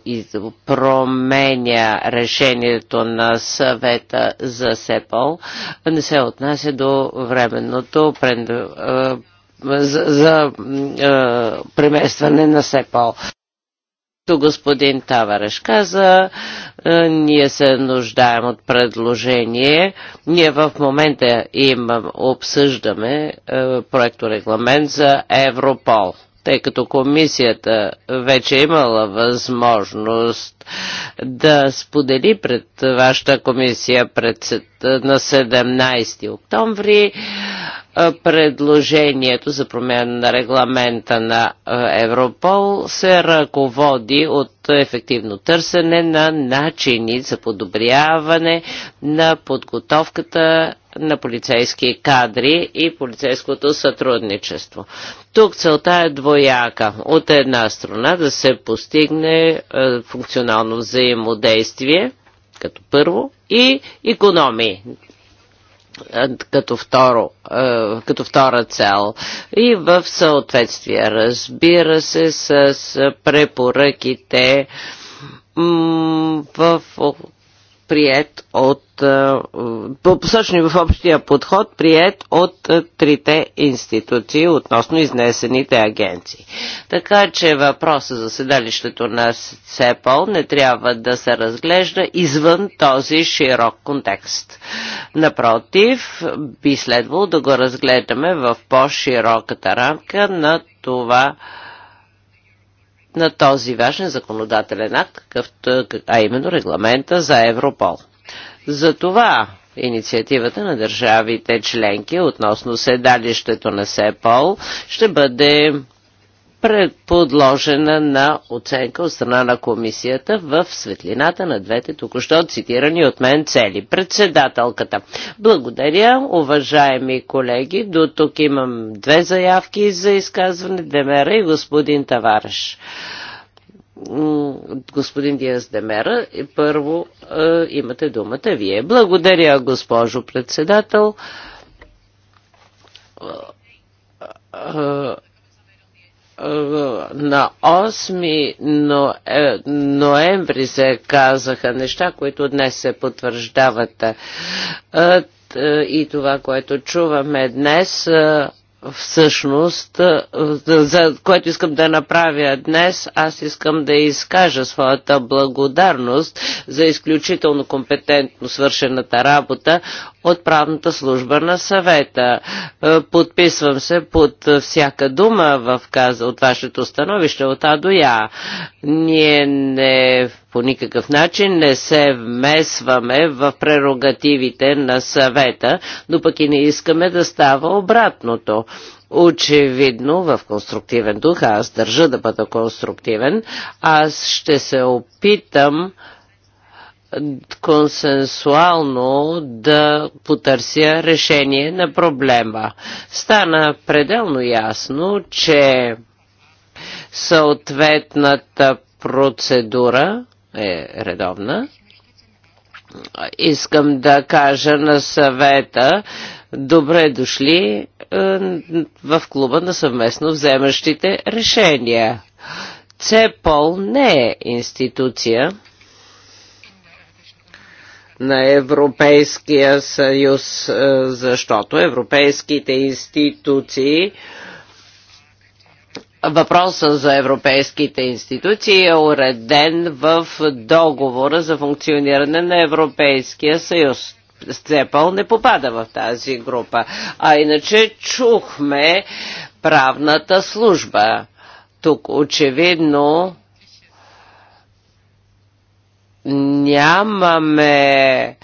променя решението на съвета за СЕПОЛ, не се отнася до временното пред, за, за преместване на СЕПОЛ както господин Тавареш каза, ние се нуждаем от предложение. Ние в момента им обсъждаме регламент за Европол тъй като комисията вече е имала възможност да сподели пред вашата комисия пред, на 17 октомври е, предложението за промяна на регламента на е, Европол се ръководи от ефективно търсене на начини за подобряване на подготовката на полицейски кадри и полицейското сътрудничество. Тук целта е двояка. От една страна да се постигне е, функционално взаимодействие като първо и економии е, като, второ, е, като втора цел и в съответствие, разбира се, с препоръките в прият от, е, посочени в общия подход, прият от е, трите институции относно изнесените агенции. Така че въпроса за седалището на СЕПОЛ не трябва да се разглежда извън този широк контекст. Напротив, би следвало да го разгледаме в по-широката рамка на това на този важен законодателен акт, какъвто, а именно регламента за Европол. Затова инициативата на държавите членки относно седалището на СЕПОЛ ще бъде предподложена на оценка от страна на комисията в светлината на двете току-що цитирани от мен цели. Председателката. Благодаря, уважаеми колеги. До тук имам две заявки за изказване. Демера и господин Тавареш господин Диас Демера. Първо е, имате думата вие. Благодаря, госпожо председател. Е, е, на 8 ноември се казаха неща, които днес се потвърждават. Е, е, и това, което чуваме днес, е, всъщност, за което искам да направя днес, аз искам да изкажа своята благодарност за изключително компетентно свършената работа от правната служба на съвета. Е, подписвам се под всяка дума в каза, от вашето становище от А до Я. Ние не по никакъв начин не се вмесваме в прерогативите на съвета, но пък и не искаме да става обратното. Очевидно, в конструктивен дух, аз държа да бъда конструктивен, аз ще се опитам консенсуално да потърся решение на проблема. Стана пределно ясно, че съответната процедура е редовна. Искам да кажа на съвета, добре дошли е, в клуба на съвместно вземащите решения. ЦЕПОЛ не е институция, на Европейския съюз, е, защото европейските институции Въпроса за европейските институции е уреден в договора за функциониране на Европейския съюз. Степъл не попада в тази група. А иначе чухме правната служба. Тук очевидно нямаме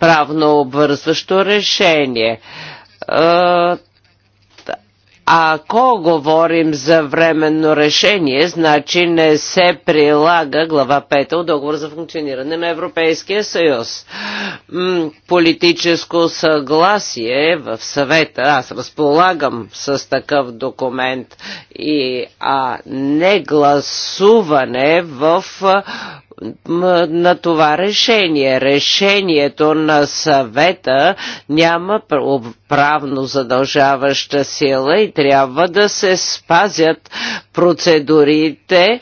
правно обвързващо решение ако говорим за временно решение, значи не се прилага глава 5 от договор за функциониране на Европейския съюз. Политическо съгласие в съвета, аз разполагам с такъв документ, и, а не гласуване в на това решение. Решението на съвета няма правно задължаваща сила и трябва да се спазят процедурите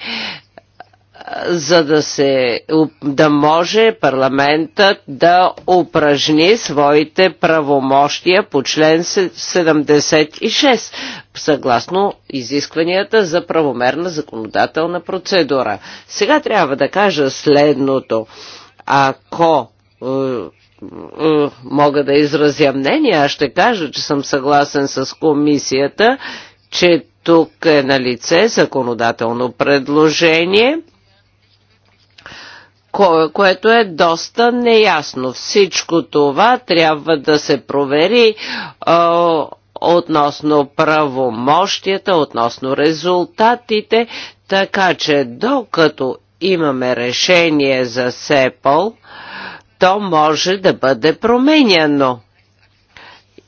за да, се, да може парламентът да упражни своите правомощия по член 76, съгласно изискванията за правомерна законодателна процедура. Сега трябва да кажа следното. Ако е, е, мога да изразя мнение, аз ще кажа, че съм съгласен с комисията, че тук е на лице законодателно предложение – което е доста неясно. Всичко това трябва да се провери а, относно правомощията, относно резултатите, така че докато имаме решение за СЕПОЛ, то може да бъде променяно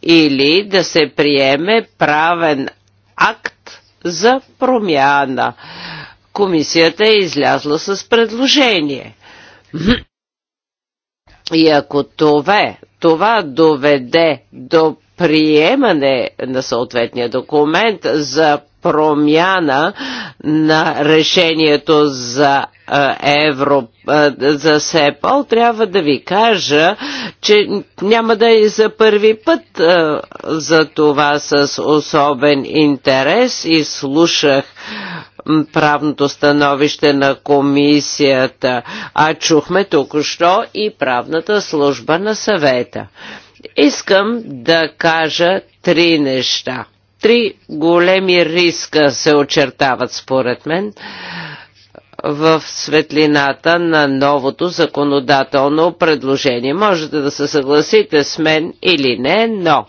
или да се приеме правен акт за промяна. Комисията е излязла с предложение. И ако това, това доведе до приемане на съответния документ за промяна на решението за евро за СЕПОЛ, трябва да ви кажа, че няма да е за първи път за това с особен интерес и слушах правното становище на комисията, а чухме току-що и правната служба на съвета. Искам да кажа три неща. Три големи риска се очертават според мен в светлината на новото законодателно предложение. Можете да се съгласите с мен или не, но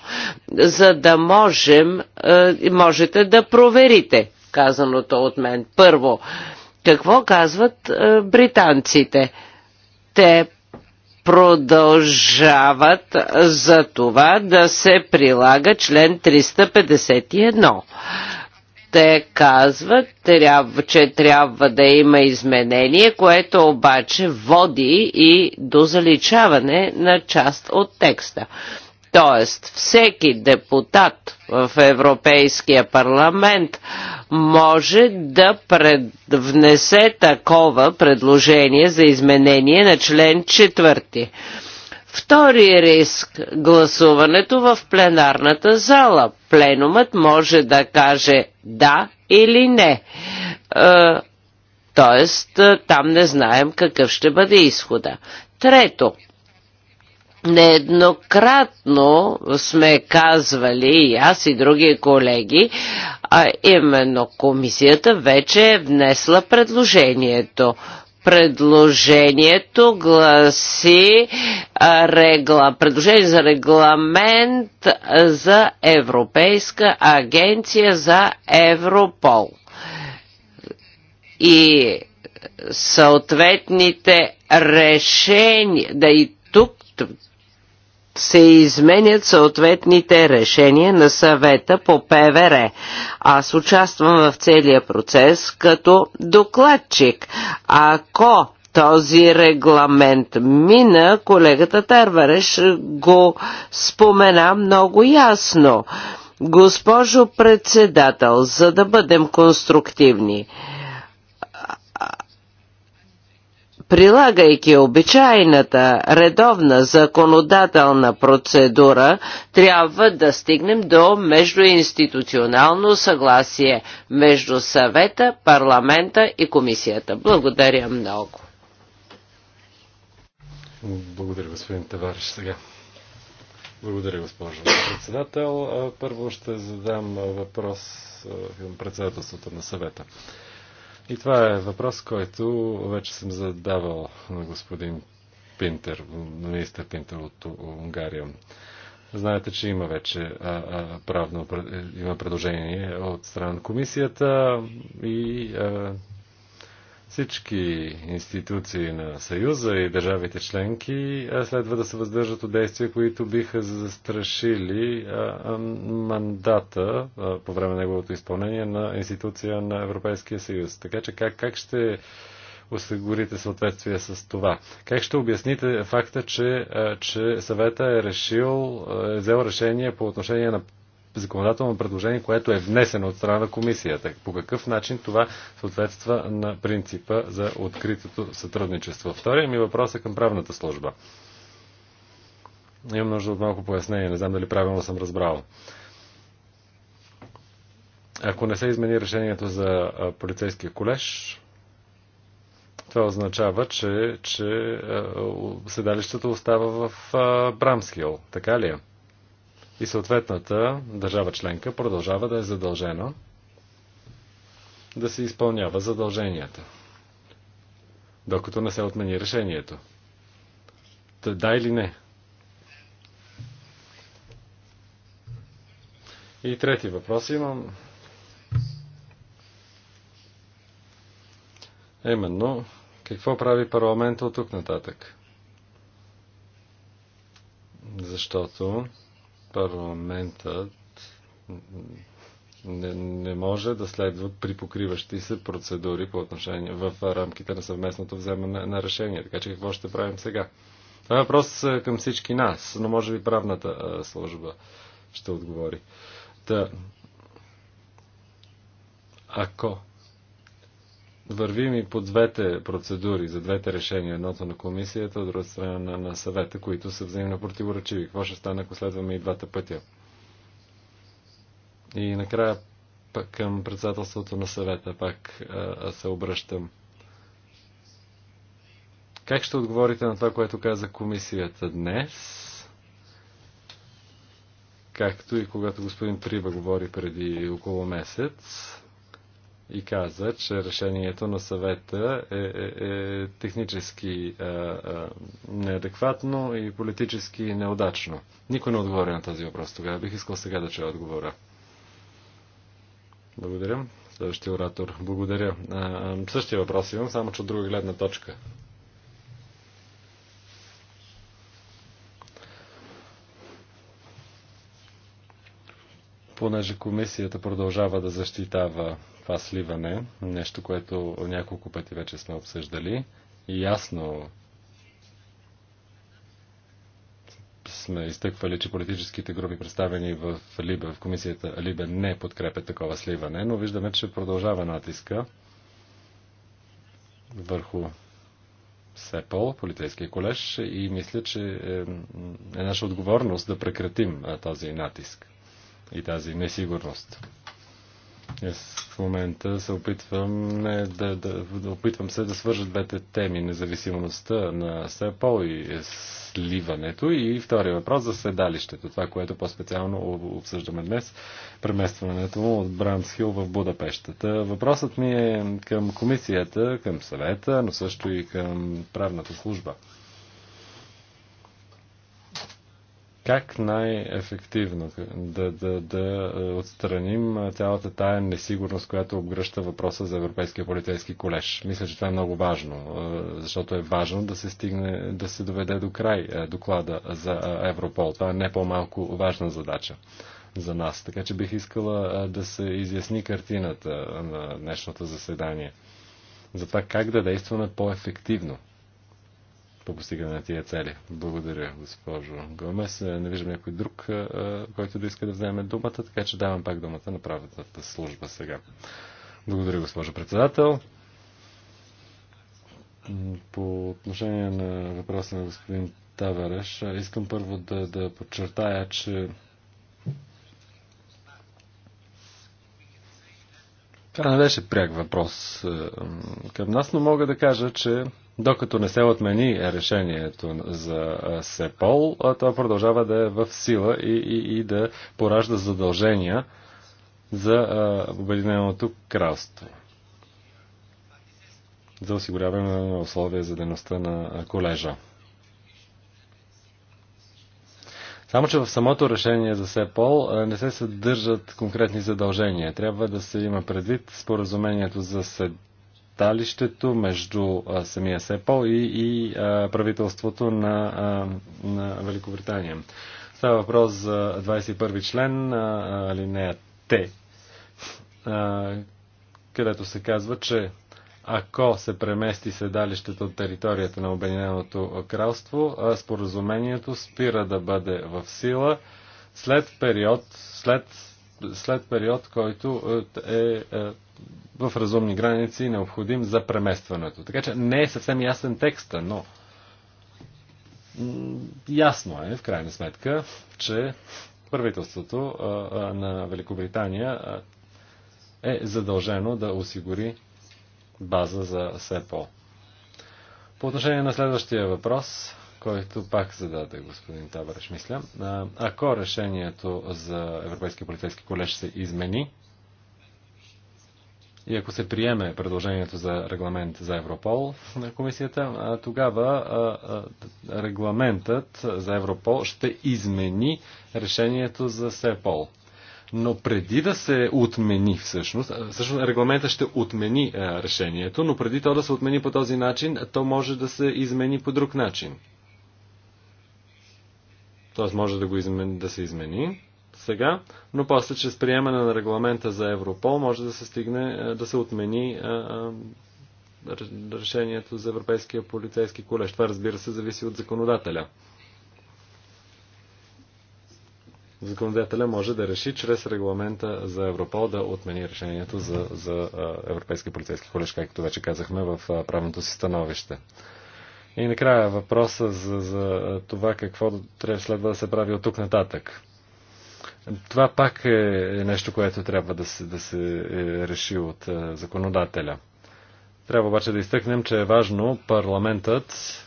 за да можем, е, можете да проверите казаното от мен. Първо, какво казват е, британците? Те продължават за това да се прилага член 351 те казват, трябва, че трябва да има изменение, което обаче води и до заличаване на част от текста. Тоест, всеки депутат в Европейския парламент може да пред... внесе такова предложение за изменение на член 4. Втори риск – гласуването в пленарната зала. Пленумът може да каже да или не. Е, тоест, е, там не знаем какъв ще бъде изхода. Трето – Нееднократно сме казвали и аз и други колеги, а именно комисията вече е внесла предложението предложението гласи регла, предложение за регламент за Европейска агенция за Европол. И съответните решения, да и тук се изменят съответните решения на съвета по ПВР. Аз участвам в целия процес като докладчик. Ако този регламент мина, колегата Тарвареш го спомена много ясно. Госпожо председател, за да бъдем конструктивни, прилагайки обичайната редовна законодателна процедура, трябва да стигнем до междуинституционално съгласие между съвета, парламента и комисията. Благодаря много. Благодаря, господин Тавариш. Сега. Благодаря, госпожо председател. Първо ще задам въпрос към председателството на съвета. И това е въпрос, който вече съм задавал на господин Пинтер, на министър Пинтер от Унгария. Знаете, че има вече а, а, правно има предложение от страна на комисията и а, всички институции на Съюза и държавите членки следва да се въздържат от действия, които биха застрашили мандата по време на неговото изпълнение на институция на Европейския съюз. Така че как, как ще осигурите съответствие с това. Как ще обясните факта, че, че съвета е решил, е взел решение по отношение на законодателно предложение, което е внесено от страна на комисията. По какъв начин това съответства на принципа за откритото сътрудничество? Втория ми въпрос е към правната служба. Имам нужда от малко пояснение, не знам дали правилно съм разбрал. Ако не се измени решението за полицейския колеж, това означава, че, че седалището остава в Брамсхил. Така ли е? и съответната държава членка продължава да е задължена да се изпълнява задълженията, докато не се отмени решението. да или не? И трети въпрос имам. Именно, какво прави парламента от тук нататък? Защото парламентът не, не може да следва припокриващи се процедури по отношение в рамките на съвместното вземане на решение. Така че какво ще правим сега? Това е въпрос е, към всички нас, но може би правната е, служба ще отговори. Та, ако вървим и по двете процедури, за двете решения, едното на комисията, от друга страна на, на съвета, които са взаимно противоречиви. Какво ще стане, ако следваме и двата пътя? И накрая пък към председателството на съвета пак а, се обръщам. Как ще отговорите на това, което каза комисията днес? Както и когато господин Триба говори преди около месец и каза, че решението на съвета е, е, е технически е, е, неадекватно и политически неудачно. Никой не отговори на този въпрос тогава. Бих искал сега да чуя отговора. Благодаря. Следващия оратор. Благодаря. Е, е, същия въпрос имам, само че от друга гледна точка. понеже комисията продължава да защитава това сливане, нещо, което няколко пъти вече сме обсъждали, и ясно сме изтъквали, че политическите групи, представени в Либе, в комисията Либе, не подкрепят такова сливане, но виждаме, че продължава натиска върху СЕПОЛ, полицейския колеж, и мисля, че е, е наша отговорност да прекратим този натиск и тази несигурност. Аз в момента се опитвам, не, да, да, да, опитвам се да свържа двете теми, независимостта на СЕПО и сливането. И втория въпрос за седалището, това, което по-специално обсъждаме днес, преместването му от Брандсхил в Будапещата. Въпросът ми е към комисията, към съвета, но също и към правната служба. Как най-ефективно да, да, да е, отстраним е, цялата тая несигурност, която обгръща въпроса за Европейския полицейски колеж? Мисля, че това е много важно, е, защото е важно да се стигне, да се доведе до край доклада за Европол. Това е не по-малко важна задача за нас. Така че бих искала да се изясни картината на днешното заседание за това как да действаме по-ефективно по постигане на тия цели. Благодаря, госпожо Гомес. Не виждам някой друг, който да иска да вземе думата, така че давам пак думата на правилната служба сега. Благодаря, госпожо председател. По отношение на въпроса на господин Тавареш, искам първо да, да подчертая, че Това не беше пряк въпрос към нас, но мога да кажа, че докато не се отмени решението за СЕПОЛ, то продължава да е в сила и, и, и да поражда задължения за Обединеното кралство за осигуряване на условия за дейността на колежа. Само, че в самото решение за СЕПОЛ не се съдържат конкретни задължения. Трябва да се има предвид споразумението за седалището между самия СЕПО и, и правителството на, на Великобритания. Става въпрос за 21 член, алинея Т, където се казва, че ако се премести седалището от територията на Обединеното кралство, споразумението спира да бъде в сила след период, след, след период който е, е в разумни граници необходим за преместването. Така че не е съвсем ясен текста, но ясно е, в крайна сметка, че правителството на Великобритания е задължено да осигури база за СЕПО. По отношение на следващия въпрос, който пак зададе господин Табареш, мисля. Ако решението за Европейския полицейски колеж се измени, и ако се приеме предложението за регламент за Европол на комисията, тогава регламентът за Европол ще измени решението за СЕПОЛ. Но преди да се отмени всъщност, всъщност регламента ще отмени решението, но преди то да се отмени по този начин, то може да се измени по друг начин. Тоест може да, го измени, да се измени сега, но после чрез приемане на регламента за Европол може да се стигне е, да се отмени е, е, решението за Европейския полицейски колеж. Това разбира се зависи от законодателя. Законодателя може да реши чрез регламента за Европол да отмени решението за, за Европейския полицейски колеж, както вече казахме в правното си становище. И накрая въпроса за, за това какво трябва следва да се прави от тук нататък. Това пак е, е нещо, което трябва да се, да се е, реши от е, законодателя. Трябва обаче да изтъкнем, че е важно парламентът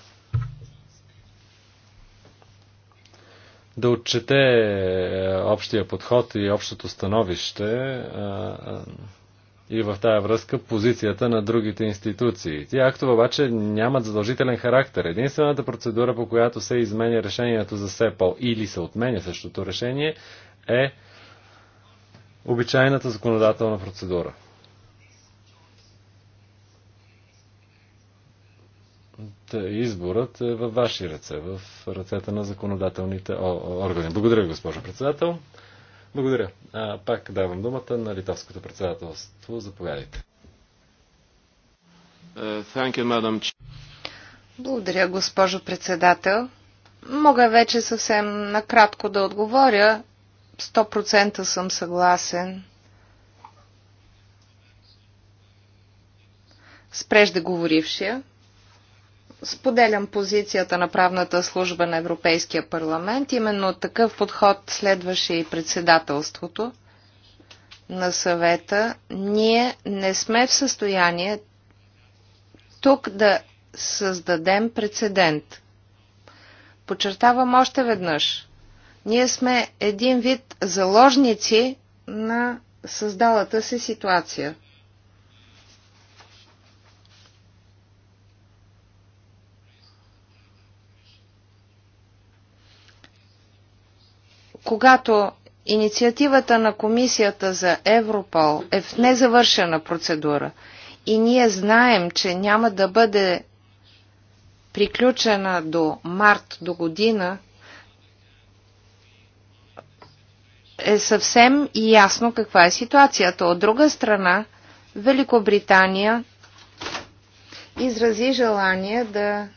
да отчете общия подход и общото становище и в тая връзка позицията на другите институции. Тия актове обаче нямат задължителен характер. Единствената процедура, по която се изменя решението за СЕПО или се отменя същото решение, е обичайната законодателна процедура. изборът е във ваши ръце, в ръцете на законодателните органи. Благодаря, госпожо председател. Благодаря. А, пак давам думата на литовското председателство. Заповядайте. Е, Благодаря, госпожо председател. Мога вече съвсем накратко да отговоря 100% съм съгласен с преждеговорившия. Споделям позицията на правната служба на Европейския парламент. Именно такъв подход следваше и председателството на съвета. Ние не сме в състояние тук да създадем прецедент. Подчертавам още веднъж. Ние сме един вид заложници на създалата се ситуация. Когато инициативата на комисията за Европол е в незавършена процедура и ние знаем, че няма да бъде приключена до март до година, е съвсем ясно каква е ситуацията. От друга страна, Великобритания изрази желание да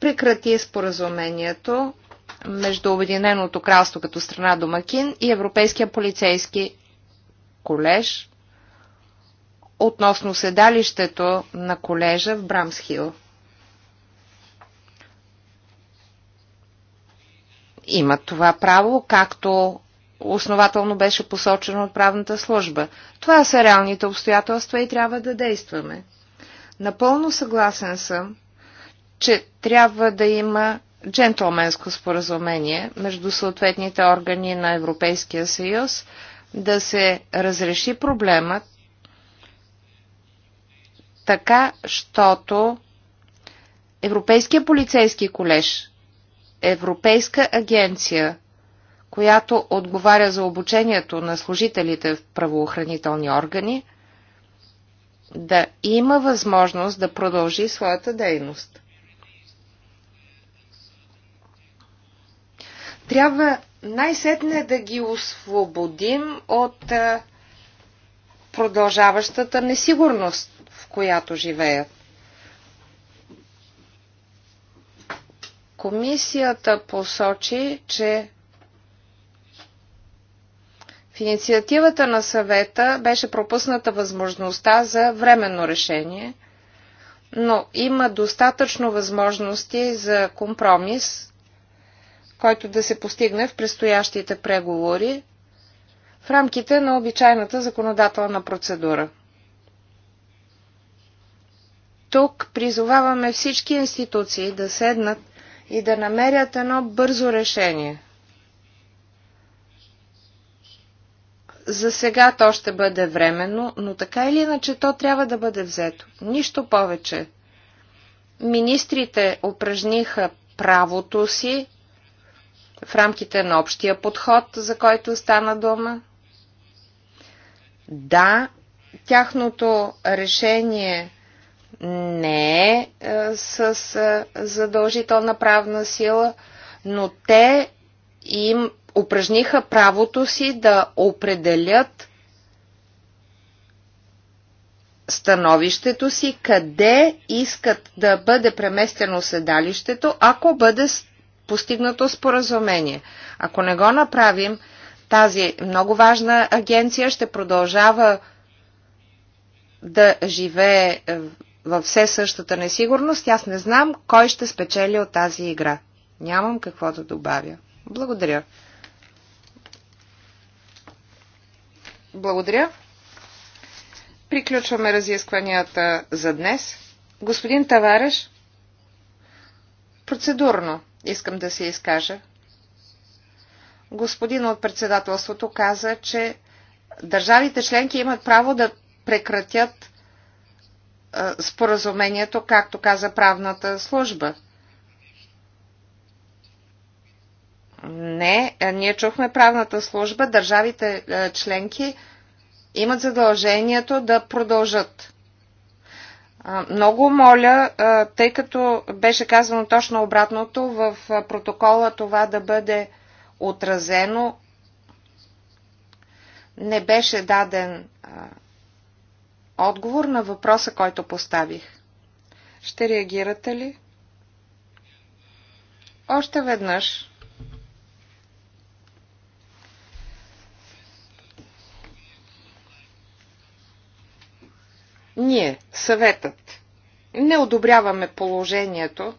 прекрати споразумението между Обединеното кралство като страна домакин и Европейския полицейски колеж относно седалището на колежа в Брамсхил. Имат това право, както основателно беше посочено от правната служба. Това са реалните обстоятелства и трябва да действаме. Напълно съгласен съм, че трябва да има джентлменско споразумение между съответните органи на Европейския съюз, да се разреши проблемът така, щото Европейския полицейски колеж, Европейска агенция която отговаря за обучението на служителите в правоохранителни органи, да има възможност да продължи своята дейност. Трябва най-сетне да ги освободим от продължаващата несигурност, в която живеят. Комисията посочи, че в инициативата на съвета беше пропусната възможността за временно решение, но има достатъчно възможности за компромис, който да се постигне в предстоящите преговори в рамките на обичайната законодателна процедура. Тук призоваваме всички институции да седнат и да намерят едно бързо решение – За сега то ще бъде временно, но така или иначе то трябва да бъде взето. Нищо повече. Министрите упражниха правото си в рамките на общия подход, за който стана дома. Да, тяхното решение не е, е с е, задължителна правна сила, но те им упражниха правото си да определят становището си, къде искат да бъде преместено седалището, ако бъде постигнато споразумение. Ако не го направим, тази много важна агенция ще продължава да живее е, във все същата несигурност. Аз не знам кой ще спечели от тази игра. Нямам какво да добавя. Благодаря. Благодаря. Приключваме разискванията за днес. Господин Тавареш, процедурно искам да се изкажа. Господин от председателството каза, че държавите членки имат право да прекратят споразумението, както каза правната служба – Не, е, ние чухме правната служба, държавите е, членки имат задължението да продължат. Много моля, е, тъй като беше казано точно обратното, в протокола това да бъде отразено, не беше даден отговор на въпроса, който поставих. Ще реагирате ли? Още веднъж Ние, съветът, не одобряваме положението,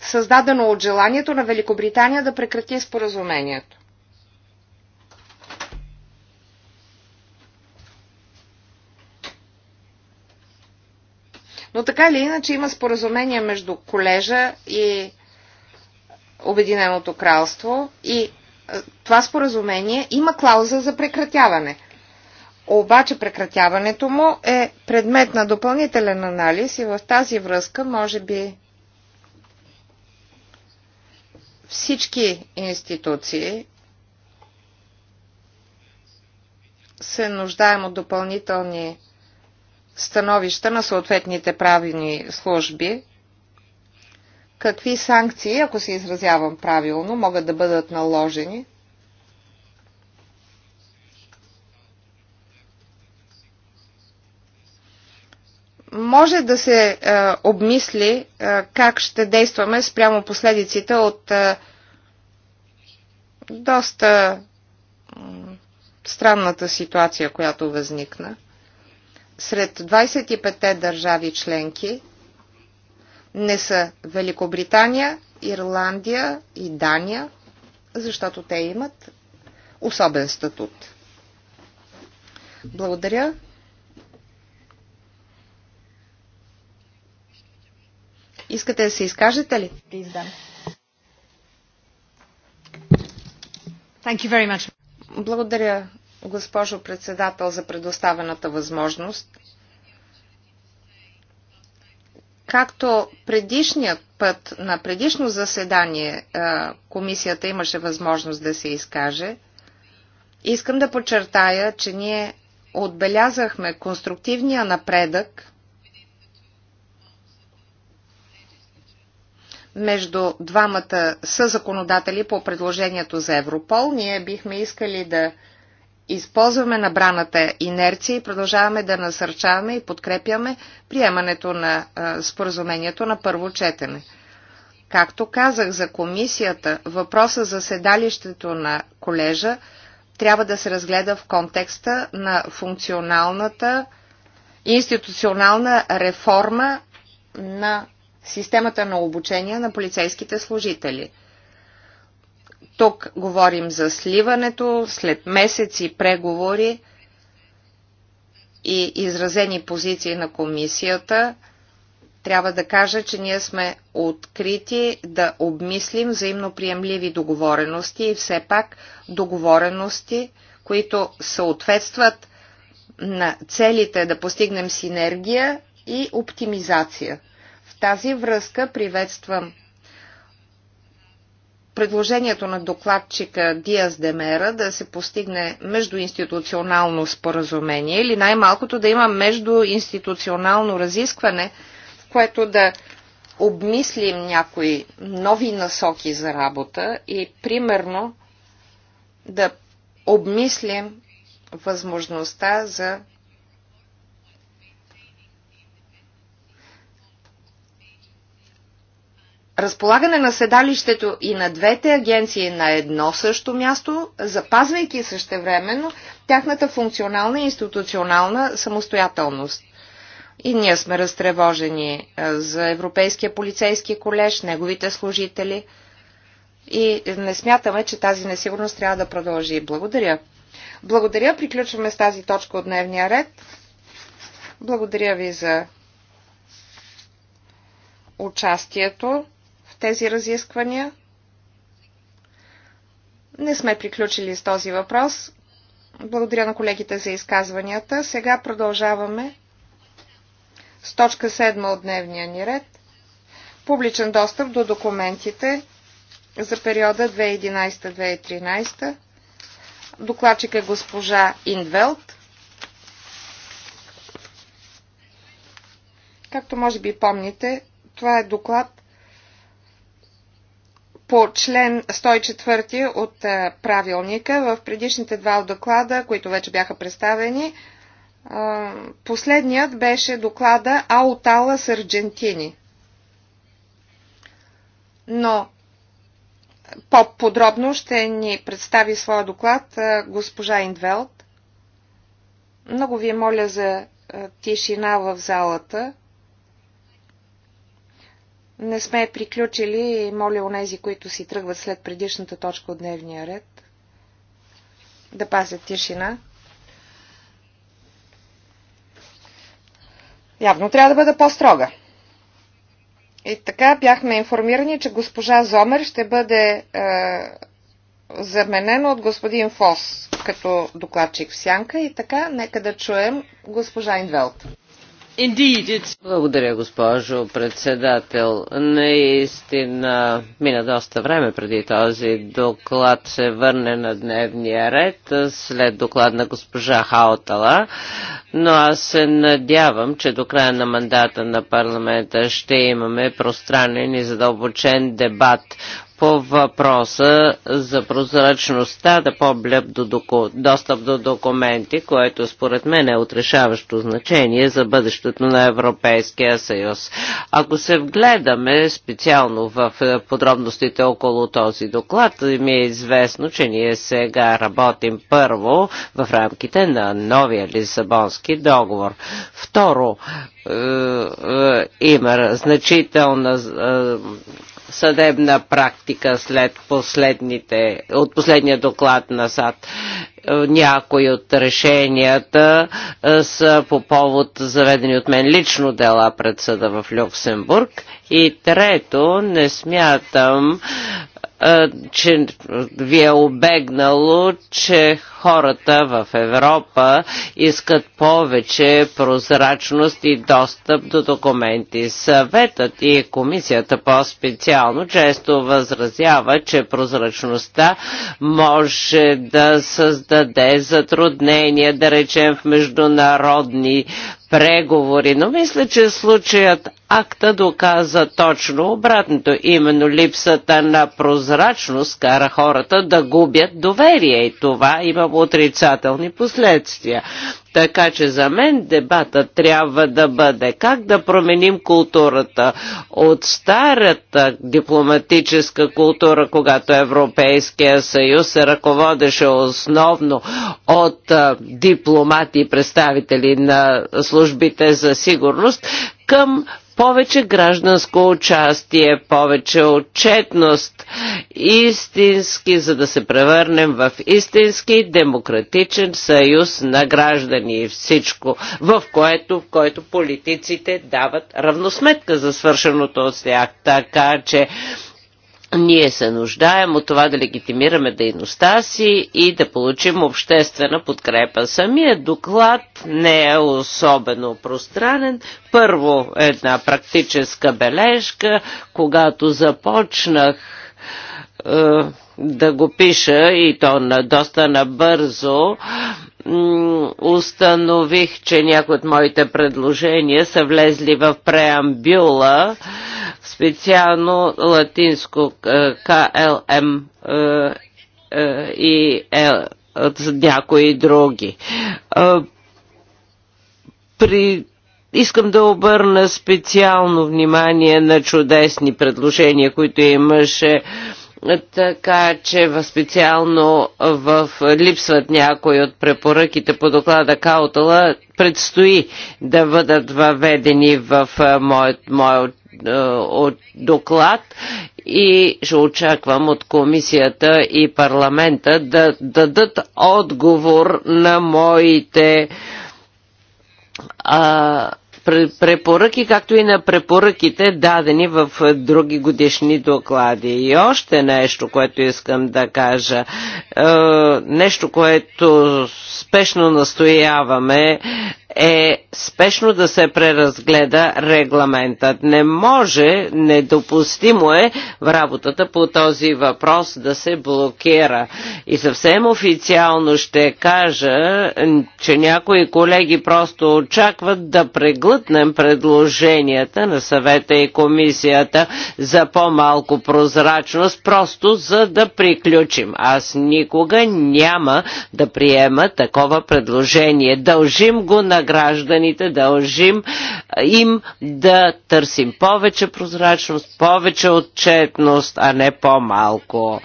създадено от желанието на Великобритания да прекрати споразумението. Но така или иначе има споразумение между колежа и Обединеното кралство и това споразумение има клауза за прекратяване обаче прекратяването му е предмет на допълнителен анализ и в тази връзка може би всички институции се нуждаем от допълнителни становища на съответните правилни служби, какви санкции, ако се изразявам правилно, могат да бъдат наложени – може да се е, обмисли е, как ще действаме спрямо последиците от е, доста е, странната ситуация, която възникна. Сред 25-те държави членки не са Великобритания, Ирландия и Дания, защото те имат особен статут. Благодаря. Искате да се изкажете ли? Благодаря, госпожо председател, за предоставената възможност. Както предишният път на предишно заседание комисията имаше възможност да се изкаже, искам да подчертая, че ние отбелязахме конструктивния напредък между двамата съзаконодатели по предложението за Европол. Ние бихме искали да използваме набраната инерция и продължаваме да насърчаваме и подкрепяме приемането на споразумението на първо четене. Както казах за комисията, въпроса за седалището на колежа трябва да се разгледа в контекста на функционалната институционална реформа на системата на обучение на полицейските служители. Тук говорим за сливането след месеци преговори и изразени позиции на комисията. Трябва да кажа, че ние сме открити да обмислим взаимноприемливи договорености и все пак договорености, които съответстват на целите да постигнем синергия и оптимизация – тази връзка приветствам предложението на докладчика Диас Демера да се постигне междуинституционално споразумение или най-малкото да има междуинституционално разискване, в което да обмислим някои нови насоки за работа и примерно да обмислим възможността за разполагане на седалището и на двете агенции на едно също място, запазвайки същевременно тяхната функционална и институционална самостоятелност. И ние сме разтревожени е, за Европейския полицейски колеж, неговите служители и не смятаме, че тази несигурност трябва да продължи. Благодаря. Благодаря. Приключваме с тази точка от дневния ред. Благодаря ви за участието тези разисквания. Не сме приключили с този въпрос. Благодаря на колегите за изказванията. Сега продължаваме с точка 7 от дневния ни ред. Публичен достъп до документите за периода 2011-2013. Докладчик е госпожа Индвелт. Както може би помните, това е доклад по член 104 от е, правилника в предишните два доклада, които вече бяха представени. Е, последният беше доклада Аутала с Аргентини. Но по-подробно ще ни представи своя доклад е, госпожа Индвелт. Много ви моля за тишина в залата. Не сме приключили и моля онези, които си тръгват след предишната точка от дневния ред, да пазят тишина. Явно трябва да бъда по-строга. И така бяхме информирани, че госпожа Зомер ще бъде е, заменена от господин Фос като докладчик в сянка. И така, нека да чуем госпожа Индвелт. Благодаря, госпожо председател. Наистина мина доста време преди този доклад се върне на дневния ред след доклад на госпожа Хаотала, но аз се надявам, че до края на мандата на парламента ще имаме пространен и задълбочен дебат по въпроса за прозрачността, да по-блеб до доку... достъп до документи, което според мен е отрешаващо значение за бъдещето на Европейския съюз. Ако се вгледаме специално в е, подробностите около този доклад, ми е известно, че ние сега работим първо в рамките на новия Лисабонски договор. Второ, е, е, има значителна съдебна практика след последните, от последния доклад на САД. Е, някои от решенията е, са по повод заведени от мен лично дела пред съда в Люксембург. И трето, не смятам е, е, че ви е обегнало, че хората в Европа искат повече прозрачност и достъп до документи. Съветът и комисията по-специално често възразява, че прозрачността може да създаде затруднения, да речем, в международни преговори, но мисля, че случаят Акта доказа точно обратното, именно липсата на прозрачност кара хората да губят доверие и това има отрицателни последствия. Така че за мен дебата трябва да бъде как да променим културата от старата дипломатическа култура, когато Европейския съюз се ръководеше основно от дипломати и представители на службите за сигурност, към повече гражданско участие, повече отчетност, истински, за да се превърнем в истински демократичен съюз на граждани и всичко, в което, в което политиците дават равносметка за свършеното от тях. Така че ние се нуждаем от това да легитимираме дейността си и да получим обществена подкрепа. Самия доклад не е особено пространен. Първо една практическа бележка, когато започнах е, да го пиша и то на, доста набързо, установих, че някои от моите предложения са влезли в преамбюла, специално латинско е, КЛМ е, е, и някои други. При Искам да обърна специално внимание на чудесни предложения, които имаше така че специално в липсват някои от препоръките по доклада Каутала, предстои да бъдат въведени в моят, моят от доклад и ще очаквам от комисията и парламента да дадат отговор на моите а, препоръки, както и на препоръките, дадени в е, други годишни доклади. И още нещо, което искам да кажа. Е, нещо, което спешно настояваме е спешно да се преразгледа регламентът. Не може, недопустимо е в работата по този въпрос да се блокира. И съвсем официално ще кажа, че някои колеги просто очакват да преглътнат отмъкнем предложенията на съвета и комисията за по-малко прозрачност, просто за да приключим. Аз никога няма да приема такова предложение. Дължим го на гражданите, дължим им да търсим повече прозрачност, повече отчетност, а не по-малко.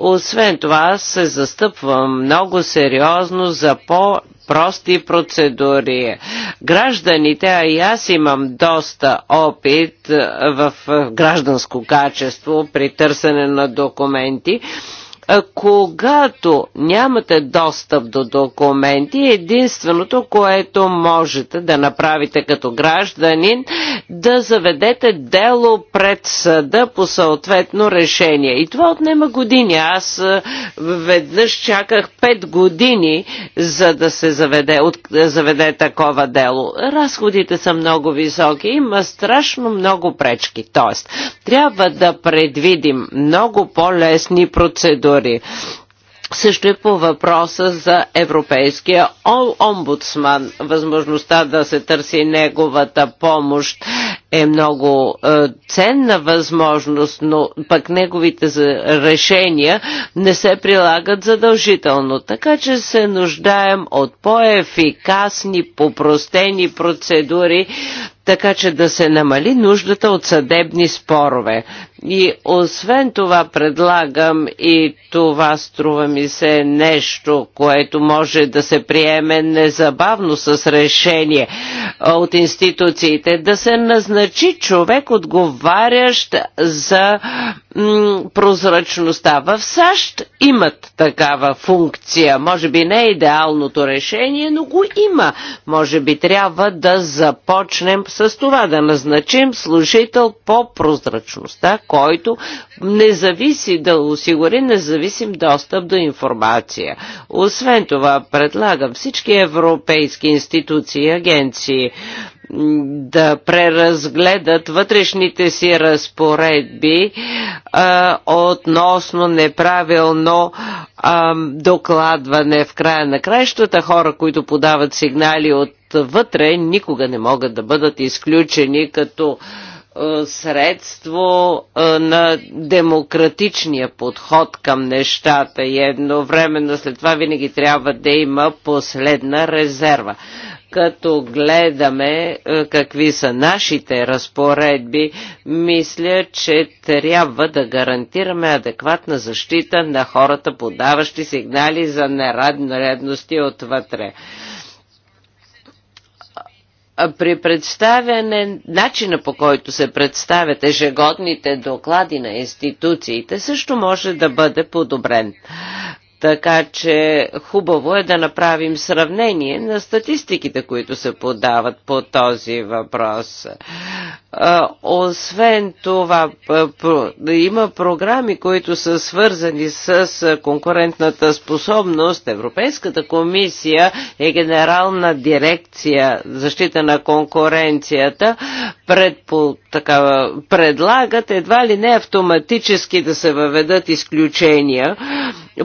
Освен това се застъпвам много сериозно за по прости процедури. Гражданите, а и аз имам доста опит в гражданско качество при търсене на документи, когато нямате достъп до документи, единственото, което можете да направите като гражданин, да заведете дело пред съда по съответно решение. И това отнема години. Аз веднъж чаках 5 години, за да се заведе, от, заведе такова дело. Разходите са много високи, има страшно много пречки. Тоест, трябва да предвидим много по-лесни процедури избори. Също е по въпроса за европейския омбудсман. Възможността да се търси неговата помощ е много е, ценна възможност, но пък неговите решения не се прилагат задължително. Така че се нуждаем от по-ефикасни, попростени процедури, така че да се намали нуждата от съдебни спорове. И освен това предлагам и това струва ми се нещо, което може да се приеме незабавно с решение от институциите, да се назначи човек отговарящ за прозрачността. В САЩ имат такава функция. Може би не е идеалното решение, но го има. Може би трябва да започнем с това, да назначим служител по прозрачността, който не зависи да осигури независим достъп до информация. Освен това, предлагам всички европейски институции и агенции да преразгледат вътрешните си разпоредби а, относно неправилно а, докладване в края на краищата. Хора, които подават сигнали от вътре, никога не могат да бъдат изключени като а, е, средство е, на демократичния подход към нещата и едновременно след това винаги трябва да има последна резерва. Като гледаме е, какви са нашите разпоредби, мисля, че трябва да гарантираме адекватна защита на хората, подаващи сигнали за нередности отвътре при представяне, начина по който се представят ежегодните доклади на институциите също може да бъде подобрен. Така че хубаво е да направим сравнение на статистиките, които се подават по този въпрос. Освен това, има програми, които са свързани с конкурентната способност. Европейската комисия е генерална дирекция защита на конкуренцията. Пред, такава, предлагат едва ли не автоматически да се въведат изключения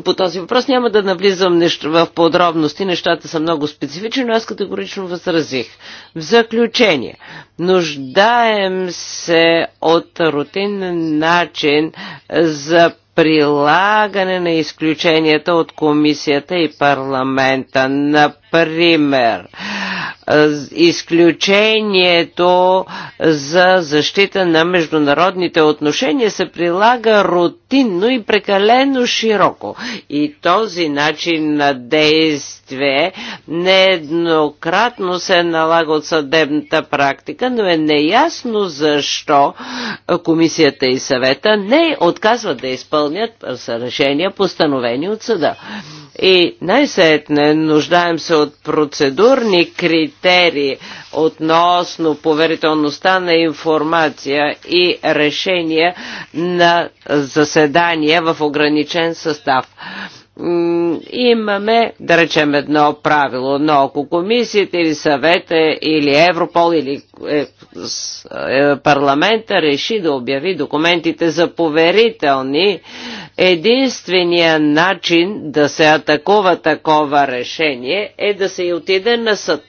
по този въпрос. Няма да навлизам нещо в подробности, нещата са много специфични, но аз категорично възразих. В заключение, нуждаем се от рутинен начин за прилагане на изключенията от комисията и парламента. Например, Пример, изключението за защита на международните отношения се прилага рутинно и прекалено широко. И този начин на действие нееднократно се налага от съдебната практика, но е неясно защо комисията и съвета не отказват да изпълнят решения, постановени от съда. И най-сетне нуждаем се от процедурни критерии относно поверителността на информация и решения на заседания в ограничен състав имаме, да речем, едно правило, но ако комисията или съвета или Европол или е, е, парламента реши да обяви документите за поверителни, единствения начин да се атакува такова решение е да се и отиде на съд.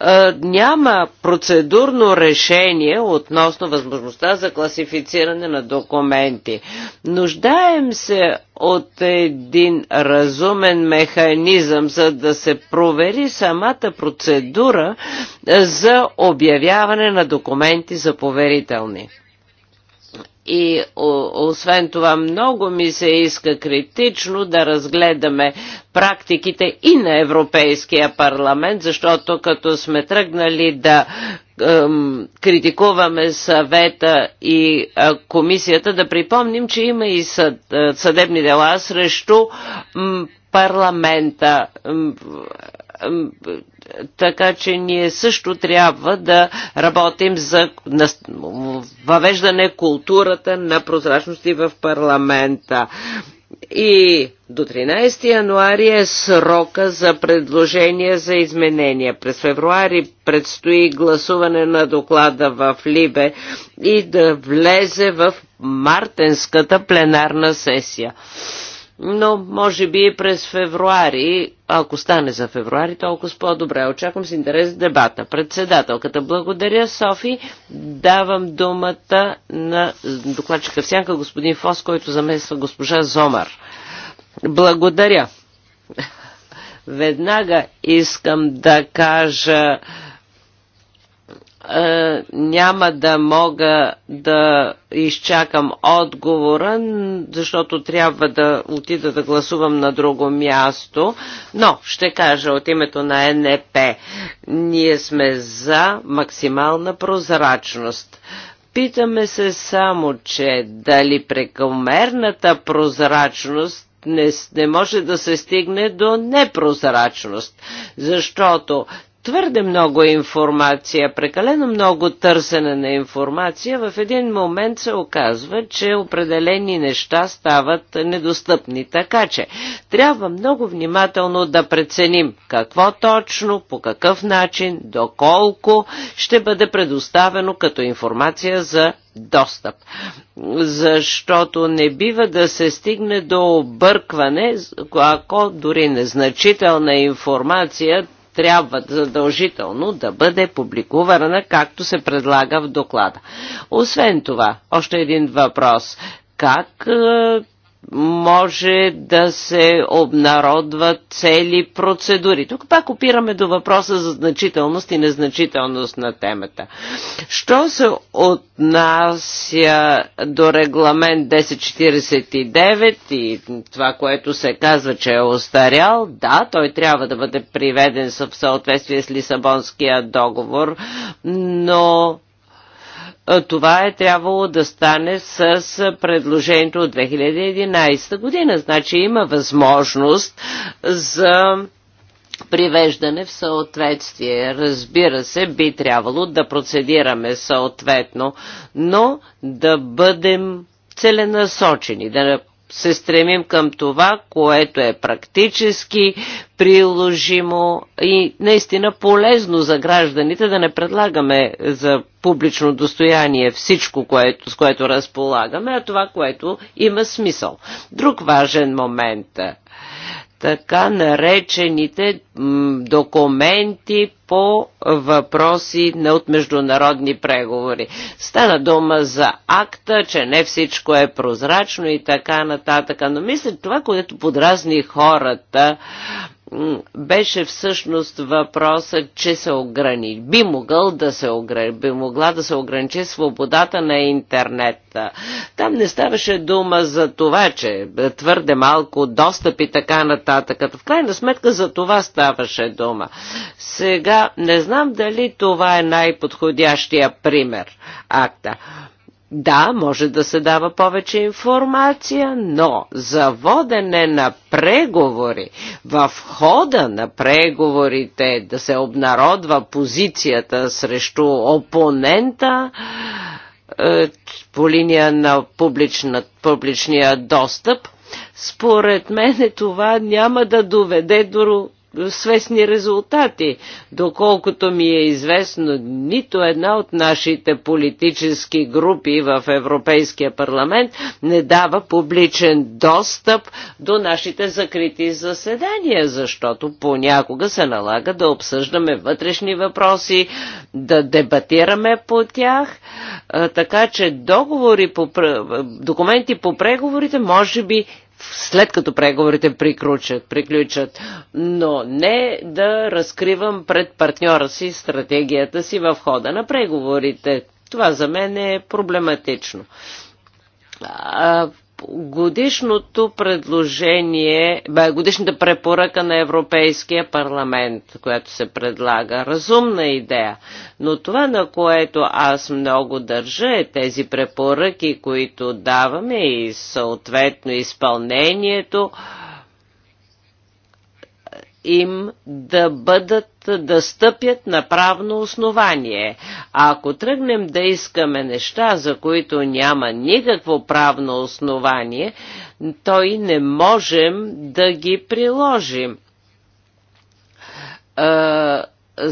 Е, няма процедурно решение относно възможността за класифициране на документи. Нуждаем се от един разумен механизъм, за да се провери самата процедура за обявяване на документи за поверителни. И освен това много ми се иска критично да разгледаме практиките и на Европейския парламент, защото като сме тръгнали да критикуваме съвета и е, комисията, да припомним, че има и съд, е, съдебни дела срещу парламента така че ние също трябва да работим за въвеждане културата на прозрачности в парламента. И до 13 януари е срока за предложение за изменения. През февруари предстои гласуване на доклада в Либе и да влезе в мартенската пленарна сесия но може би през февруари ако стане за февруари, толкова по-добре. Очаквам с интерес дебата. Председателката, благодаря, Софи. Давам думата на докладчика в сянка, господин Фос, който замества госпожа Зомар. Благодаря. Веднага искам да кажа е, няма да мога да изчакам отговора, защото трябва да отида да гласувам на друго място, но ще кажа от името на НЕП: Ние сме за максимална прозрачност. Питаме се само, че дали прекомерната прозрачност не, не може да се стигне до непрозрачност, защото твърде много информация, прекалено много търсене на информация, в един момент се оказва, че определени неща стават недостъпни. Така че трябва много внимателно да преценим какво точно, по какъв начин, доколко ще бъде предоставено като информация за достъп. Защото не бива да се стигне до объркване, ако дори незначителна информация трябва задължително да бъде публикувана, както се предлага в доклада. Освен това, още един въпрос. Как е, може да се обнародват цели процедури. Тук пак опираме до въпроса за значителност и незначителност на темата. Що се отнася до регламент 1049 и това, което се казва, че е остарял, да, той трябва да бъде приведен в съответствие с Лисабонския договор, но това е трябвало да стане с предложението от 2011 година. Значи има възможност за привеждане в съответствие. Разбира се, би трябвало да процедираме съответно, но да бъдем целенасочени, да се стремим към това, което е практически приложимо и наистина полезно за гражданите да не предлагаме за публично достояние всичко, което, с което разполагаме, а това, което има смисъл. Друг важен момент така наречените документи по въпроси от международни преговори. Стана дума за акта, че не всичко е прозрачно и така нататък, но мисля това, което подразни хората беше всъщност въпросът, че се ограни. Би, могъл да се ограни, би могла да се ограничи свободата на интернет. Там не ставаше дума за това, че твърде малко достъп и така нататък. В крайна сметка за това ставаше дума. Сега не знам дали това е най-подходящия пример акта. Да, може да се дава повече информация, но за водене на преговори, в хода на преговорите да се обнародва позицията срещу опонента, е, по линия на публична, публичния достъп, според мен това няма да доведе до свестни резултати. Доколкото ми е известно, нито една от нашите политически групи в Европейския парламент не дава публичен достъп до нашите закрити заседания, защото понякога се налага да обсъждаме вътрешни въпроси, да дебатираме по тях, така че договори по, документи по преговорите може би след като преговорите приключат, приключат, но не да разкривам пред партньора си стратегията си в хода на преговорите. Това за мен е проблематично годишното предложение, годишната препоръка на Европейския парламент, която се предлага. Разумна идея. Но това, на което аз много държа, е тези препоръки, които даваме и съответно изпълнението им да бъдат, да стъпят на правно основание. А ако тръгнем да искаме неща, за които няма никакво правно основание, той не можем да ги приложим. Е,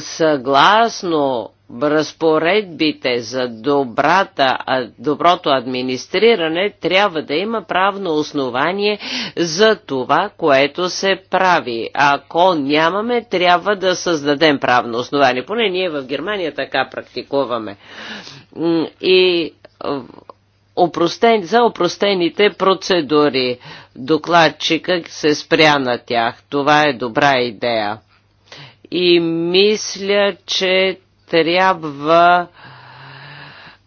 съгласно разпоредбите за добрата, доброто администриране трябва да има правно основание за това, което се прави. Ако нямаме, трябва да създадем правно основание. Поне ние в Германия така практикуваме. И опростен, за опростените процедури. Докладчика се спря на тях. Това е добра идея. И мисля, че трябва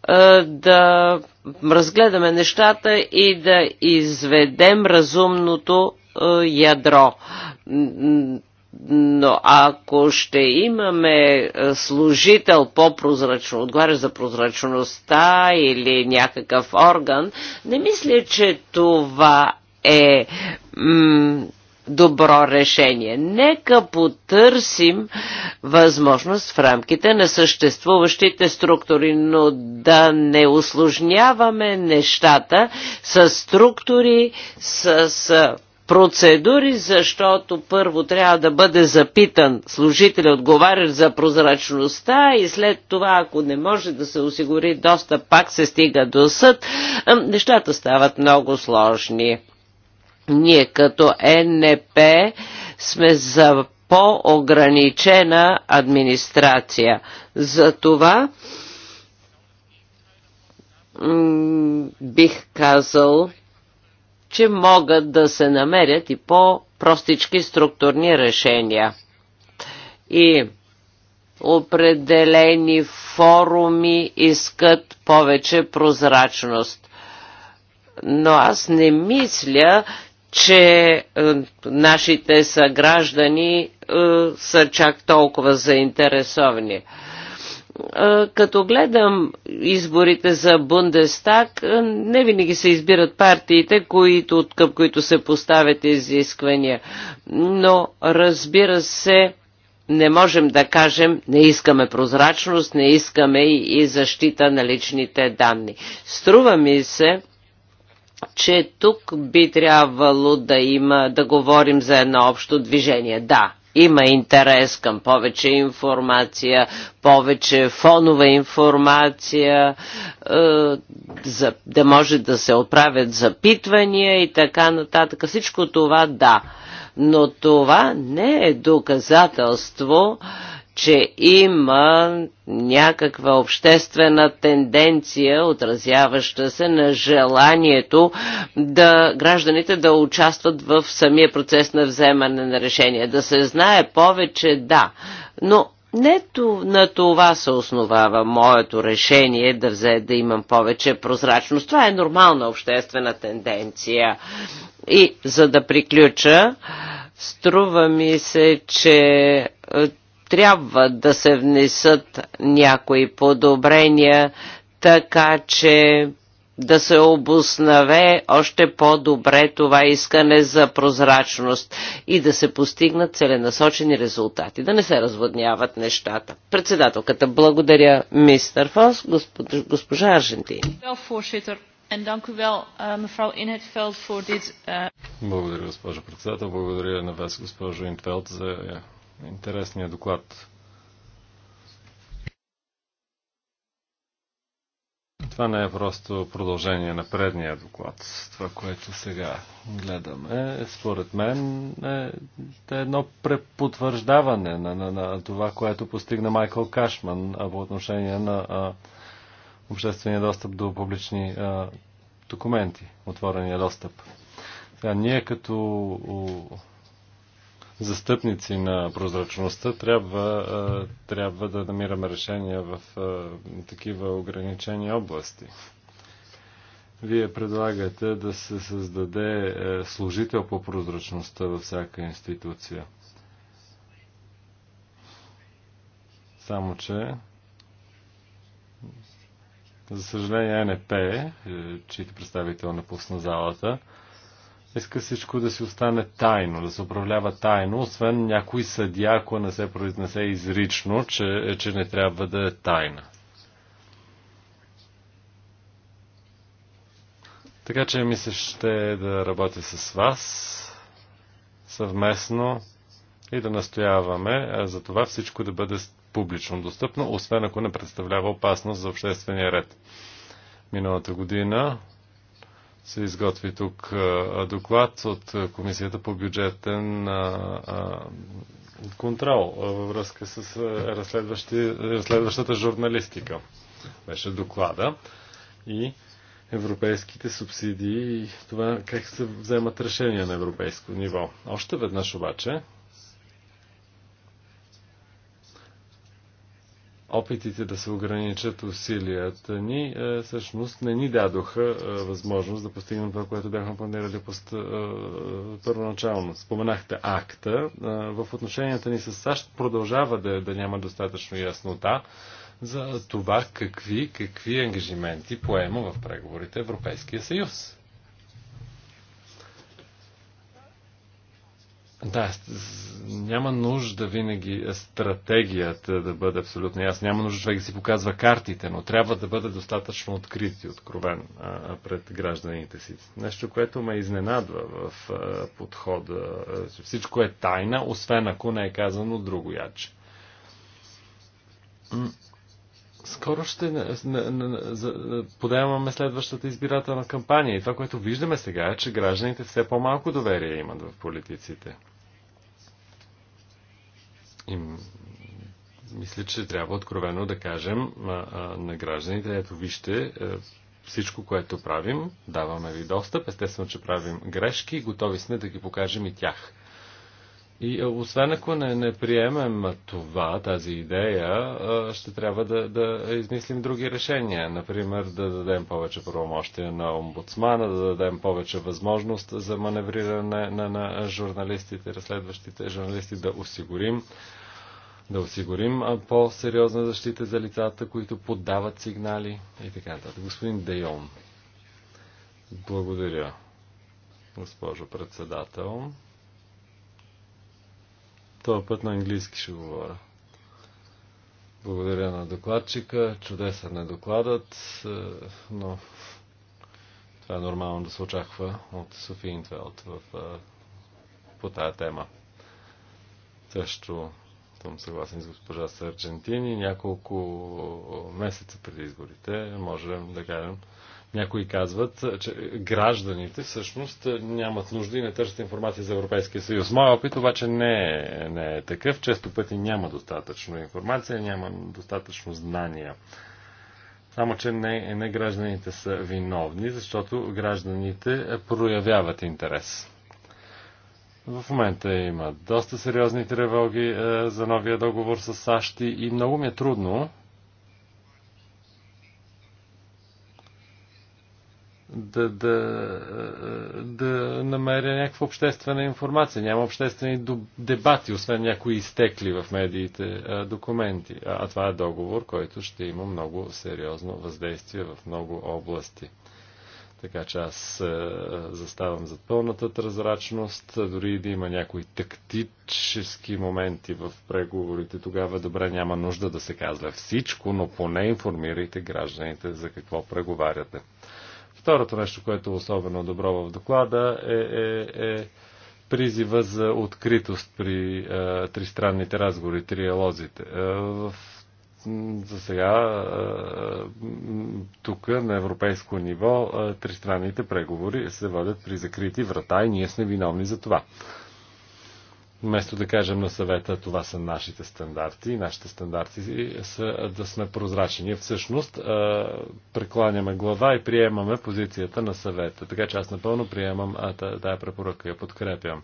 е, да разгледаме нещата и да изведем разумното е, ядро. Но ако ще имаме е, служител по-прозрачно, отговаря за прозрачността или някакъв орган, не мисля, че това е добро решение. Нека потърсим възможност в рамките на съществуващите структури, но да не усложняваме нещата с структури, с процедури, защото първо трябва да бъде запитан служителя, отговарящ за прозрачността и след това, ако не може да се осигури доста, пак се стига до съд. Нещата стават много сложни. Ние като НП сме за по-ограничена администрация. Затова бих казал, че могат да се намерят и по-простички структурни решения. И определени форуми искат повече прозрачност. Но аз не мисля, че е, нашите съграждани е, са чак толкова заинтересовани е, като гледам изборите за Бундестаг, не винаги се избират партиите, които, към които се поставят изисквания. Но разбира се, не можем да кажем, не искаме прозрачност, не искаме и, и защита на личните данни. Струва ми се, че тук би трябвало да има, да говорим за едно общо движение. Да, има интерес към повече информация, повече фонова информация, е, за, да може да се отправят запитвания и така нататък. Всичко това да. Но това не е доказателство, е, че има някаква обществена тенденция, отразяваща се на желанието да гражданите да участват в самия процес на вземане на решения. Да се знае повече, да, но не на това се основава моето решение да взе да имам повече прозрачност. Това е нормална обществена тенденция. И за да приключа, струва ми се, че е, трябва да се внесат някои подобрения, така че да се обоснаве още по-добре това искане за прозрачност и да се постигнат целенасочени резултати, да не се разводняват нещата. Председателката, благодаря мистер Фос, госпожа, Аржентини. Eh, eh, благодаря, госпожо председател. Благодаря на вас, госпожо Интфелд, за интересния доклад. Това не е просто продължение на предния доклад. Това, което сега гледаме, според мен е, е едно препотвърждаване на, на, на това, което постигна Майкъл Кашман по отношение на а, обществения достъп до публични а, документи, отворения достъп. Сега, ние като застъпници на прозрачността, трябва, трябва да намираме решения в такива ограничени области. Вие предлагате да се създаде е, служител по прозрачността във всяка институция. Само, че за съжаление НП, е, чийто представител напусна залата, иска всичко да си остане тайно, да се управлява тайно, освен някой съдия, ако не се произнесе изрично, че, че не трябва да е тайна. Така че ми се ще да работя с вас съвместно и да настояваме за това всичко да бъде публично достъпно, освен ако не представлява опасност за обществения ред. Миналата година се изготви тук доклад от Комисията по бюджетен контрол във връзка с разследващата журналистика. Беше доклада и европейските субсидии и това как се вземат решения на европейско ниво. Още веднъж обаче опитите да се ограничат усилията ни е, всъщност не ни дадоха е, възможност да постигнем това, което бяхме планирали пост... Е, първоначално. Споменахте акта. В отношенията ни с САЩ продължава да, да няма достатъчно яснота за това какви, какви ангажименти поема в преговорите Европейския съюз. Да, няма нужда винаги стратегията да бъде абсолютно ясна. Няма нужда човек да си показва картите, но трябва да бъде достатъчно открит и откровен а, пред гражданите си. Нещо, което ме изненадва в а, подхода. Е, всичко е тайна, освен ако не е казано друго яче. Скоро ще подемаме следващата избирателна кампания. И това, което виждаме сега е, че гражданите все по-малко доверие имат в политиците. И мисля, че трябва откровено да кажем на гражданите, ето вижте, е, всичко, което правим, даваме ви достъп. Естествено, че правим грешки, готови сме да ги покажем и тях. И е, освен ако не, не приемем това, тази идея, е, ще трябва да, да измислим други решения. Например, да дадем повече правомощия на омбудсмана, да дадем повече възможност за маневриране на, на журналистите, разследващите журналисти, да осигурим да осигурим по-сериозна защита за лицата, които подават сигнали и така нататък. Господин Дейон. Благодаря, госпожо председател. Този път на английски ще говоря. Благодаря на докладчика. Чудесен е докладът, но това е нормално да се очаква от Софи Интвелт в, е, по тая тема. Също съм съгласен с госпожа Сарджентини. Няколко месеца преди изборите можем да кажем, някои казват, че гражданите всъщност нямат нужда и не търсят информация за Европейския съюз. Моя опит обаче не е, не е такъв. Често пъти няма достатъчно информация, няма достатъчно знания. Само, че не, не гражданите са виновни, защото гражданите проявяват интерес. В момента има доста сериозни тревоги е, за новия договор с САЩ и много ми е трудно да, да, да намеря някаква обществена информация. Няма обществени дебати, освен някои изтекли в медиите документи. А, това е договор, който ще има много сериозно въздействие в много области. Така че аз заставам за пълната прозрачност, дори и да има някои тактически моменти в преговорите, тогава добре няма нужда да се казва всичко, но поне информирайте гражданите за какво преговаряте. Второто нещо, което е особено добро в доклада е, е, е призива за откритост при е, тристранните разговори, триалозите. Е, в за сега е, тук на европейско ниво е, тристранните преговори се водят при закрити врата и ние сме виновни за това. Вместо да кажем на съвета, това са нашите стандарти, нашите стандарти са да сме прозрачни. Ние всъщност прекланяме глава и приемаме позицията на съвета. Така че аз напълно приемам тази препоръка и я подкрепям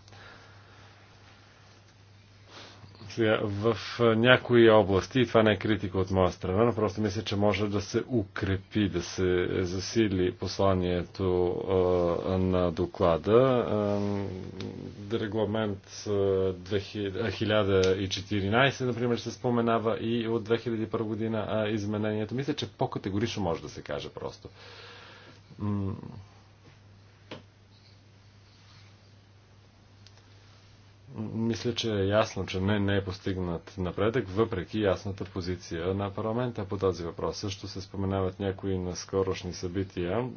в някои области, и това не е критика от моя страна, но просто мисля, че може да се укрепи, да се засили посланието а, на доклада. А, регламент 2014, например, се споменава и от 2001 година а, изменението. Мисля, че по-категорично може да се каже просто Мисля, че е ясно, че не, не е постигнат напредък, въпреки ясната позиция на парламента по този въпрос. Също се споменават някои наскорошни събития,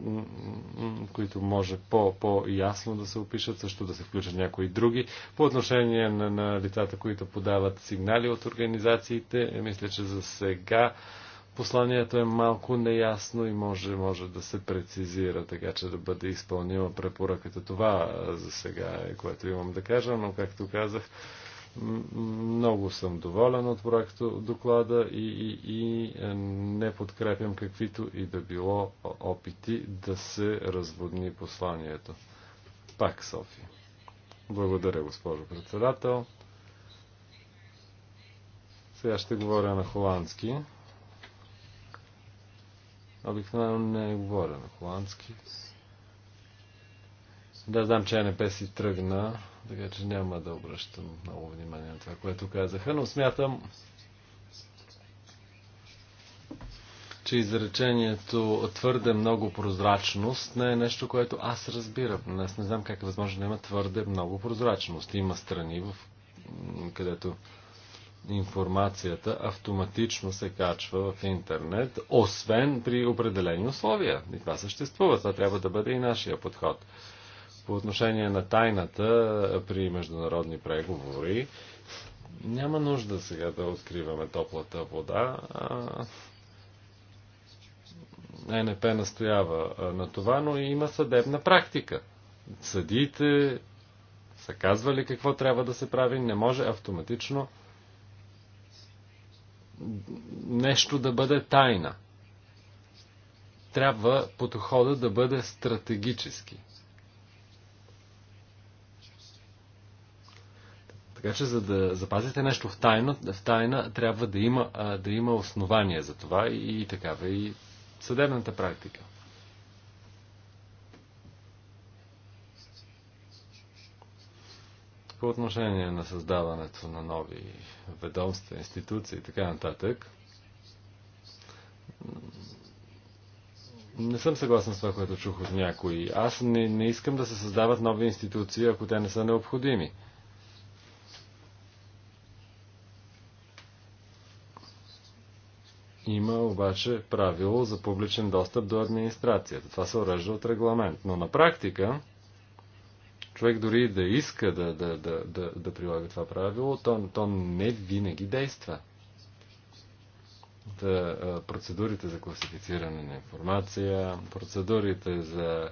които може по-ясно -по да се опишат, също да се включат някои други. По отношение на, на лицата, които подават сигнали от организациите, мисля, че за сега посланието е малко неясно и може, може да се прецизира, така че да бъде изпълнила препоръката. Това за сега е което имам да кажа, но както казах, много съм доволен от проекта доклада и, и, и е, не подкрепям каквито и да било опити да се разводни посланието. Пак Софи. Благодаря, госпожо председател. Сега ще говоря на холандски. Обикновено не говоря на холандски. Да, знам, че НП си тръгна, така че няма да обръщам много внимание на това, което казаха, но смятам, че изречението твърде много прозрачност не е нещо, което аз разбирам. Аз не знам как е възможно да има твърде много прозрачност. Има страни, в... където информацията автоматично се качва в интернет, освен при определени условия. И това съществува. Това трябва да бъде и нашия подход. По отношение на тайната при международни преговори, няма нужда сега да откриваме топлата вода. НП настоява на това, но има съдебна практика. Съдиите са казвали какво трябва да се прави, не може автоматично нещо да бъде тайна. Трябва подхода да бъде стратегически. Така че, за да запазите нещо в тайна, в тайна трябва да има, да има основания за това и, и такава е и съдебната практика. по отношение на създаването на нови ведомства, институции и така нататък, не съм съгласен с това, което чух от някои. Аз не, не искам да се създават нови институции, ако те не са необходими. Има обаче правило за публичен достъп до администрацията. Това се урежда от регламент. Но на практика човек дори да иска да, да, да, да, да прилага това правило, то, то не винаги действа. Да, процедурите за класифициране на информация, процедурите за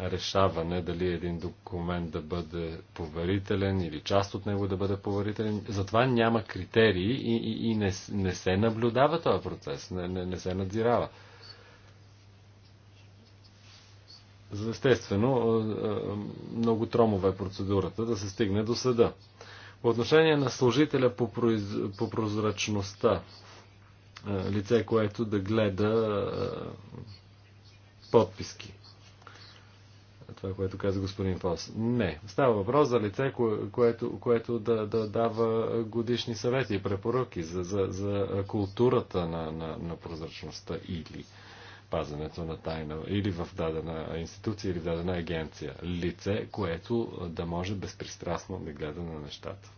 решаване дали един документ да бъде поверителен или част от него да бъде поверителен. Затова няма критерии и, и, и не, не се наблюдава този процес, не, не, не се надзирава. Естествено, е, е, много тромова е процедурата да се стигне до съда. По отношение на служителя по, произ... по прозрачността, е, лице, което да гледа подписки. Това, което каза господин Фос. Не. Става въпрос за лице, което, което да, да дава годишни съвети и препоръки за, за, за културата на, на, на прозрачността или спазването на тайна или в дадена институция, или в дадена агенция. Лице, което да може безпристрастно да гледа на нещата.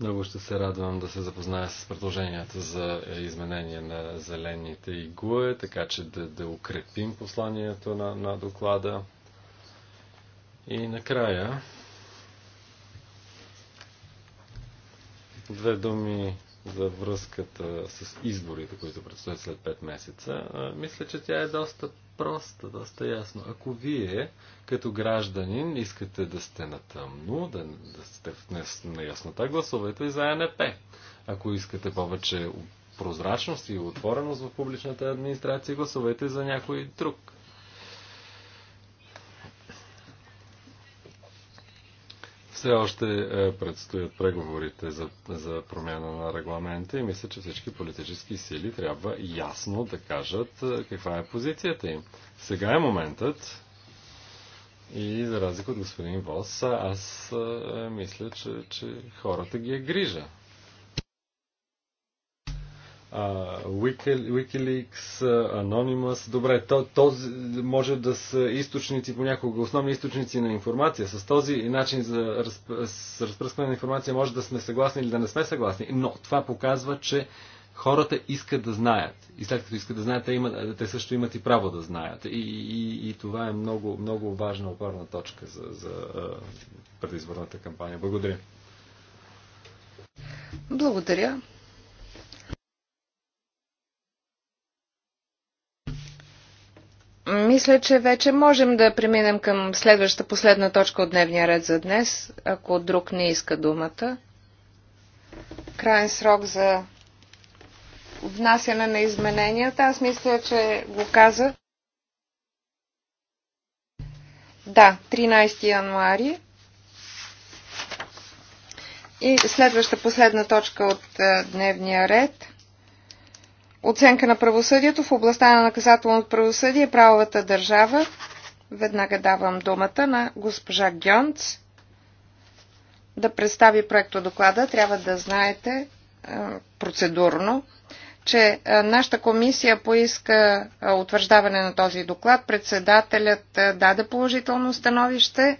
Много ще се радвам да се запозная с предложенията за изменение на зелените игуе, така че да, да укрепим посланието на, на доклада. И накрая две думи за връзката с изборите, които предстоят след 5 месеца, мисля, че тя е доста проста, доста ясно. Ако вие, като гражданин, искате да сте на тъмно, да, да сте в неяснота, гласувайте и за НП. Ако искате повече прозрачност и отвореност в публичната администрация, гласувайте за някой друг Все още е, предстоят преговорите за, за промяна на регламента и мисля, че всички политически сили трябва ясно да кажат е, каква е позицията им. Сега е моментът и за разлика от господин Вос, аз е, мисля, че, че хората ги е грижа Wikileaks, Anonymous. Добре, то, този може да са източници, понякога основни източници на информация. С този начин за разп... разпръскване на информация може да сме съгласни или да не сме съгласни, но това показва, че хората искат да знаят. И след като искат да знаят, те, имат, те също имат и право да знаят. И, и, и това е много, много важна опорна точка за, за предизборната кампания. Благодаря. Благодаря. Мисля, че вече можем да преминем към следващата последна точка от дневния ред за днес, ако друг не иска думата. Крайен срок за внасяне на измененията. Аз мисля, че го каза. Да, 13 януари. И следваща последна точка от е, дневния ред – оценка на правосъдието в областта на наказателното правосъдие и е правовата държава. Веднага давам думата на госпожа Гьонц да представи проекто доклада. Трябва да знаете е, процедурно, че е, нашата комисия поиска утвърждаване на този доклад. Председателят даде положително становище.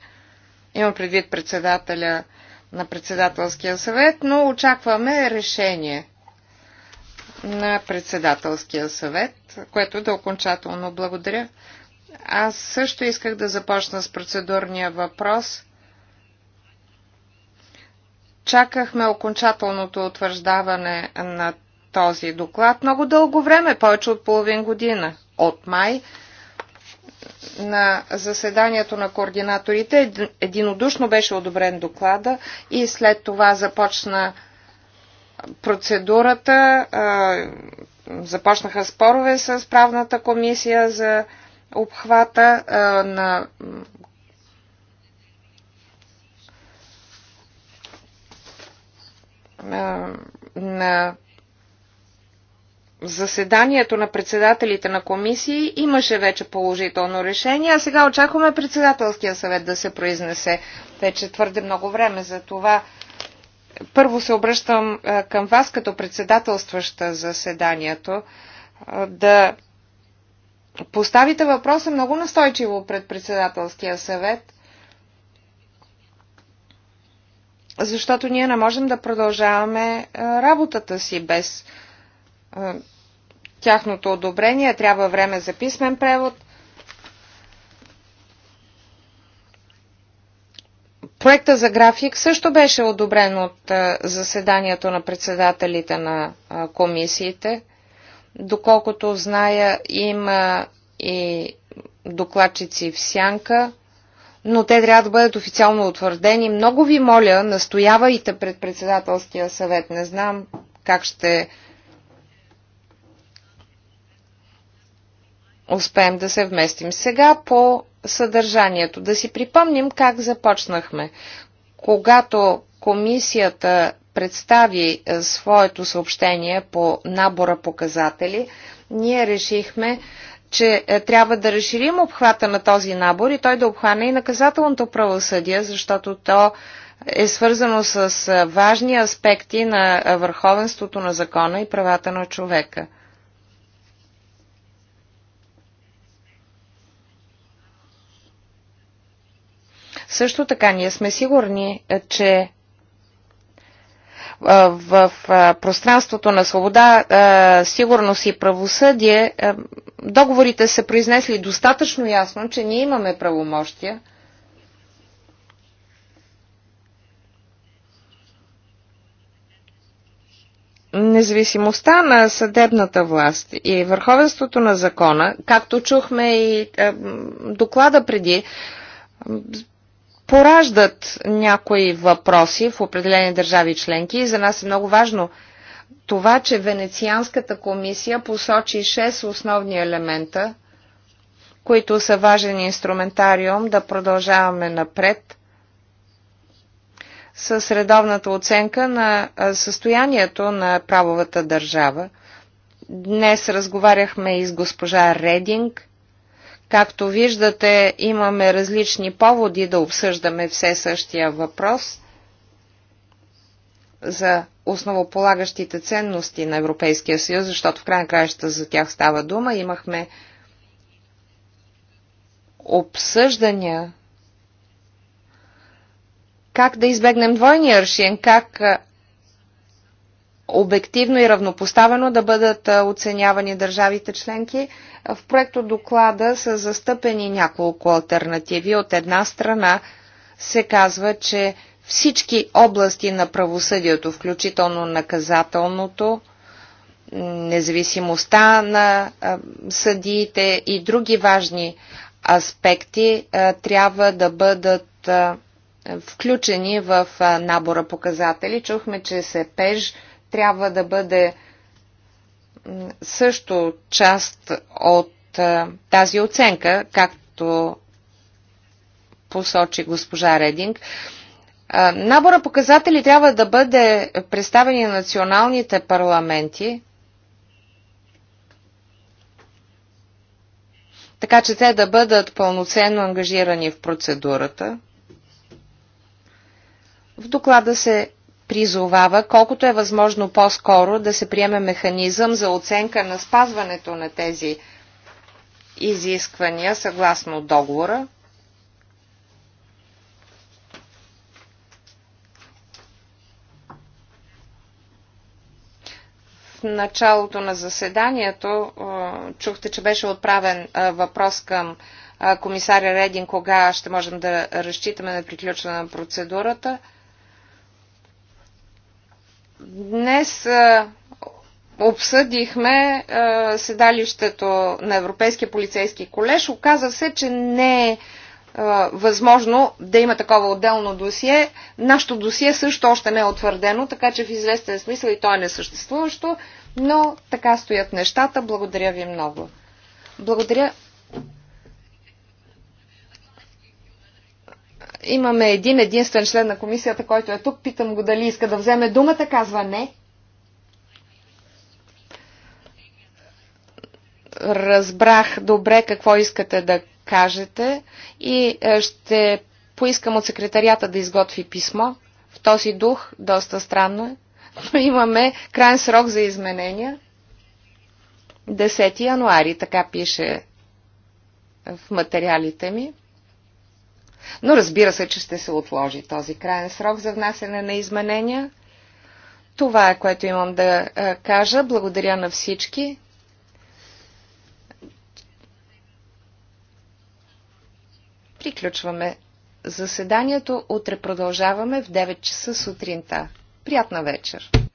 Има предвид председателя на председателския съвет, но очакваме решение на председателския съвет, което да е окончателно благодаря. Аз също исках да започна с процедурния въпрос. Чакахме окончателното утвърждаване на този доклад много дълго време, повече от половин година, от май. На заседанието на координаторите единодушно беше одобрен доклада и след това започна процедурата. Започнаха спорове с правната комисия за обхвата на на заседанието на председателите на комисии имаше вече положително решение, а сега очакваме председателския съвет да се произнесе. Вече твърде много време за това първо се обръщам е, към вас като председателстваща заседанието е, да поставите въпроса много настойчиво пред председателския съвет, защото ние не можем да продължаваме е, работата си без тяхното одобрение. Трябва време за писмен превод, Проекта за график също беше одобрен от заседанието на председателите на комисиите. Доколкото зная, има и докладчици в сянка, но те трябва да бъдат официално утвърдени. Много ви моля, настоявайте пред председателския съвет. Не знам как ще успеем да се вместим. Сега по съдържанието. Да си припомним как започнахме. Когато комисията представи е, своето съобщение по набора показатели, ние решихме, че е, трябва да разширим обхвата на този набор и той да обхване и наказателното правосъдие, защото то е свързано с е, важни аспекти на върховенството на закона и правата на човека. Също така ние сме сигурни, е, че е, в е, пространството на свобода, сигурност и правосъдие, договорите са произнесли достатъчно ясно, че ние имаме правомощия. Независимостта на съдебната власт и върховенството на закона, както чухме и доклада преди, пораждат някои въпроси в определени държави членки и за нас е много важно това, че Венецианската комисия посочи 6 основни елемента, които са важен инструментариум да продължаваме напред с редовната оценка на състоянието на правовата държава. Днес разговаряхме и с госпожа Рединг Както виждате, имаме различни поводи да обсъждаме все същия въпрос за основополагащите ценности на Европейския съюз, защото в край на краища за тях става дума. Имахме обсъждания как да избегнем двойния аршин, как обективно и равнопоставено да бъдат оценявани държавите членки. В проекто доклада са застъпени няколко альтернативи. От една страна се казва, че всички области на правосъдието, включително наказателното, независимостта на съдиите и други важни аспекти трябва да бъдат включени в набора показатели. Чухме, че СЕПЕЖ трябва да бъде също част от тази оценка, както посочи госпожа Рединг. Набора показатели трябва да бъде представени на националните парламенти, така че те да бъдат пълноценно ангажирани в процедурата. В доклада се призовава колкото е възможно по-скоро да се приеме механизъм за оценка на спазването на тези изисквания съгласно договора. В началото на заседанието чухте, че беше отправен въпрос към комисаря Редин, кога ще можем да разчитаме на приключване на процедурата – Днес обсъдихме седалището на Европейския полицейски колеж. Оказа се, че не е възможно да има такова отделно досие. Нашето досие също още не е утвърдено, така че в известен смисъл и то е несъществуващо, но така стоят нещата. Благодаря ви много. Благодаря Имаме един единствен член на комисията, който е тук. Питам го дали иска да вземе думата. Казва не. Разбрах добре какво искате да кажете и е, ще поискам от секретарията да изготви писмо. В този дух, доста странно е, но имаме крайен срок за изменения. 10 януари, така пише в материалите ми. Но разбира се, че ще се отложи този крайен срок за внасяне на изменения. Това е което имам да кажа. Благодаря на всички. Приключваме заседанието. Утре продължаваме в 9 часа сутринта. Приятна вечер!